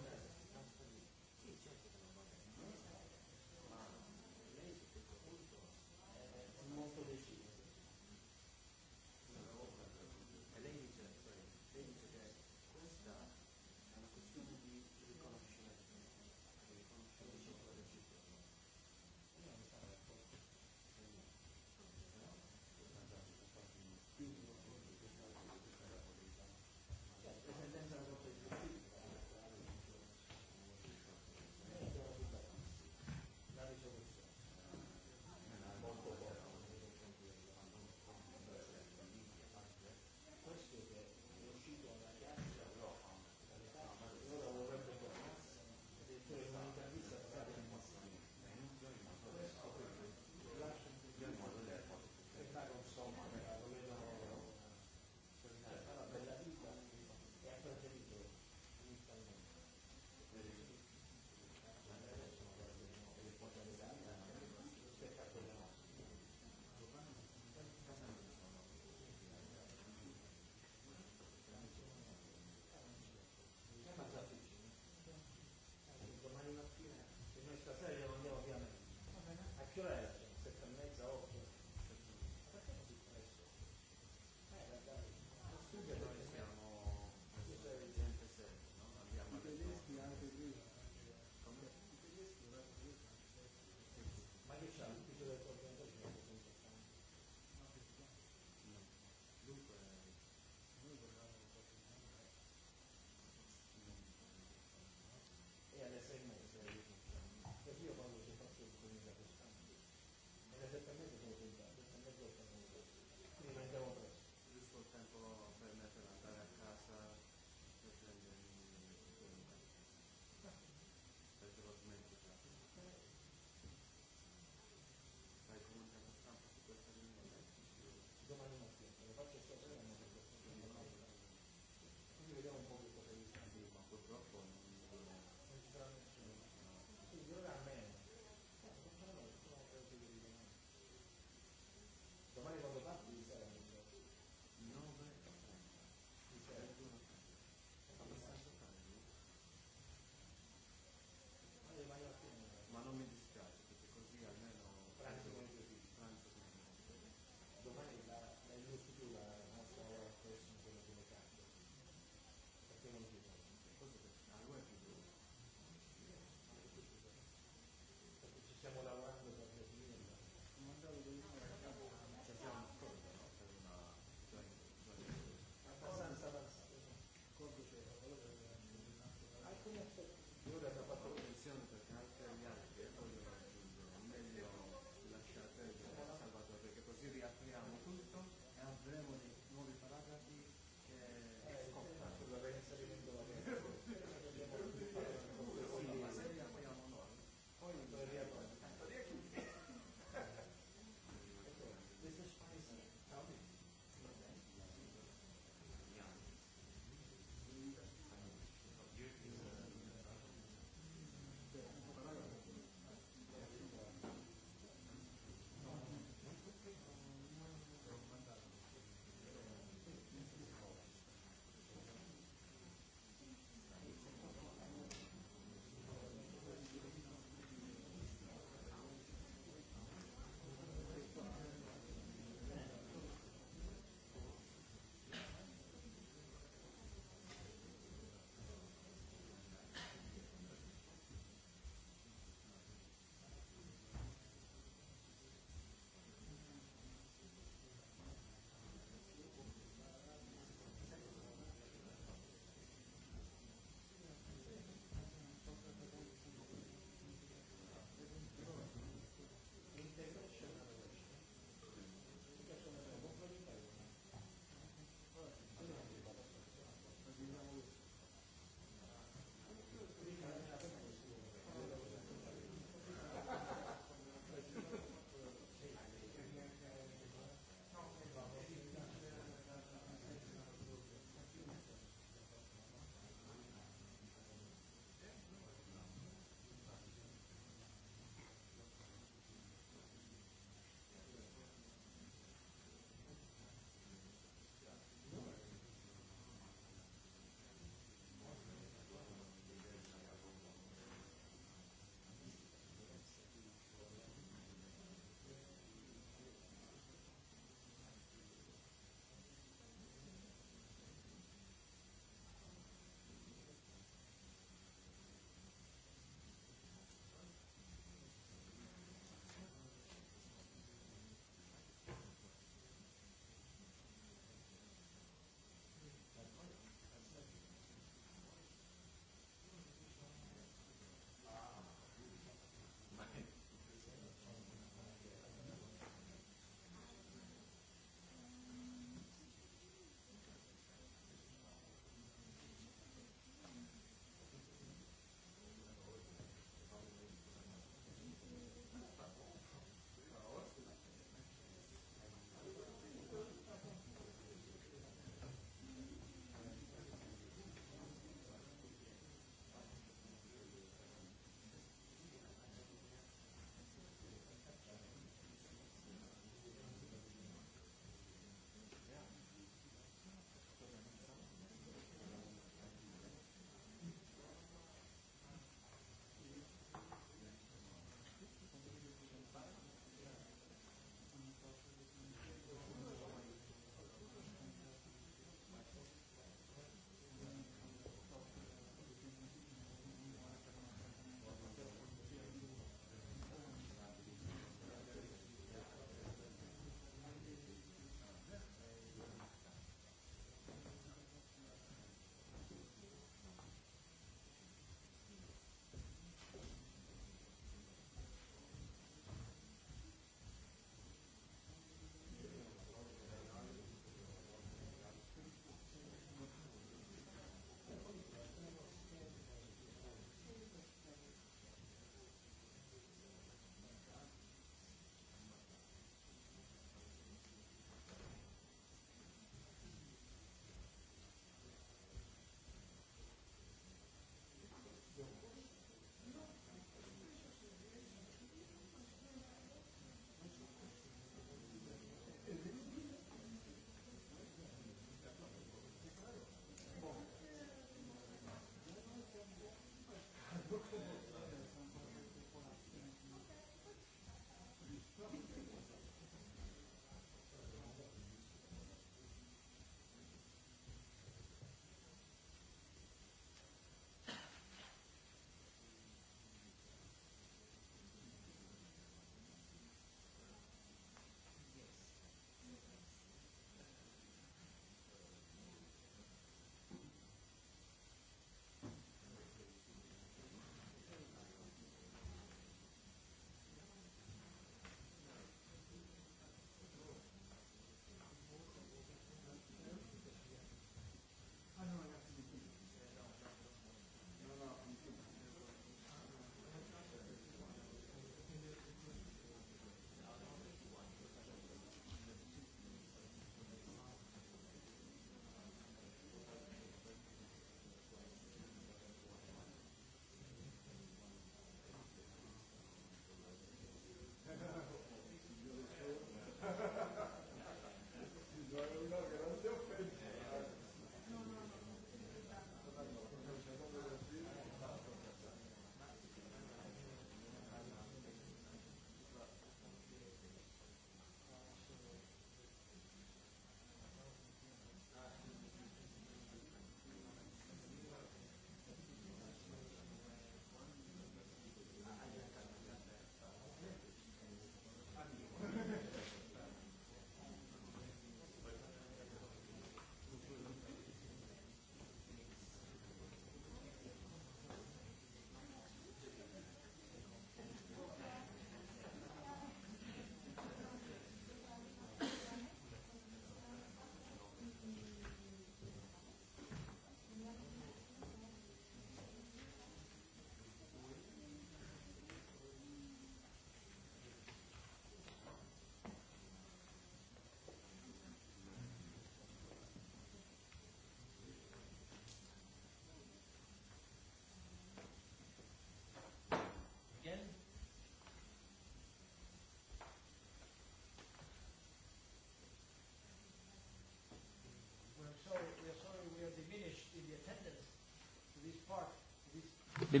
Eh,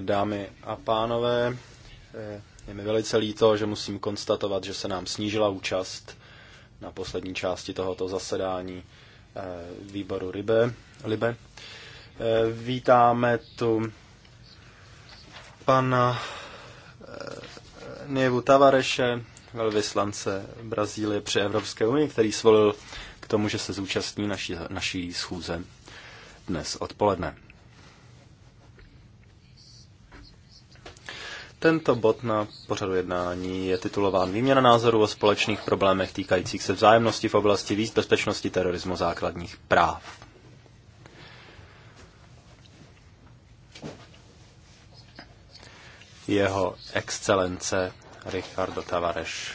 dámy a pánové, eh, je mi velice líto, že musím konstatovat, že se nám snížila účast na poslední části tohoto zasedání eh, výboru Libe. Libe. Vítáme tu pana Nevu Tavareše, velvyslance Brazílie při Evropské unii, který svolil k tomu, že se zúčastní naší, naší schůze dnes odpoledne. Tento bod na pořadu jednání je titulován Výměna názorů o společných problémech týkajících se vzájemnosti v oblasti víc bezpečnosti terorismu základních práv. Jeho excelence Ricardo Tavares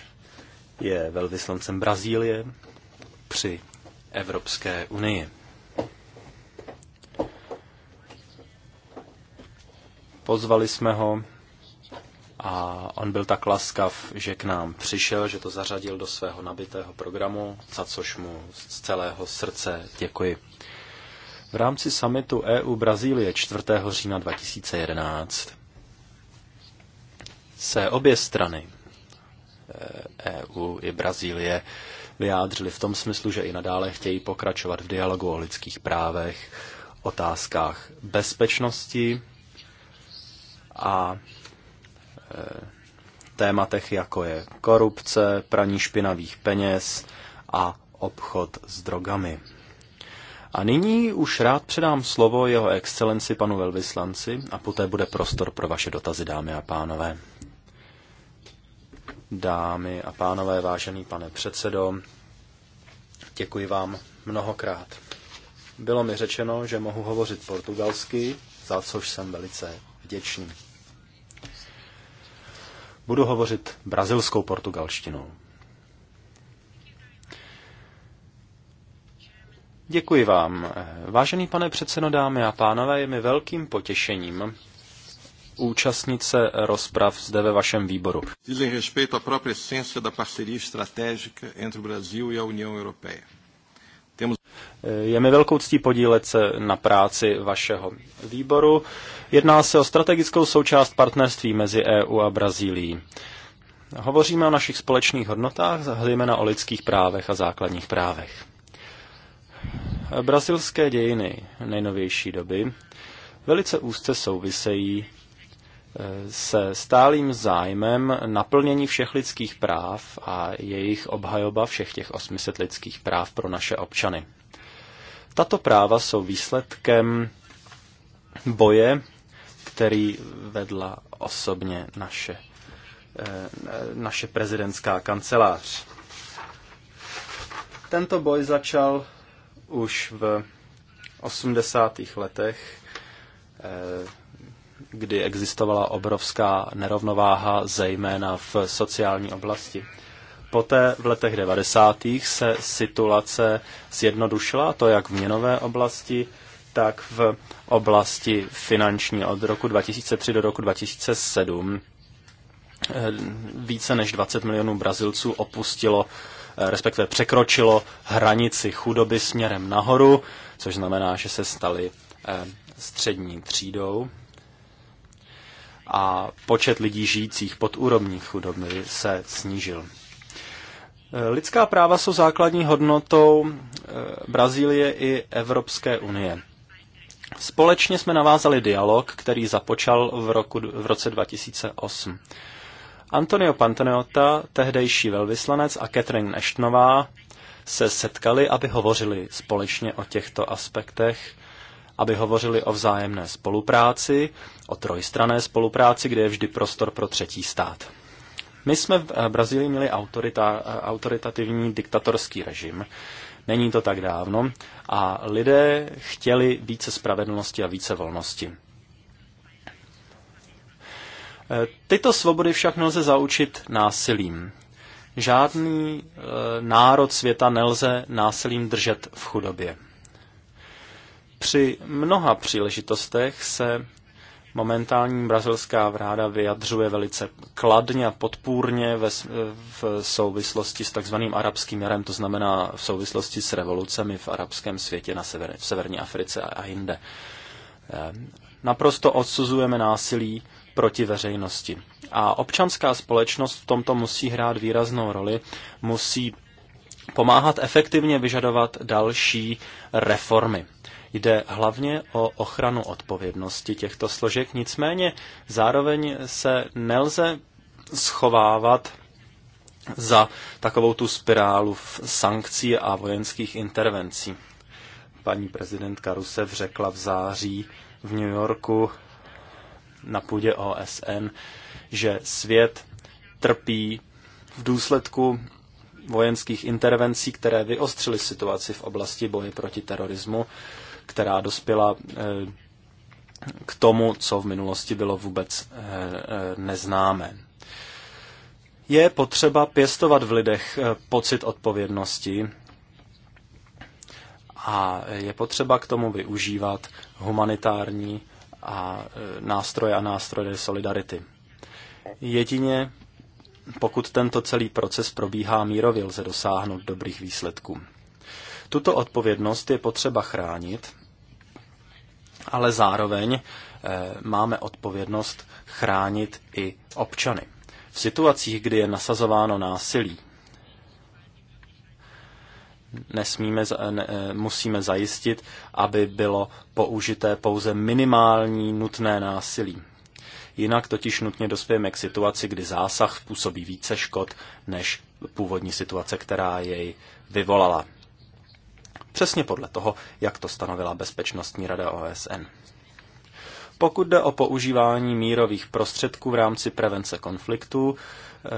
je velvyslancem Brazílie při Evropské unii. Pozvali jsme ho a on byl tak laskav, že k nám přišel, že to zařadil do svého nabitého programu, za což mu z celého srdce děkuji. V rámci summitu EU Brazílie 4. října 2011 se obě strany EU eh, e i Brazílie vyjádřili v tom smyslu, že i nadále chtějí pokračovat v dialogu o lidských právech, otázkách bezpečnosti a Eh, tématech, jako je korupce, praní špinavých peněz a obchod s drogami. A nyní už rád předám slovo jeho excelenci panu velvyslanci a poté bude prostor pro vaše dotazy, dámy a pánové. Dámy a pánové, vážený pane předsedo, děkuji vám mnohokrát. Bylo mi řečeno, že mohu hovořit portugalsky, za což jsem velice vděčný. Budu hovořit brazilskou portugalštinou. Děkuji vám. Vážený pane předsedo, dámy a pánové, je mi velkým potěšením účastnit se rozprav zde ve vašem výboru. Dizem respeito à própria essência da parceria estratégica entre o Brasil e a União Europeia. Je mi velkou ctí podílet se na práci vašeho výboru. Jedná se o strategickou součást partnerství mezi EU a Brazílií. Hovoříme o našich společných hodnotách, zejména o lidských právech a základních právech. Brazilské dějiny nejnovější doby velice úzce souvisejí eh, se stálým zájmem naplnění všech lidských práv a jejich obhajoba všech těch 800 lidských práv pro naše občany. Tato práva jsou výsledkem boje, který vedla osobně naše, eh, naše prezidentská kancelář. Tento boj začal už v 80. letech, eh, kdy existovala obrovská nerovnováha, zejména v sociální oblasti. Poté v letech 90. se situace zjednodušila, to jak v měnové oblasti, tak v oblasti finanční od roku 2003 do roku 2007 eh, více než 20 milionů Brazilců opustilo, eh, respektive překročilo hranici chudoby směrem nahoru, což znamená, že se stali eh, střední třídou. A počet lidí žijících pod úrovní chudoby se snížil. Lidská práva jsou základní hodnotou eh, Brazílie i Evropské unie. Společně jsme navázali dialog, který započal v, roku, v roce 2008. Antonio Pantaneota, tehdejší velvyslanec a Catherine Ashtonová se setkali, aby hovořili společně o těchto aspektech, aby hovořili o vzájemné spolupráci, o trojstrané spolupráci, kde je vždy prostor pro třetí stát. My jsme v eh, Brazílii měli autorita, eh, autoritativní diktatorský režim. Není to tak dávno. A lidé chtěli více spravedlnosti a více volnosti. Eh, tyto svobody však nelze zaučit násilím. Žádný e, národ světa nelze násilím držet v chudobě. Při mnoha příležitostech se Momentální brazilská vláda vyjadřuje velice kladně a podpůrně ve, v souvislosti s takzvaným arabským jarem, to znamená v souvislosti s revolucemi v arabském světě na sever, v severní Africe a jinde. Eh, naprosto odsuzujeme násilí proti veřejnosti. A občanská společnost v tomto musí hrát výraznou roli, musí pomáhat efektivně vyžadovat další reformy. Jde hlavně o ochranu odpovědnosti těchto složek, nicméně zároveň se nelze schovávat za takovou tu spirálu v sankcí a vojenských intervencí. Paní prezidentka Rusev řekla v září v New Yorku na půdě OSN, že svět trpí v důsledku vojenských intervencí, které vyostřily situaci v oblasti boje proti terorismu která dospěla eh, k tomu, co v minulosti bylo vůbec eh, eh, neznámé. Je potřeba pěstovat v lidech pocit odpovědnosti a je potřeba k tomu využívat humanitární a nástroje a nástroje solidarity. Jedině pokud tento celý proces probíhá mírově, lze dosáhnout dobrých výsledků. Tuto odpovědnost je potřeba chránit ale zároveň eh, máme odpovědnost chránit i občany. V situacích, kdy je nasazováno násilí, nesmíme, ne, eh, musíme zajistit, aby bylo použité pouze minimální nutné násilí. Jinak totiž nutně dospějeme k situaci, kdy zásah působí více škod než původní situace, která jej vyvolala přesně podle toho, jak to stanovila Bezpečnostní rada OSN. Pokud jde o používání mírových prostředků v rámci prevence konfliktů, eh,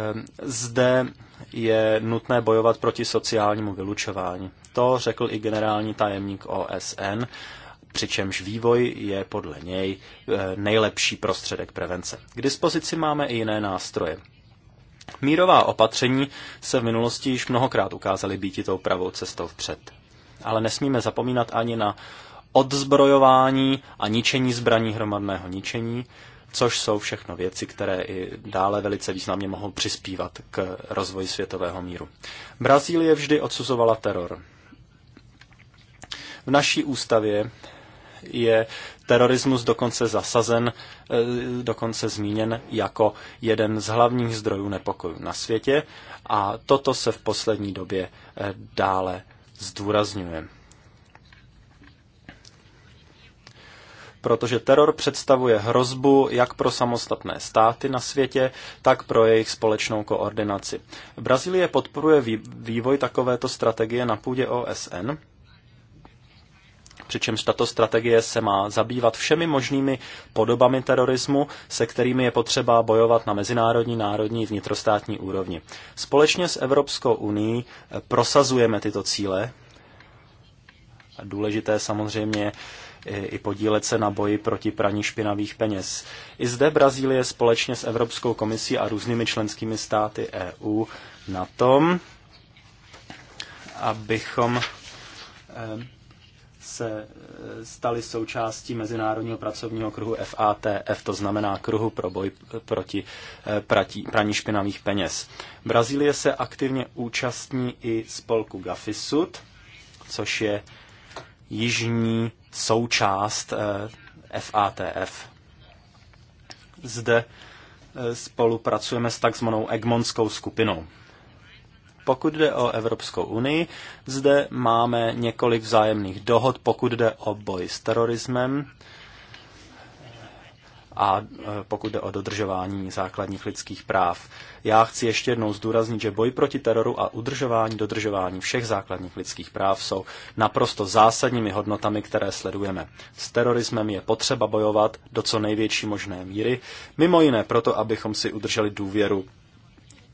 zde je nutné bojovat proti sociálnímu vylučování. To řekl i generální tajemník OSN, přičemž vývoj je podle něj eh, nejlepší prostředek prevence. K dispozici máme i jiné nástroje. Mírová opatření se v minulosti již mnohokrát ukázaly být tou pravou cestou vpřed ale nesmíme zapomínat ani na odzbrojování a ničení zbraní hromadného ničení, což jsou všechno věci, které i dále velice významně mohou přispívat k rozvoji světového míru. Brazílie vždy odsuzovala teror. V naší ústavě je terorismus dokonce zasazen, eh, dokonce zmíněn jako jeden z hlavních zdrojů nepokojů na světě a toto se v poslední době eh, dále zdůrazňuje. Protože teror představuje hrozbu jak pro samostatné státy na světě, tak pro jejich společnou koordinaci. Brazílie podporuje vývoj takovéto strategie na půdě OSN Přičemž tato strategie se má zabývat všemi možnými podobami terorismu, se kterými je potřeba bojovat na mezinárodní, národní i vnitrostátní úrovni. Společně s Evropskou unii eh, prosazujeme tyto cíle. Důležité samozřejmě eh, i podílet se na boji proti praní špinavých peněz. I zde Brazílie společně s Evropskou komisí a různými členskými státy EU na tom, abychom eh, se eh, staly součástí mezinárodního pracovního kruhu FATF, to znamená kruhu pro boj eh, proti eh, praní špinavých peněz. Brazílie se aktivně účastní i spolku Gafisud, což je jižní součást FATF. Zde spolupracujeme s takzvanou Egmontskou skupinou. Pokud jde o Evropskou unii, zde máme několik vzájemných dohod, pokud jde o boj s terorismem a e, pokud jde o dodržování základních lidských práv. Já chci ještě jednou zdůraznit, že boj proti teroru a udržování, dodržování všech základních lidských práv jsou naprosto zásadními hodnotami, které sledujeme. S terorismem je potřeba bojovat do co největší možné míry, mimo jiné proto, abychom si udrželi důvěru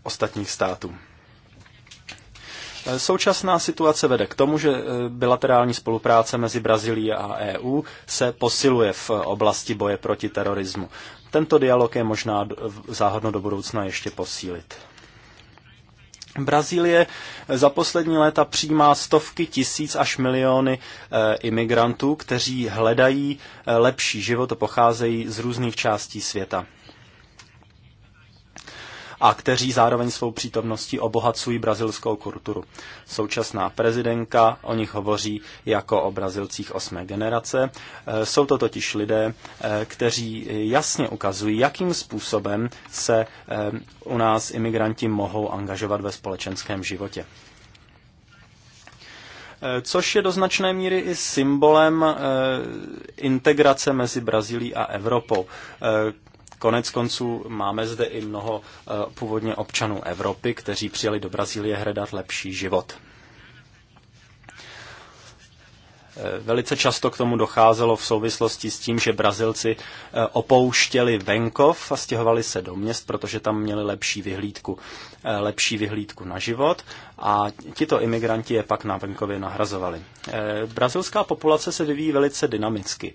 ostatních států. Eh, současná situace vede k tomu, že eh, bilaterální spolupráce mezi Brazílií a EU se posiluje v oblasti boje proti terorismu. Tento dialog je možná záhodno do budoucna ještě posílit. Brazílie eh, za poslední léta přijímá stovky tisíc až miliony e, imigrantů, kteří hledají e, lepší život a pocházejí z různých částí světa a kteří zároveň svou přítomností obohacují brazilskou kulturu. Současná prezidentka o nich hovoří jako o brazilcích osmé generace. Eh, jsou to totiž lidé, eh, kteří jasně ukazují, jakým způsobem se eh, u nás imigranti mohou angažovat ve společenském životě což je do značné míry i symbolem integrace mezi Brazílií a Evropou. Konec konců máme zde i mnoho eh, původně občanů Evropy, kteří přijeli do Brazílie hledat lepší život. Eh, velice často k tomu docházelo v souvislosti s tím, že Brazilci eh, opouštěli venkov a stěhovali se do měst, protože tam měli lepší vyhlídku, lepší vyhlídku na život a tito imigranti je pak na venkově nahrazovali. Brazilská populace se vyvíjí velice dynamicky.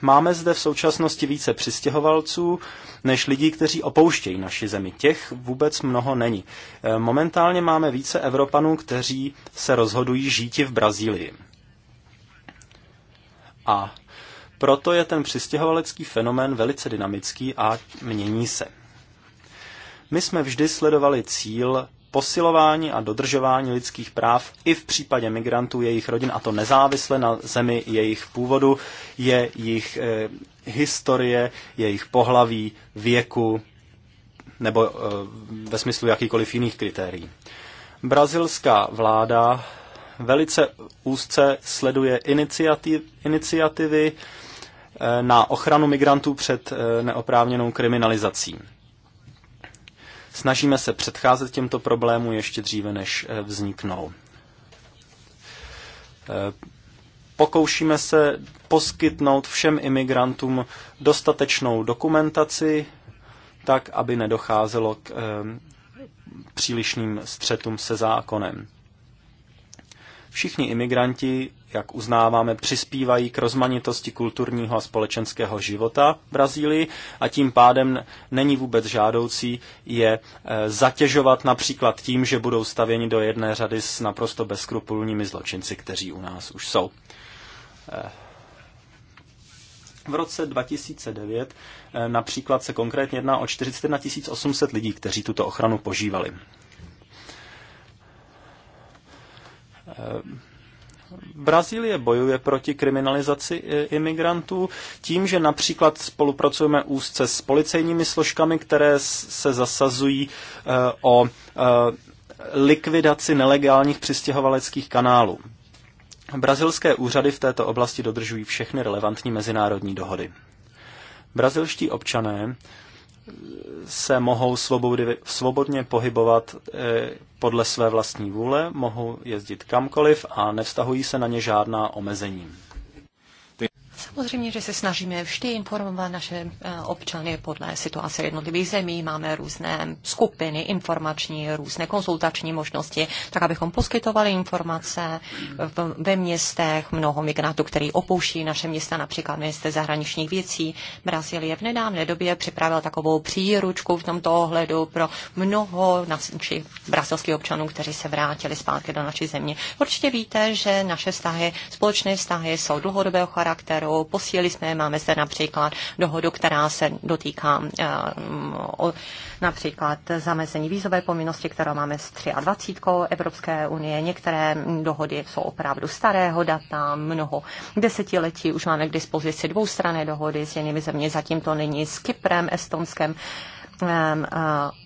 Máme zde v současnosti více přistěhovalců než lidí, kteří opouštějí naši zemi. Těch vůbec mnoho není. E, momentálně máme více Evropanů, kteří se rozhodují žíti v Brazílii. A proto je ten přistěhovalecký fenomén velice dynamický a mění se. My jsme vždy sledovali cíl posilování a dodržování lidských práv i v případě migrantů, jejich rodin, a to nezávisle na zemi jejich původu, je jejich e, eh, historie, jejich pohlaví, věku nebo e, ve smyslu jakýkoliv jiných kritérií. Brazilská vláda velice úzce sleduje iniciativ, iniciativy e, na ochranu migrantů před e, neoprávněnou kriminalizací. Snažíme se předcházet těmto problémům ještě dříve, než eh, vzniknou. Eh, pokoušíme se poskytnout všem imigrantům dostatečnou dokumentaci, tak, aby nedocházelo k eh, přílišným střetům se zákonem. Všichni imigranti, jak uznáváme, přispívají k rozmanitosti kulturního a společenského života v Brazílii a tím pádem není vůbec žádoucí je e, zatěžovat například tím, že budou stavěni do jedné řady s naprosto bezskrupulními zločinci, kteří u nás už jsou. E, v roce 2009 e, například se konkrétně jedná o 41 800 lidí, kteří tuto ochranu požívali. Brazílie bojuje proti kriminalizaci imigrantů tím, že například spolupracujeme úzce s policejními složkami, které se zasazují eh, o eh, likvidaci nelegálních přistěhovaleckých kanálů. Brazilské úřady v této oblasti dodržují všechny relevantní mezinárodní dohody. Brazilští občané eh, se mohou svobody, svobodně pohybovat podle své vlastní vůle, mohou jezdit kamkoliv a nevztahují se na ně žádná omezení. Samozřejmě, že se snažíme vždy informovat naše eh, občany podle situace jednotlivých zemí. Máme různé skupiny informační, různé konzultační možnosti, tak abychom poskytovali informace eh, ve městech. Mnoho migrantů, který opouští naše města, například minister zahraničních věcí Brazílie v nedávné době připravil takovou příručku v tomto ohledu pro mnoho našich brazilských občanů, kteří se vrátili zpátky do naší země. Určitě víte, že naše vztahy, společné vztahy jsou dlouhodobého charakteru, dohodou, posílili jsme, máme se například dohodu, která se dotýká eh, o, například zamezení vízové povinnosti, kterou máme s 23. Evropské unie. Některé dohody jsou opravdu starého data, mnoho desetiletí. Už máme k dispozici dvoustrané dohody s jinými zeměmi, Zatím to není s Kyprem, Estonskem, Eh,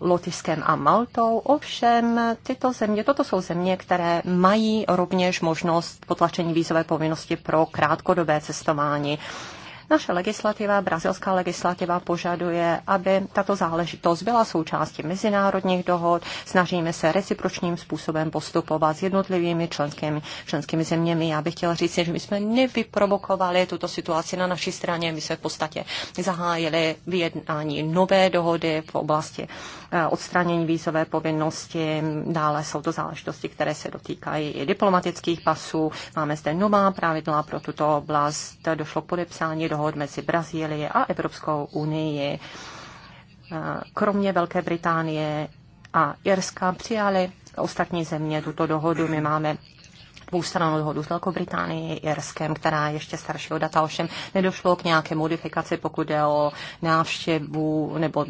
Lotyšskem a Maltou. Ovšem tyto země, toto jsou země, které mají rovněž možnost potlačení vízové povinnosti pro krátkodobé cestování. Naše legislativa, brazilská legislativa požaduje, aby tato záležitost byla součástí mezinárodních dohod. Snažíme se recipročním způsobem postupovat s jednotlivými členskými, členskými zeměmi. Já bych chtěla říct, že my jsme nevyprovokovali tuto situaci na naší straně. My jsme v podstatě zahájili vyjednání nové dohody v oblasti eh, odstranění vízové povinnosti. Dále jsou to záležitosti, které se dotýkají i diplomatických pasů. Máme zde nová pravidla pro tuto oblast. Došlo k podepsání do dohod mezi Brazílií a Evropskou unii. Eh, Kromě Velké Británie a Irska přijali ostatní země tuto dohodu. My máme dvoustranou dohodu s Velkou Británií, jerskem, která je ještě staršího data, ovšem nedošlo k nějaké modifikaci, pokud jde o návštěvu nebo,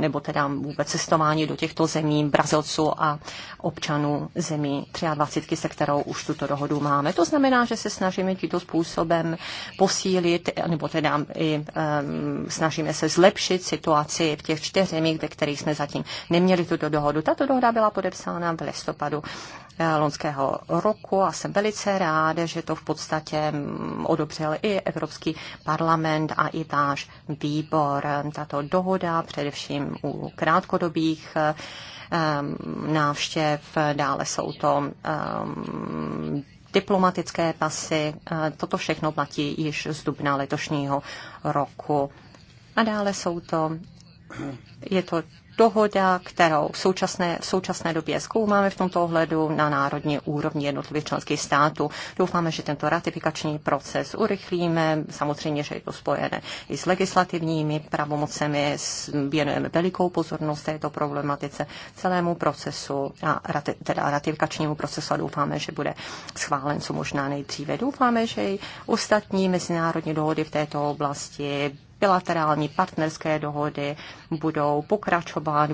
nebo teda vůbec cestování do těchto zemí Brazilců a občanů zemí 23, se kterou už tuto dohodu máme. To znamená, že se snažíme tímto způsobem posílit, nebo teda i um, snažíme se zlepšit situaci v těch čtyřech zemích, ve kterých jsme zatím neměli tuto dohodu. Tato dohoda byla podepsána v listopadu loňského roku a jsem velice ráda, že to v podstatě mm, odobřel i Evropský parlament a i náš výbor. Tato dohoda především u krátkodobých eh, eh, návštěv, dále jsou to eh, diplomatické pasy. Toto všechno platí již z dubna letošního roku. A dále jsou to, je to dohoda, kterou v současné, v současné době zkoumáme v tomto ohledu na národní úrovni jednotlivých členských států. Doufáme, že tento ratifikační proces urychlíme. Samozřejmě, že je to spojené i s legislativními pravomocemi. Věnujeme velikou pozornost této problematice celému procesu, a rati, teda ratifikačnímu procesu a doufáme, že bude schválen co možná nejdříve. Doufáme, že i ostatní mezinárodní dohody v této oblasti bilaterální partnerské dohody budou pokračovat,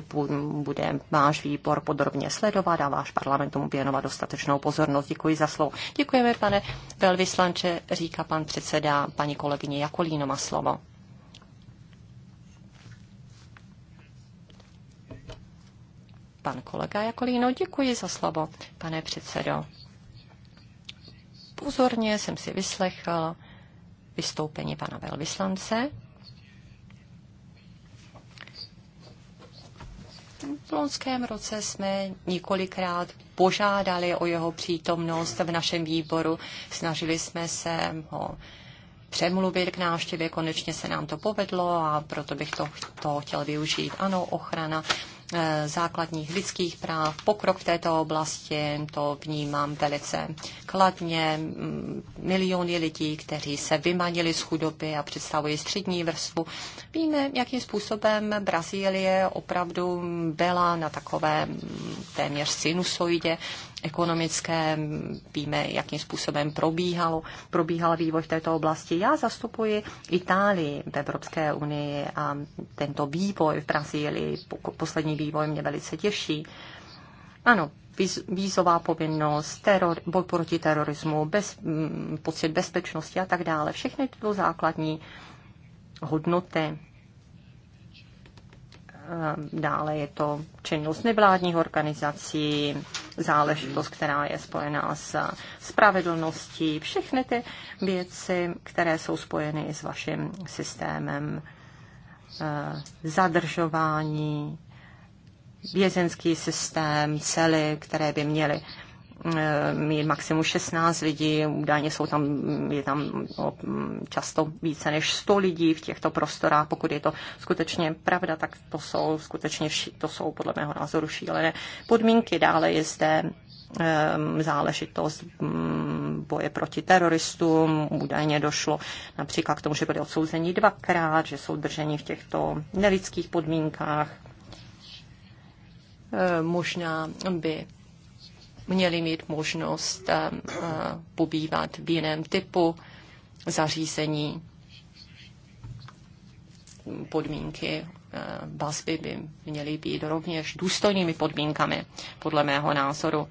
bude váš výbor podrobně sledovat a váš parlament tomu věnovat dostatečnou pozornost. Děkuji za slovo. Děkujeme, pane velvyslanče, říká pan předseda, paní kolegyně Jakolíno má slovo. Pan kolega Jakolíno, děkuji za slovo, pane předsedo. Pozorně jsem si vyslechl vystoupení pana velvyslance V loňském roce jsme několikrát požádali o jeho přítomnost v našem výboru. Snažili jsme se ho přemluvit k návštěvě, konečně se nám to povedlo a proto bych to, to chtěl využít. Ano, ochrana Eh, základních lidských práv, pokrok v této oblasti, to vnímám velice kladně. Miliony lidí, kteří se vymanili z chudoby a představují střední vrstvu. Víme, jakým způsobem Brazílie opravdu byla na takové téměř sinusoidě ekonomické, víme, jakým způsobem probíhalo, probíhal vývoj v této oblasti. Já zastupuji Itálii v Evropské unii a tento vývoj v Brazílii, poslední vývoj mě velice těší. Ano, vízová povinnost, teror, boj proti terorismu, bez, mm, pocit bezpečnosti a tak dále. Všechny tyto základní hodnoty. Ehm, dále je to činnost nevládních organizací, záležitost, která je spojená s spravedlností, všechny ty věci, které jsou spojeny s vaším systémem eh, zadržování, vězenský systém, cely, které by měly Eh, mít maximum 16 lidí, údajně jsou tam, je tam no, často více než 100 lidí v těchto prostorách, pokud je to skutečně pravda, tak to jsou skutečně, to jsou podle mého názoru šílené podmínky. Dále je zde eh, záležitost mm, boje proti teroristům. Údajně došlo například k tomu, že byli odsouzeni dvakrát, že jsou drženi v těchto nelidských podmínkách. Eh, možná by měli mít možnost um, uh, pobývat v jiném typu zařízení. Podmínky uh, vazby by měly být rovněž důstojnými podmínkami, podle mého názoru.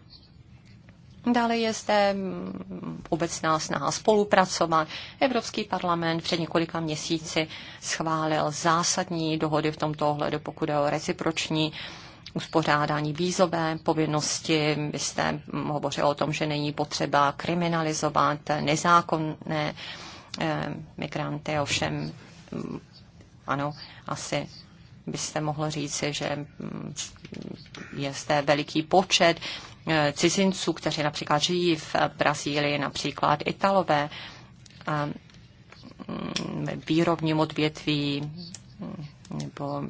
Dále je zde mm, obecná snaha spolupracovat. Evropský parlament před několika měsíci schválil zásadní dohody v tomto ohledu, pokud je o reciproční uh, uspořádání vízové povinnosti. Vy jste hovořil o tom, že není potřeba kriminalizovat nezákonné eh, migranty, ovšem mm, ano, asi byste mohl říci, že mm, je zde veliký počet eh, cizinců, kteří například žijí v Brazílii, například Italové, eh, mm, výrobním odvětví nebo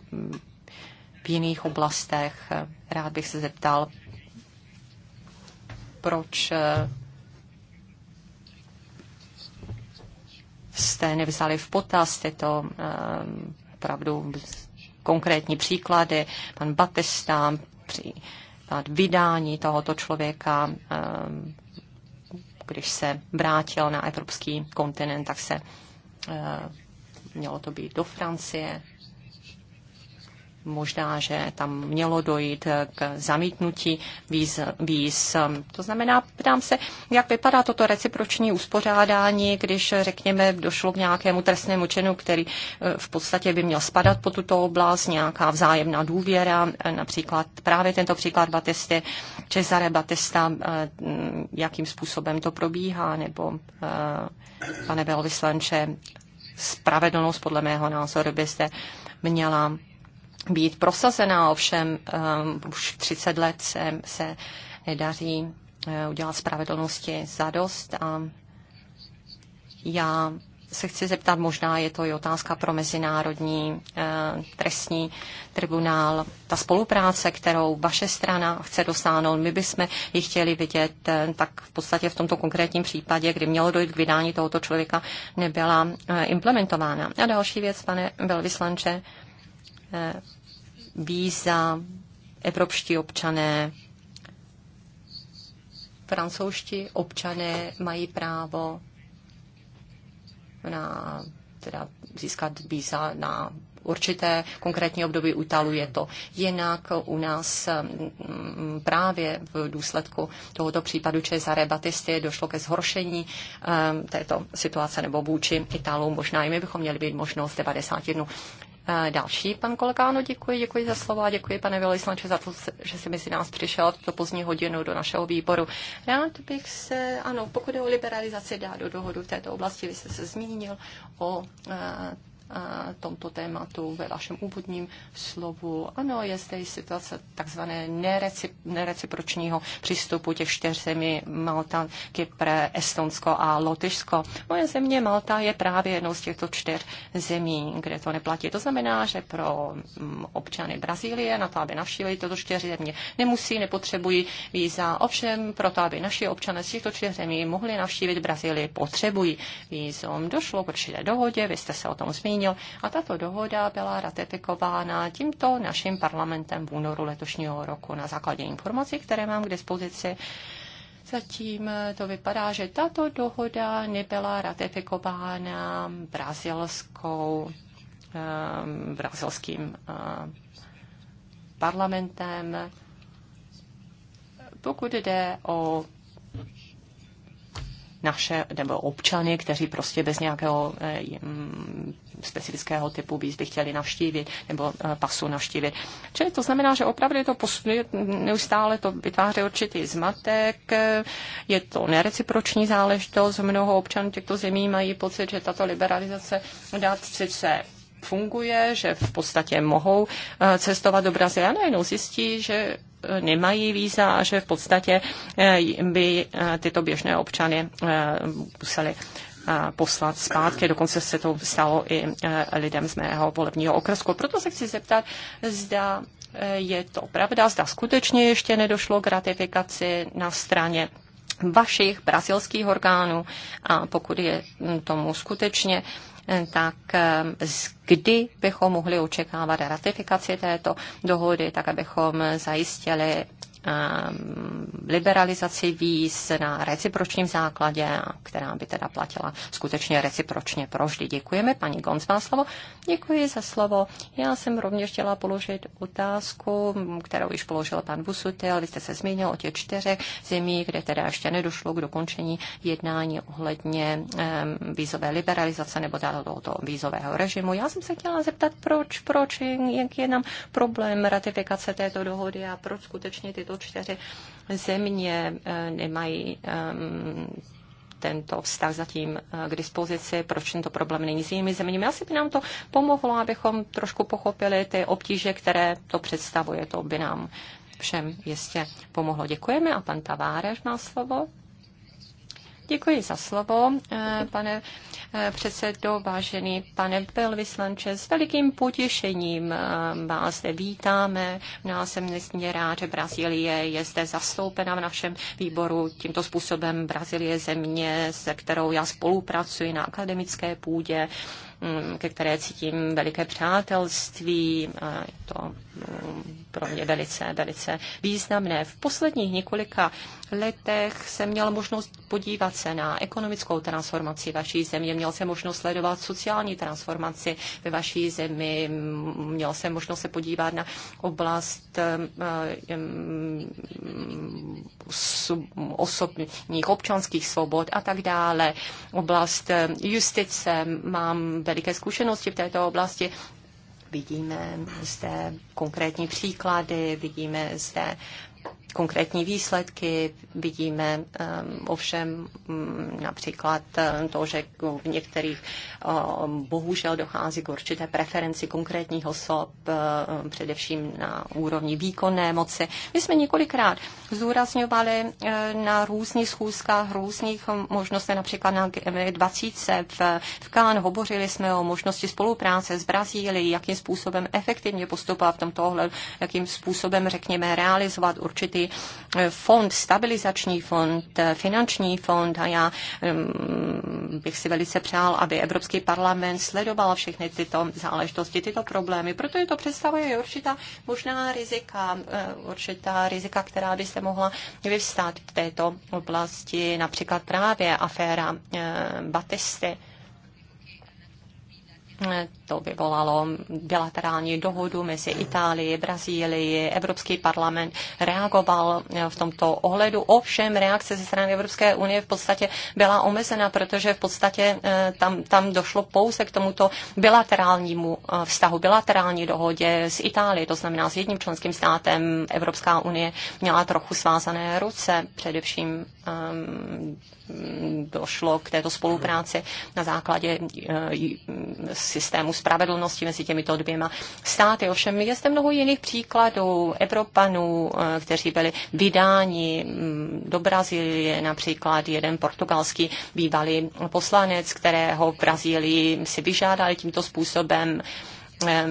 v jiných oblastech. Rád bych se zeptal, proč eh, jste nevzali v potaz tyto eh, opravdu konkrétní příklady. Pan Batista, při vydání tohoto člověka, eh, když se vrátil na evropský kontinent, tak se mělo to být do Francie, možná, že tam mělo dojít k zamítnutí víz. víz. To znamená, ptám se, jak vypadá toto reciproční uspořádání, když, řekněme, došlo k nějakému trestnému činu, který eh, v podstatě by měl spadat po tuto oblast, nějaká vzájemná důvěra, eh, například právě tento příklad Batisty, Cesare Batista, eh, mm, jakým způsobem to probíhá, nebo pane velvyslanče, spravedlnost podle mého názoru byste měla být prosazena, ovšem um, už 30 let se, se nedaří uh, udělat spravedlnosti dost. A já se chci zeptat, možná je to i otázka pro Mezinárodní uh, trestní tribunál, ta spolupráce, kterou vaše strana chce dosáhnout, my bychom ji chtěli vidět, uh, tak v podstatě v tomto konkrétním případě, kdy mělo dojít k vydání tohoto člověka, nebyla uh, implementována. A další věc, pane velvyslanče, uh, Eh, víza, evropští občané, francouzští občané mají právo na, teda získat víza na určité konkrétní období u Italu je to jinak. U nás mm, právě v důsledku tohoto případu Cesare Batisty došlo ke zhoršení eh, této situace nebo vůči Italům. Možná i my bychom měli být možnost 91 Další pan kolega, ano, děkuji, děkuji za slova, děkuji pane velvyslanče za to, že jsi mezi nás přišel v to pozdní hodinu do našeho výboru. Rád bych se, ano, pokud je o liberalizaci dá do dohodu v této oblasti, vy jste se zmínil o eh, tomto tématu ve vašem úvodním slovu. Ano, je zde situace takzvané nerecipročního přístupu těch čtyř zemí Malta, Kypr, Estonsko a Lotyšsko. Moje země Malta je právě jednou z těchto čtyř zemí, kde to neplatí. To znamená, že pro mm, občany Brazílie na to, aby navštívili toto čtyři země, nemusí, nepotřebují víza. Ovšem, to, aby naši občané z těchto čtyř zemí mohli navštívit Brazílii, potřebují vízum. Došlo k určité dohodě, vy jste se o tom zmínil zmínil. A tato dohoda byla ratifikována tímto naším parlamentem v únoru letošního roku na základě informací, které mám k dispozici. Zatím to vypadá, že tato dohoda nebyla ratifikována brazilskou, ehm, brazilským ehm, parlamentem. Pokud jde o naše nebo občany, kteří prostě bez nějakého ehm, specifického typu výzvy chtěli navštívit nebo eh, pasu navštívit. Čili to znamená, že opravdu je to posunuje, neustále to vytváří určitý zmatek, eh, je to nereciproční záležitost, mnoho občanů těchto zemí mají pocit, že tato liberalizace dát sice funguje, že v podstatě mohou eh, cestovat do Brazílie a najednou zjistí, že nemají víza a že v podstatě by tyto běžné občany museli poslat zpátky. Dokonce se to stalo i e, lidem z mého volebního okresku. Proto se chci zeptat, zda e, je to pravda, zda skutečně ještě nedošlo k ratifikaci na straně vašich brazilských orgánů a pokud je tomu skutečně, e, tak kdy bychom mohli očekávat ratifikaci této dohody, tak abychom zajistili Ehm, liberalizaci víz na recipročním základě, která by teda platila skutečně recipročně pro vždy. Děkujeme, paní Gonc má slovo. Děkuji za slovo. Já jsem rovněž chtěla položit otázku, kterou již položil pan Busutil. Vy jste se zmínil o těch čtyřech zemí, kde teda ještě nedošlo k dokončení jednání ohledně ehm, vízové liberalizace nebo teda tohoto vízového režimu. Já jsem se chtěla zeptat, proč, proč, jak je nám problém ratifikace této dohody a proč skutečně tyto opravdu čtyři země eh, nemají ehm, tento vztah zatím eh, k dispozici, proč tento problém není s jinými zeměmi. Asi by nám to pomohlo, abychom trošku pochopili ty obtíže, které to představuje. To by nám všem jistě pomohlo. Děkujeme a pan Taváreš má slovo. Děkuji za slovo, eh, pane eh, předsedo, vážený pane velvyslanče. S velikým potěšením eh, vás zde vítáme. Já no jsem nesmírně rád, že Brazílie je zde zastoupena v našem výboru. Tímto způsobem Brazílie je země, se kterou já spolupracuji na akademické půdě mm, ke které cítím veliké přátelství. To mm, pro mě velice, velice významné. V posledních několika letech jsem měl možnost podívat se na ekonomickou transformaci vaší země, měl jsem možnost sledovat sociální transformaci ve vaší zemi, měl jsem možnost se podívat na oblast eh, eh, mm, mm, osobních občanských svobod a tak dále, oblast eh, justice, mám veliké zkušenosti v této oblasti Vidíme zde konkrétní příklady, vidíme zde konkrétní výsledky. Vidíme um, ovšem mm, například um, to, že v některých um, bohužel dochází k určité preferenci konkrétních osob, především na úrovni výkonné moci. My jsme několikrát um, na různých schůzkách, různých možností, například na m 20 v, v Kán, hovořili jsme o možnosti spolupráce s Brazílií, jakým způsobem efektivně postupovat v tomto ohledu, jakým způsobem, řekněme, realizovat určitý fond, stabilizační fond, finanční fond a já bych si velice přál, aby Evropský parlament sledoval všechny tyto záležitosti, tyto problémy, protože to představuje určitá možná rizika, eh, určitá rizika, která by se mohla vyvstát v této oblasti, například právě aféra eh, Batisty to vyvolalo bilaterální dohodu mezi Itálií, Brazílií. Evropský parlament reagoval eh, v tomto ohledu. Ovšem reakce ze strany Evropské unie v podstatě byla omezena, protože v podstatě eh, tam, tam došlo pouze k tomuto bilaterálnímu eh, vztahu, bilaterální dohodě s Itálií, to znamená s jedním členským státem Evropská unie měla trochu svázané ruce, především um, došlo k této spolupráci na základě systému spravedlnosti mezi těmito dvěma státy. Ovšem je zde mnoho jiných příkladů Evropanů, eh, kteří byli vydáni mm, do Brazílie, například jeden portugalský bývalý poslanec, kterého v Brazílii si vyžádali tímto způsobem eh,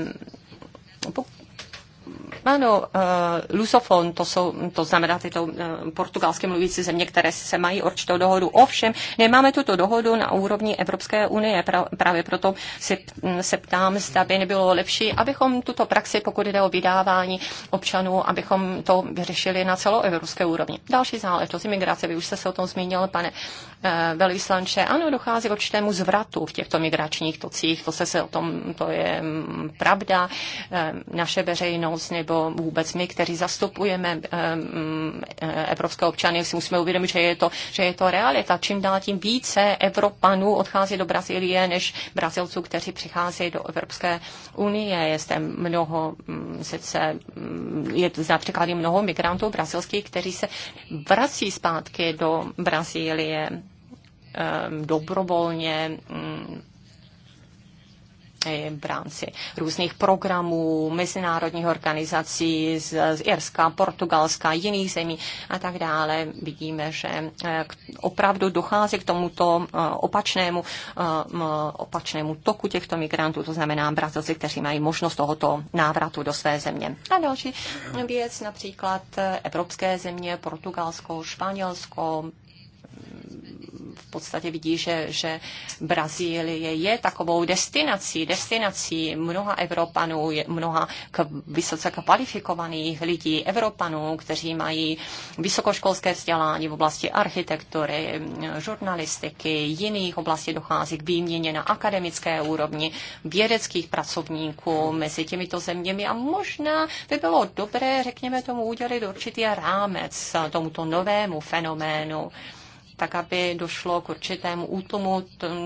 ano, uh, Lusofon, to, jsou, to znamená tyto uh, eh, portugalské mluvící země, které se mají určitou dohodu. Ovšem, nemáme tuto dohodu na úrovni Evropské unie. Pra, právě proto si, hm, se ptám, zda by nebylo lepší, abychom tuto praxi, pokud jde o vydávání občanů, abychom to vyřešili na celoevropské úrovni. Další záležitost imigrace, vy už jste se o tom zmínil, pane uh, velvyslanče. Ano, dochází k určitému zvratu v těchto migračních tocích, to se, se o tom, to je hm, pravda. Uh, naše veřejnost nebo nebo vůbec my, kteří zastupujeme eh, mm, eh, evropské občany, si musíme uvědomit, že je to, že je to realita. Čím dál tím více Evropanů odchází do Brazílie, než Brazilců, kteří přicházejí do Evropské unie. Je zde mnoho, mm, sice mm, je například i mnoho migrantů brazilských, kteří se vrací zpátky do Brazílie eh, dobrovolně v rámci různých programů, mezinárodních organizací z, z Irska, Portugalska, jiných zemí a tak dále. Vidíme, že eh, opravdu dochází k tomuto eh, opačnému, eh, opačnému toku těchto migrantů, to znamená Brazilci, kteří mají možnost tohoto návratu do své země. A další věc, například evropské země, Portugalsko, Španělsko, podstatě vidí, že, že Brazílie je takovou destinací, destinací mnoha Evropanů, mnoha k, vysoce kvalifikovaných lidí, Evropanů, kteří mají vysokoškolské vzdělání v oblasti architektury, žurnalistiky, jiných oblastí dochází k výměně na akademické úrovni vědeckých pracovníků mezi těmito zeměmi a možná by bylo dobré, řekněme tomu, udělit určitý rámec tomuto novému fenoménu tak aby došlo k určitému útomu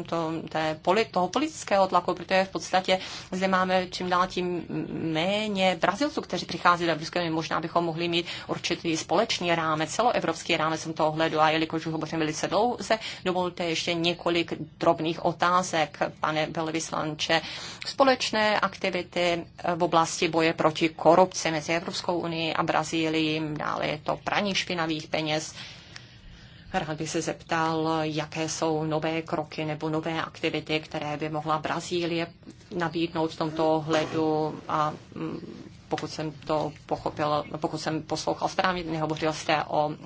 to, té, toho politického tlaku, protože v podstatě zde máme čím dál tím méně Brazilců, kteří přichází do Evropské unie. Možná bychom mohli mít určitý společný rámec, celoevropský rámec v tomto ohledu. A jelikož už hovořím velice dlouze, dovolte ještě několik drobných otázek, pane velvyslanče. Společné aktivity v oblasti boje proti korupci mezi Evropskou unii a Brazílií, dále je to praní špinavých peněz, Rád bych se zeptal, jaké jsou nové kroky nebo nové aktivity, které by mohla Brazílie nabídnout v tomto ohledu a mm, pokud jsem to pochopil, pokud jsem poslouchal správně, nehovořil jste o um,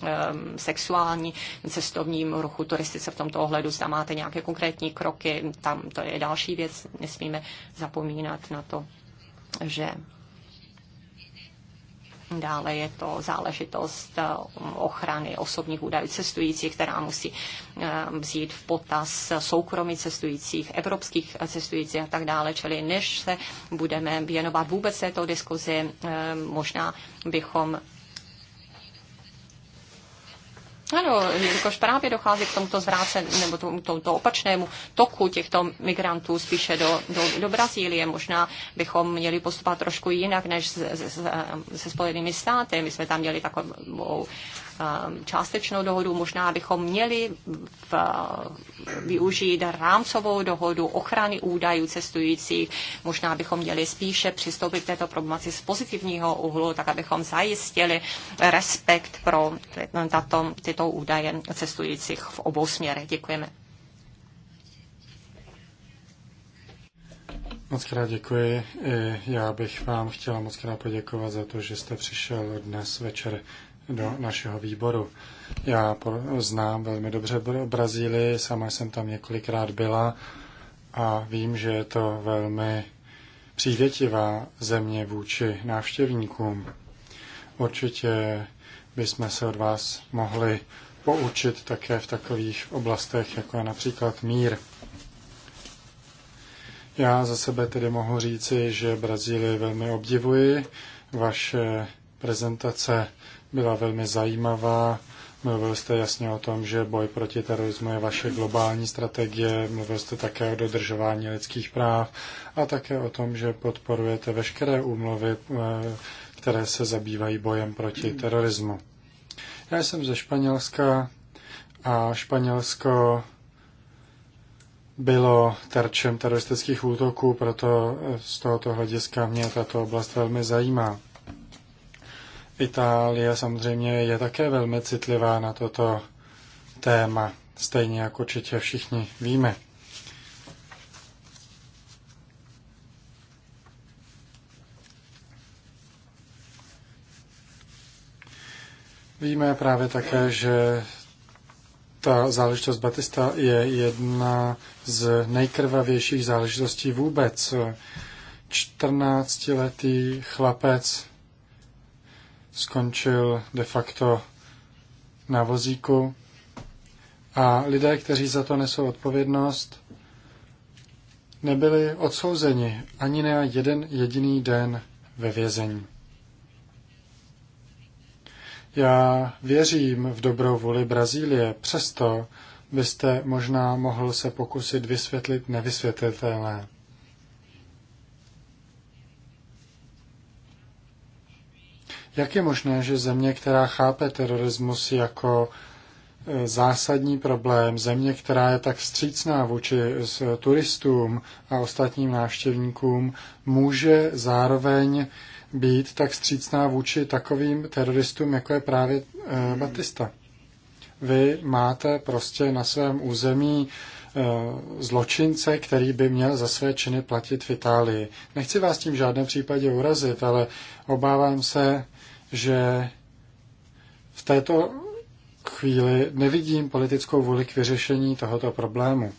sexuální cestovním ruchu turistice v tomto ohledu, zda máte nějaké konkrétní kroky, tam to je další věc, nesmíme zapomínat na to, že Dále je to záležitost eh, ochrany osobních údajů cestujících, která musí eh, vzít v potaz soukromí cestujících, evropských eh, cestujících a tak dále. Čili než se budeme věnovat vůbec této diskuzi, možná bychom ano, jelikož právě dochází k tomuto zvrácen, nebo tomuto, tomuto opačnému toku těchto migrantů spíše do, do, do Brazílie. Možná bychom měli postupovat trošku jinak než se, se, se Spojenými státy. My jsme tam měli takovou Um, částečnou dohodu, možná bychom měli v, využít rámcovou dohodu ochrany údajů cestujících, možná bychom měli spíše přistoupit k této problematice z pozitivního úhlu, tak abychom zajistili respekt pro tato, tyto údaje cestujících v obou směrech. Děkujeme. Moc krát děkuji. já bych vám chtěla moc krát poděkovat za to, že jste přišel dnes večer do našeho výboru. Já znám velmi dobře Brazílii, sama jsem tam několikrát byla a vím, že je to velmi přívětivá země vůči návštěvníkům. Určitě bychom se od vás mohli poučit také v takových oblastech, jako je například mír. Já za sebe tedy mohu říci, že Brazílii velmi obdivuji. Vaše prezentace byla velmi zajímavá. Mluvil jste jasně o tom, že boj proti terorismu je vaše globální strategie, mluvil jste také o dodržování lidských práv a také o tom, že podporujete veškeré úmluvy, eh, které se zabývají bojem proti terorismu. Já jsem ze Španělska a Španělsko bylo terčem teroristických útoků, proto z tohoto hlediska mě tato oblast velmi zajímá. Itálie samozřejmě je také velmi citlivá na toto téma, stejně jako určitě všichni víme. Víme právě také, že ta záležitost Batista je jedna z nejkrvavějších záležitostí vůbec. 14-letý chlapec skončil de facto na vozíku. A lidé, kteří za to nesou odpovědnost, nebyli odsouzeni ani na jeden jediný den ve vězení. Já věřím v dobrou vůli Brazílie, přesto byste možná mohl se pokusit vysvětlit nevysvětlitelné. Jak je možné, že země, která chápe terorismus jako e, zásadní problém, země, která je tak střícná vůči e, turistům a ostatním návštěvníkům, může zároveň být tak střícná vůči takovým teroristům, jako je právě e, Batista. Vy máte prostě na svém území e, zločince, který by měl za své činy platit v Itálii. Nechci vás tím v žádném případě urazit, ale obávám se, že v této chvíli nevidím politickou vůli k vyřešení tohoto problému.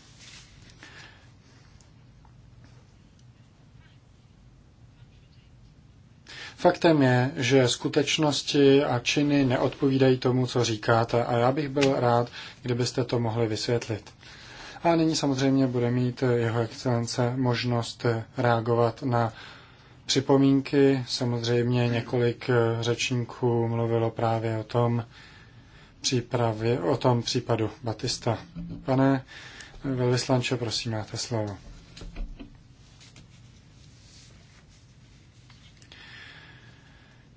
Faktem je, že skutečnosti a činy neodpovídají tomu, co říkáte a já bych byl rád, kdybyste to mohli vysvětlit. A nyní samozřejmě bude mít jeho excelence možnost reagovat na připomínky. Samozřejmě několik eh, řečníků mluvilo právě o tom, přípravě, o tom případu Batista. Pane eh, velvyslanče, prosím, máte slovo.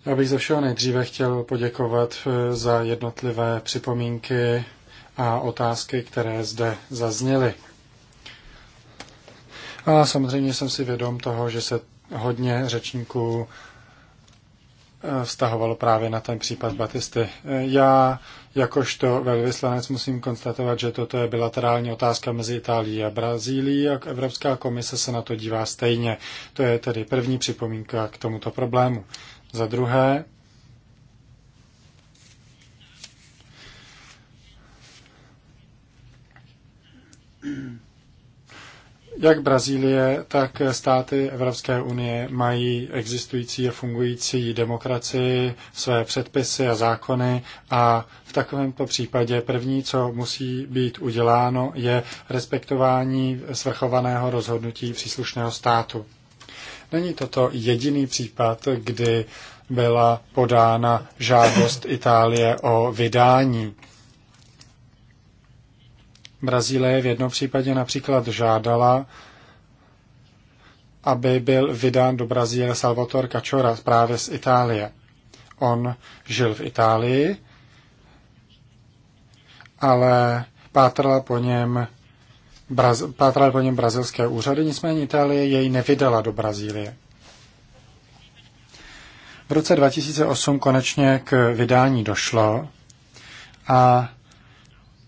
Já bych ze všeho nejdříve chtěl poděkovat eh, za jednotlivé připomínky a otázky, které zde zazněly. A samozřejmě jsem si vědom toho, že se hodně řečníků eh, vztahovalo právě na ten případ Batisty. Eh, já jakožto velvyslanec musím konstatovat, že toto je bilaterální otázka mezi Itálií a Brazílií a Evropská komise se na to dívá stejně. To je tedy první připomínka k tomuto problému. Za druhé, Mm. Jak Brazílie, tak státy Evropské unie mají existující a fungující demokracii, své předpisy a zákony a v takovémto případě první, co musí být uděláno, je respektování svrchovaného rozhodnutí příslušného státu. Není toto jediný případ, kdy byla podána žádost Itálie o vydání Brazílie v jednom případě například žádala, aby byl vydán do Brazílie Salvator Cachora právě z Itálie. On žil v Itálii, ale pátrala po něm Braz, pátrali po něm brazilské úřady, nicméně Itálie jej nevydala do Brazílie. V roce 2008 konečně k vydání došlo a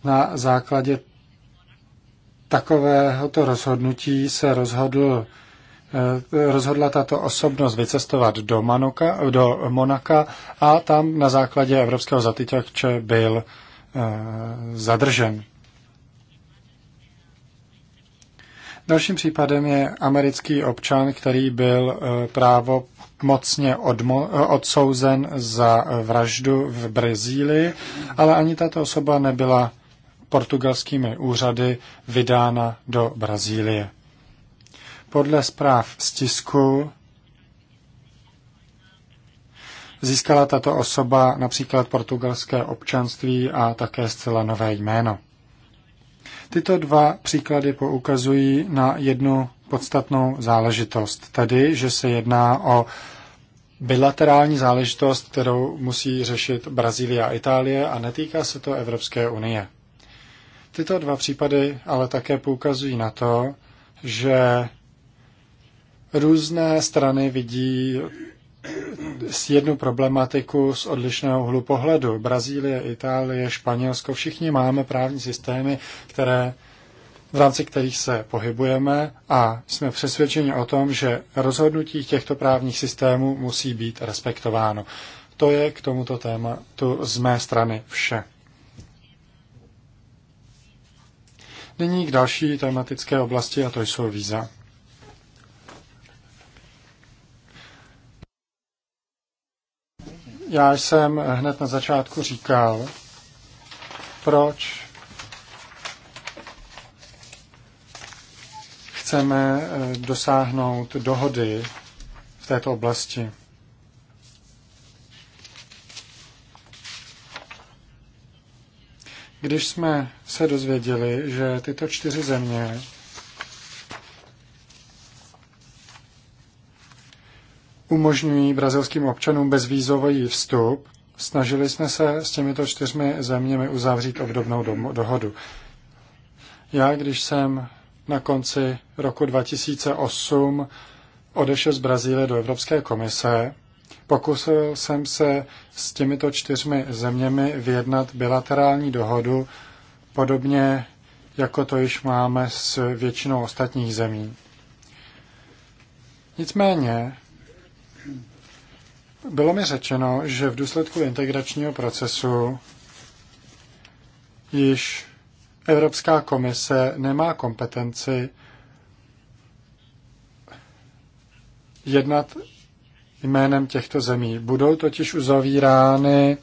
na základě takovéhoto rozhodnutí se rozhodl eh, rozhodla tato osobnost vycestovat do, Manoka, do Monaka a tam na základě evropského zatyťače byl eh, zadržen. Dalším případem je americký občan, který byl eh, právo mocně odmo- odsouzen za vraždu v Brazílii, ale ani tato osoba nebyla portugalskými úřady vydána do Brazílie. Podle zpráv z tisku získala tato osoba například portugalské občanství a také zcela nové jméno. Tyto dva příklady poukazují na jednu podstatnou záležitost, tedy, že se jedná o bilaterální záležitost, kterou musí řešit Brazílie a Itálie a netýká se to Evropské unie. Tyto dva případy ale také poukazují na to, že různé strany vidí s jednu problematiku z odlišného hlu pohledu. Brazílie, Itálie, Španělsko, všichni máme právní systémy, které, v rámci kterých se pohybujeme a jsme přesvědčeni o tom, že rozhodnutí těchto právních systémů musí být respektováno. To je k tomuto tématu z mé strany vše. Nyní k další tematické oblasti a to jsou víza. Já jsem hned na začátku říkal, proč chceme eh, dosáhnout dohody v této oblasti. Když jsme se dozvěděli, že tyto čtyři země umožňují brazilským občanům bezvízový vstup, snažili jsme se s těmito čtyřmi zeměmi uzavřít obdobnou do dohodu. Já, když jsem na konci roku 2008 odešel z Brazílie do Evropské komise, Pokusil jsem se s těmito čtyřmi zeměmi vyjednat bilaterální dohodu, podobně jako to již máme s většinou ostatních zemí. Nicméně bylo mi řečeno, že v důsledku integračního procesu již Evropská komise nemá kompetenci jednat jménem těchto zemí. Budou totiž uzavírány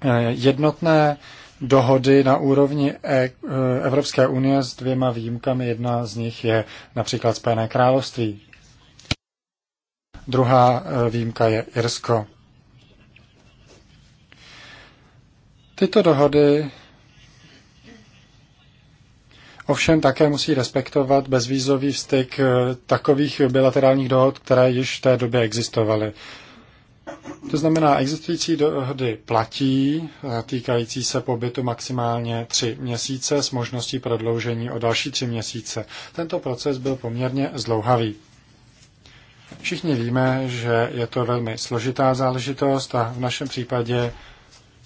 eh, jednotné dohody na úrovni e, eh, Evropské unie s dvěma výjimkami. Jedna z nich je například Spojené království. Druhá eh, výjimka je Irsko. Tyto dohody Ovšem také musí respektovat bezvízový styk eh, takových bilaterálních dohod, které již v té době existovaly. To znamená, existující dohody platí, eh, týkající se pobytu maximálně tři měsíce s možností prodloužení o další tři měsíce. Tento proces byl poměrně zlouhavý. Všichni víme, že je to velmi složitá záležitost a v našem případě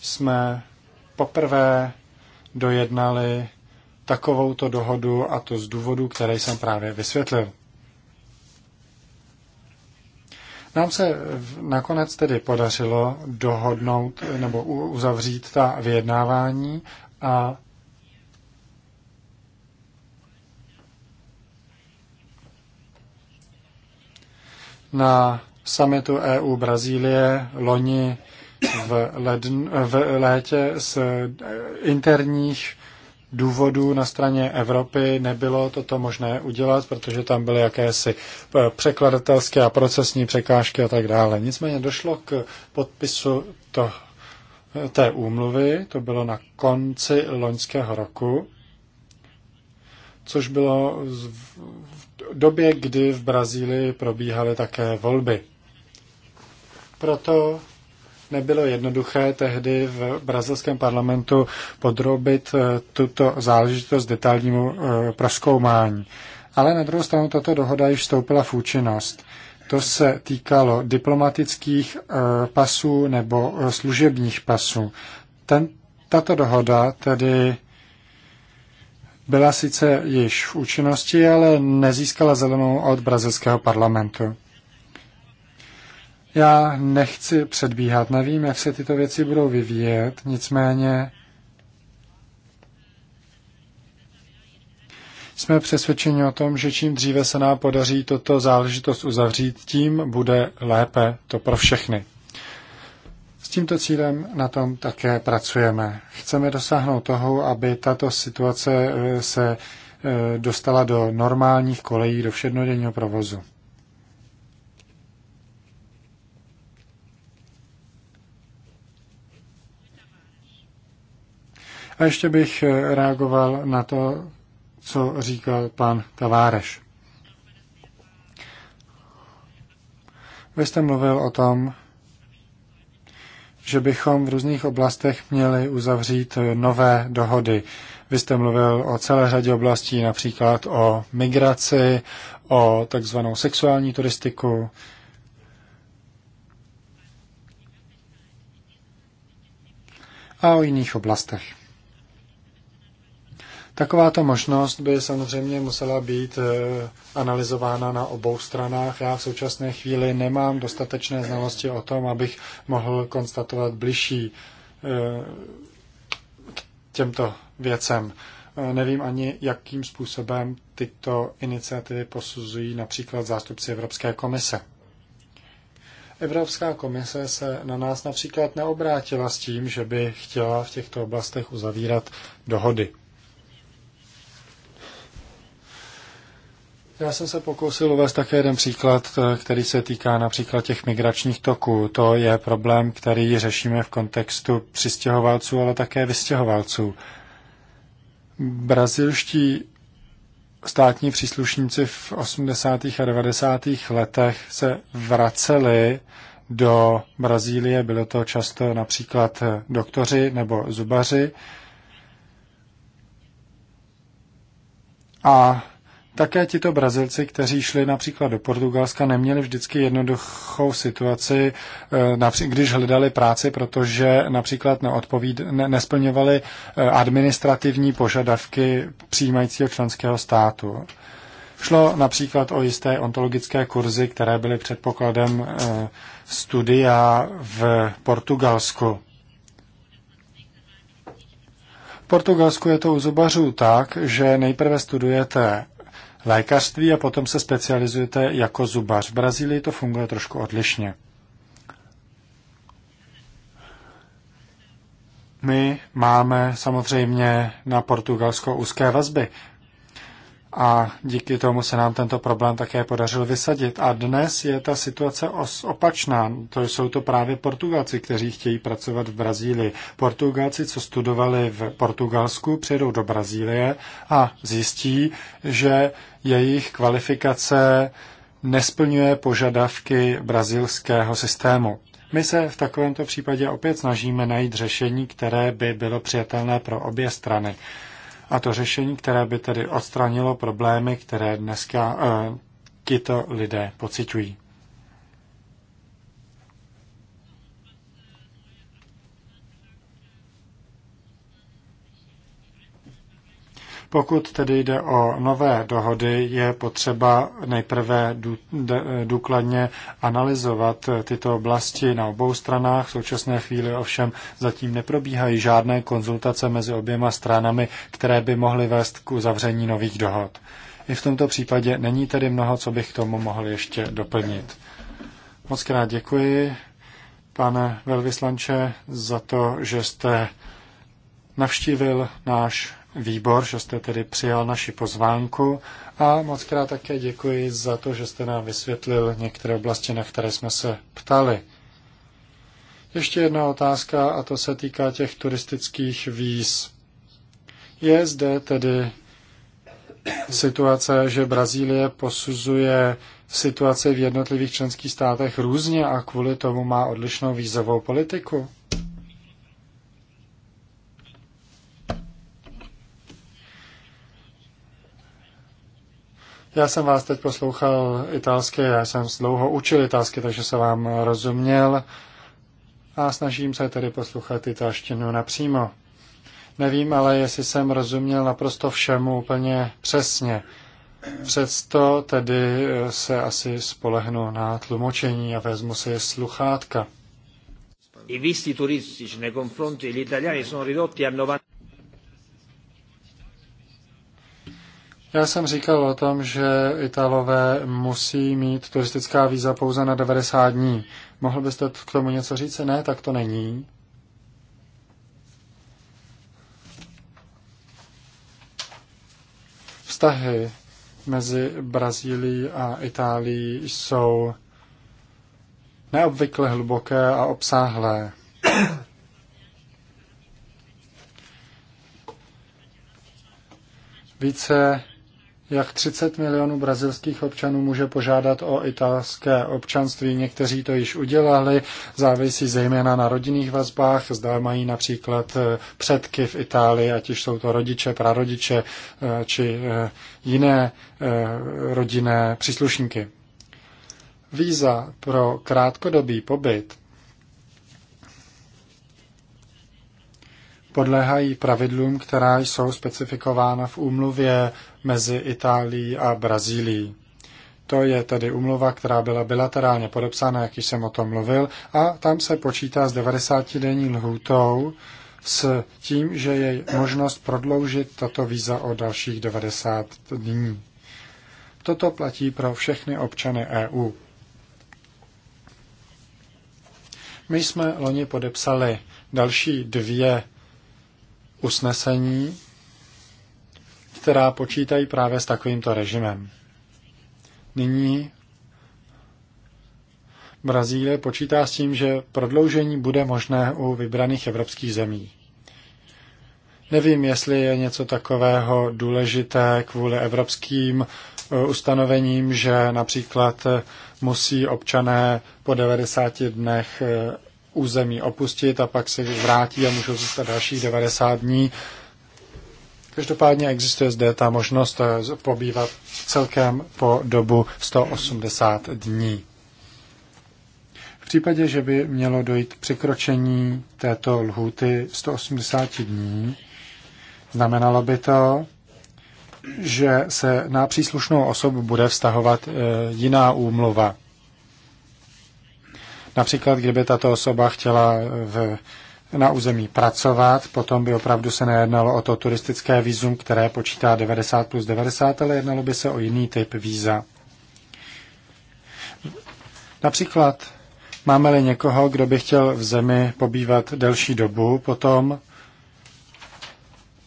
jsme poprvé dojednali takovouto dohodu a to z důvodu, které jsem právě vysvětlil. Nám se nakonec tedy podařilo dohodnout nebo uzavřít ta vyjednávání a na summitu EU Brazílie loni v, ledn, v létě z interních důvodů na straně Evropy nebylo toto možné udělat, protože tam byly jakési eh, překladatelské a procesní překážky a tak dále. Nicméně došlo k podpisu to, eh, té úmluvy, to bylo na konci loňského roku, což bylo v době, kdy v Brazílii probíhaly také volby. Proto nebylo jednoduché tehdy v brazilském parlamentu podrobit eh, tuto záležitost detailnímu eh, proskoumání. Ale na druhou stranu tato dohoda již vstoupila v účinnost. To se týkalo diplomatických eh, pasů nebo služebních pasů. Ten, tato dohoda tedy byla sice již v účinnosti, ale nezískala zelenou od brazilského parlamentu. Já nechci předbíhat, nevím, jak se tyto věci budou vyvíjet, nicméně jsme přesvědčeni o tom, že čím dříve se nám podaří toto záležitost uzavřít, tím bude lépe to pro všechny. S tímto cílem na tom také pracujeme. Chceme dosáhnout toho, aby tato situace eh, se eh, dostala do normálních kolejí, do všednodenního provozu. A ještě bych eh, reagoval na to, co říkal pan Taváreš. Vy jste mluvil o tom, že bychom v různých oblastech měli uzavřít nové dohody. Vy jste mluvil o celé řadě oblastí, například o migraci, o takzvanou sexuální turistiku. a o jiných oblastech. Takováto možnost by samozřejmě musela být eh, analyzována na obou stranách. Já v současné chvíli nemám dostatečné znalosti o tom, abych mohl konstatovat bližší eh, těmto věcem. Eh, nevím ani, jakým způsobem tyto iniciativy posuzují například zástupci Evropské komise. Evropská komise se na nás například neobrátila s tím, že by chtěla v těchto oblastech uzavírat dohody. Já jsem se pokusil uvést také jeden příklad, eh, který se týká například těch migračních toků. To je problém, který řešíme v kontextu přistěhovalců, ale také vystěhovalců. Brazilští státní příslušníci v 80. a 90. letech se vraceli do Brazílie. Bylo to často například eh, doktoři nebo zubaři. A také tito Brazilci, kteří šli například do Portugalska, neměli vždycky jednoduchou situaci, eh, když hledali práci, protože například neodpovíd, ne, nesplňovali eh, administrativní požadavky přijímajícího členského státu. Šlo například o jisté ontologické kurzy, které byly předpokladem eh, studia v Portugalsku. V Portugalsku je to u zubařů tak, že nejprve studujete lékařství a potom se specializujete jako zubař. V Brazílii to funguje trošku odlišně. My máme samozřejmě na Portugalsko úzké vazby, a díky tomu se nám tento problém také podařil vysadit. A dnes je ta situace opačná. To jsou to právě Portugalci, kteří chtějí pracovat v Brazílii. Portugalci, co studovali v Portugalsku, přijdou do Brazílie a zjistí, že jejich kvalifikace nesplňuje požadavky brazilského systému. My se v takovémto případě opět snažíme najít řešení, které by bylo přijatelné pro obě strany. A to řešení, které by tedy odstranilo problémy, které dneska e, tito lidé pociťují. Pokud tedy jde o nové dohody, je potřeba nejprve důkladně analyzovat tyto oblasti na obou stranách. V současné chvíli ovšem zatím neprobíhají žádné konzultace mezi oběma stranami, které by mohly vést k uzavření nových dohod. I v tomto případě není tedy mnoho, co bych k tomu mohl ještě doplnit. Moc krát děkuji, pane velvyslanče, za to, že jste navštívil náš výbor, že jste tedy přijal naši pozvánku a moc krát také děkuji za to, že jste nám vysvětlil některé oblasti, na které jsme se ptali. Ještě jedna otázka a to se týká těch turistických víz. Je zde tedy situace, že Brazílie posuzuje situaci v jednotlivých členských státech různě a kvůli tomu má odlišnou vízovou politiku? Já jsem vás teď poslouchal italsky, já jsem dlouho učil italsky, takže se vám rozuměl a snažím se tedy poslouchat italštinu napřímo. Nevím ale, jestli jsem rozuměl naprosto všemu úplně přesně. Přesto tedy eh, se asi spolehnu na tlumočení a vezmu si sluchátka. I visti turistici nei confronti degli italiani sono ridotti a 90 Já jsem říkal o tom, že Italové musí mít turistická víza pouze na 90 dní. Mohl byste k tomu něco říct? Ne, tak to není. Vztahy mezi Brazílií a Itálií jsou neobvykle hluboké a obsáhlé. Více jak 30 milionů brazilských občanů může požádat o italské občanství. Někteří to již udělali, závisí zejména na rodinných vazbách, zda mají například eh, předky v Itálii, ať už jsou to rodiče, prarodiče eh, či eh, jiné rodinné příslušníky. Víza pro krátkodobý pobyt podléhají pravidlům, která jsou specifikována v úmluvě mezi Itálií a Brazílií. To je tedy umluva, která byla bilaterálně podepsána, jak již jsem o tom mluvil, a tam se počítá s 90-denní lhůtou s tím, že je možnost prodloužit tato víza o dalších 90 dní. Toto platí pro všechny občany EU. My jsme loni podepsali další dvě usnesení která počítají právě s takovýmto režimem. Nyní Brazílie počítá s tím, že prodloužení bude možné u vybraných evropských zemí. Nevím, jestli je něco takového důležité kvůli evropským e, ustanovením, že například e, musí občané po 90 dnech e, území opustit a pak se vrátí a můžou zůstat dalších 90 dní Každopádně existuje zde ta možnost eh, pobývat celkem po dobu 180 dní. V případě, že by mělo dojít k překročení této lhůty 180 dní, znamenalo by to, že se na příslušnou osobu bude vztahovat eh, jiná úmluva. Například, kdyby tato osoba chtěla eh, v na území pracovat, potom by opravdu se nejednalo o to turistické vízum, které počítá 90 plus 90, ale jednalo by se o jiný typ víza. Například máme-li někoho, kdo by chtěl v zemi pobývat delší dobu, potom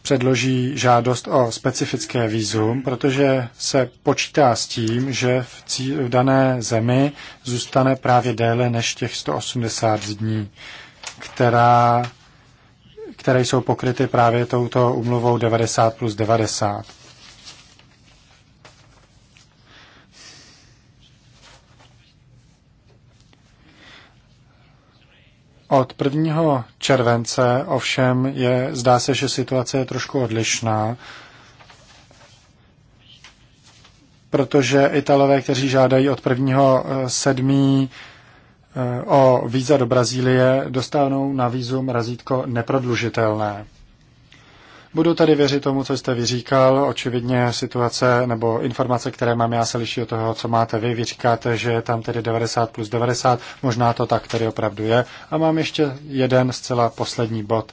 předloží žádost o specifické výzum, protože se počítá s tím, že v, cíl, v dané zemi zůstane právě déle než těch 180 dní která, které jsou pokryty právě touto umluvou 90 plus 90. Od 1. července ovšem je, zdá se, že situace je trošku odlišná, protože Italové, kteří žádají od 1. 7 eh, Eh, o víza do Brazílie dostanou na vízum razítko neprodlužitelné. Budu tady věřit tomu, co jste vyříkal. Očividně situace nebo informace, které mám já, se liší od toho, co máte vy. Vy říkáte, že je tam tedy 90 plus 90. Možná to tak tedy opravdu je. A mám ještě jeden zcela poslední bod.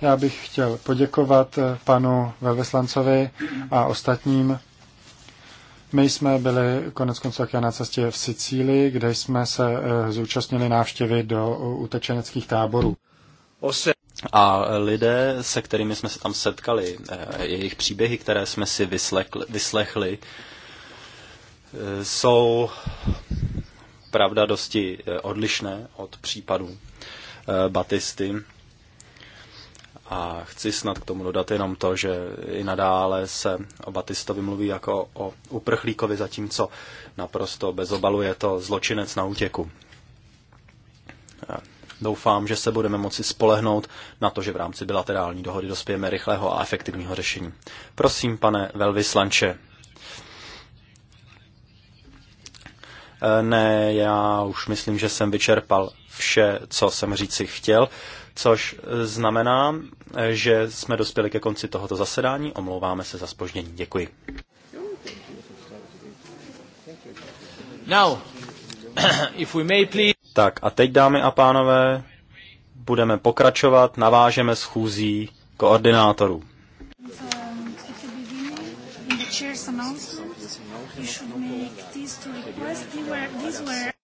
Já bych chtěl poděkovat eh, panu velvyslancovi a ostatním my jsme byli konec konců také na cestě v Sicílii, kde jsme se eh, zúčastnili návštěvy do utečeneckých táborů. A lidé, se kterými jsme se tam setkali, eh, jejich příběhy, které jsme si vyslechli, vyslechli jsou pravda dosti eh, odlišné od případů Batisty a chci snad k tomu dodat jenom to, že i nadále se o Batistovi mluví jako o uprchlíkovi, zatímco naprosto bez obalu je to zločinec na útěku. Doufám, že se budeme moci spolehnout na to, že v rámci bilaterální dohody dospějeme rychlého a efektivního řešení. Prosím, pane velvyslanče. E, ne, já už myslím, že jsem vyčerpal vše, co jsem říci chtěl což znamená, že jsme dospěli ke konci tohoto zasedání. Omlouváme se za spoždění. Děkuji. Now, [CLEARS THROAT] if we may please... Tak a teď, dámy a pánové, budeme pokračovat, navážeme schůzí koordinátorů. Um,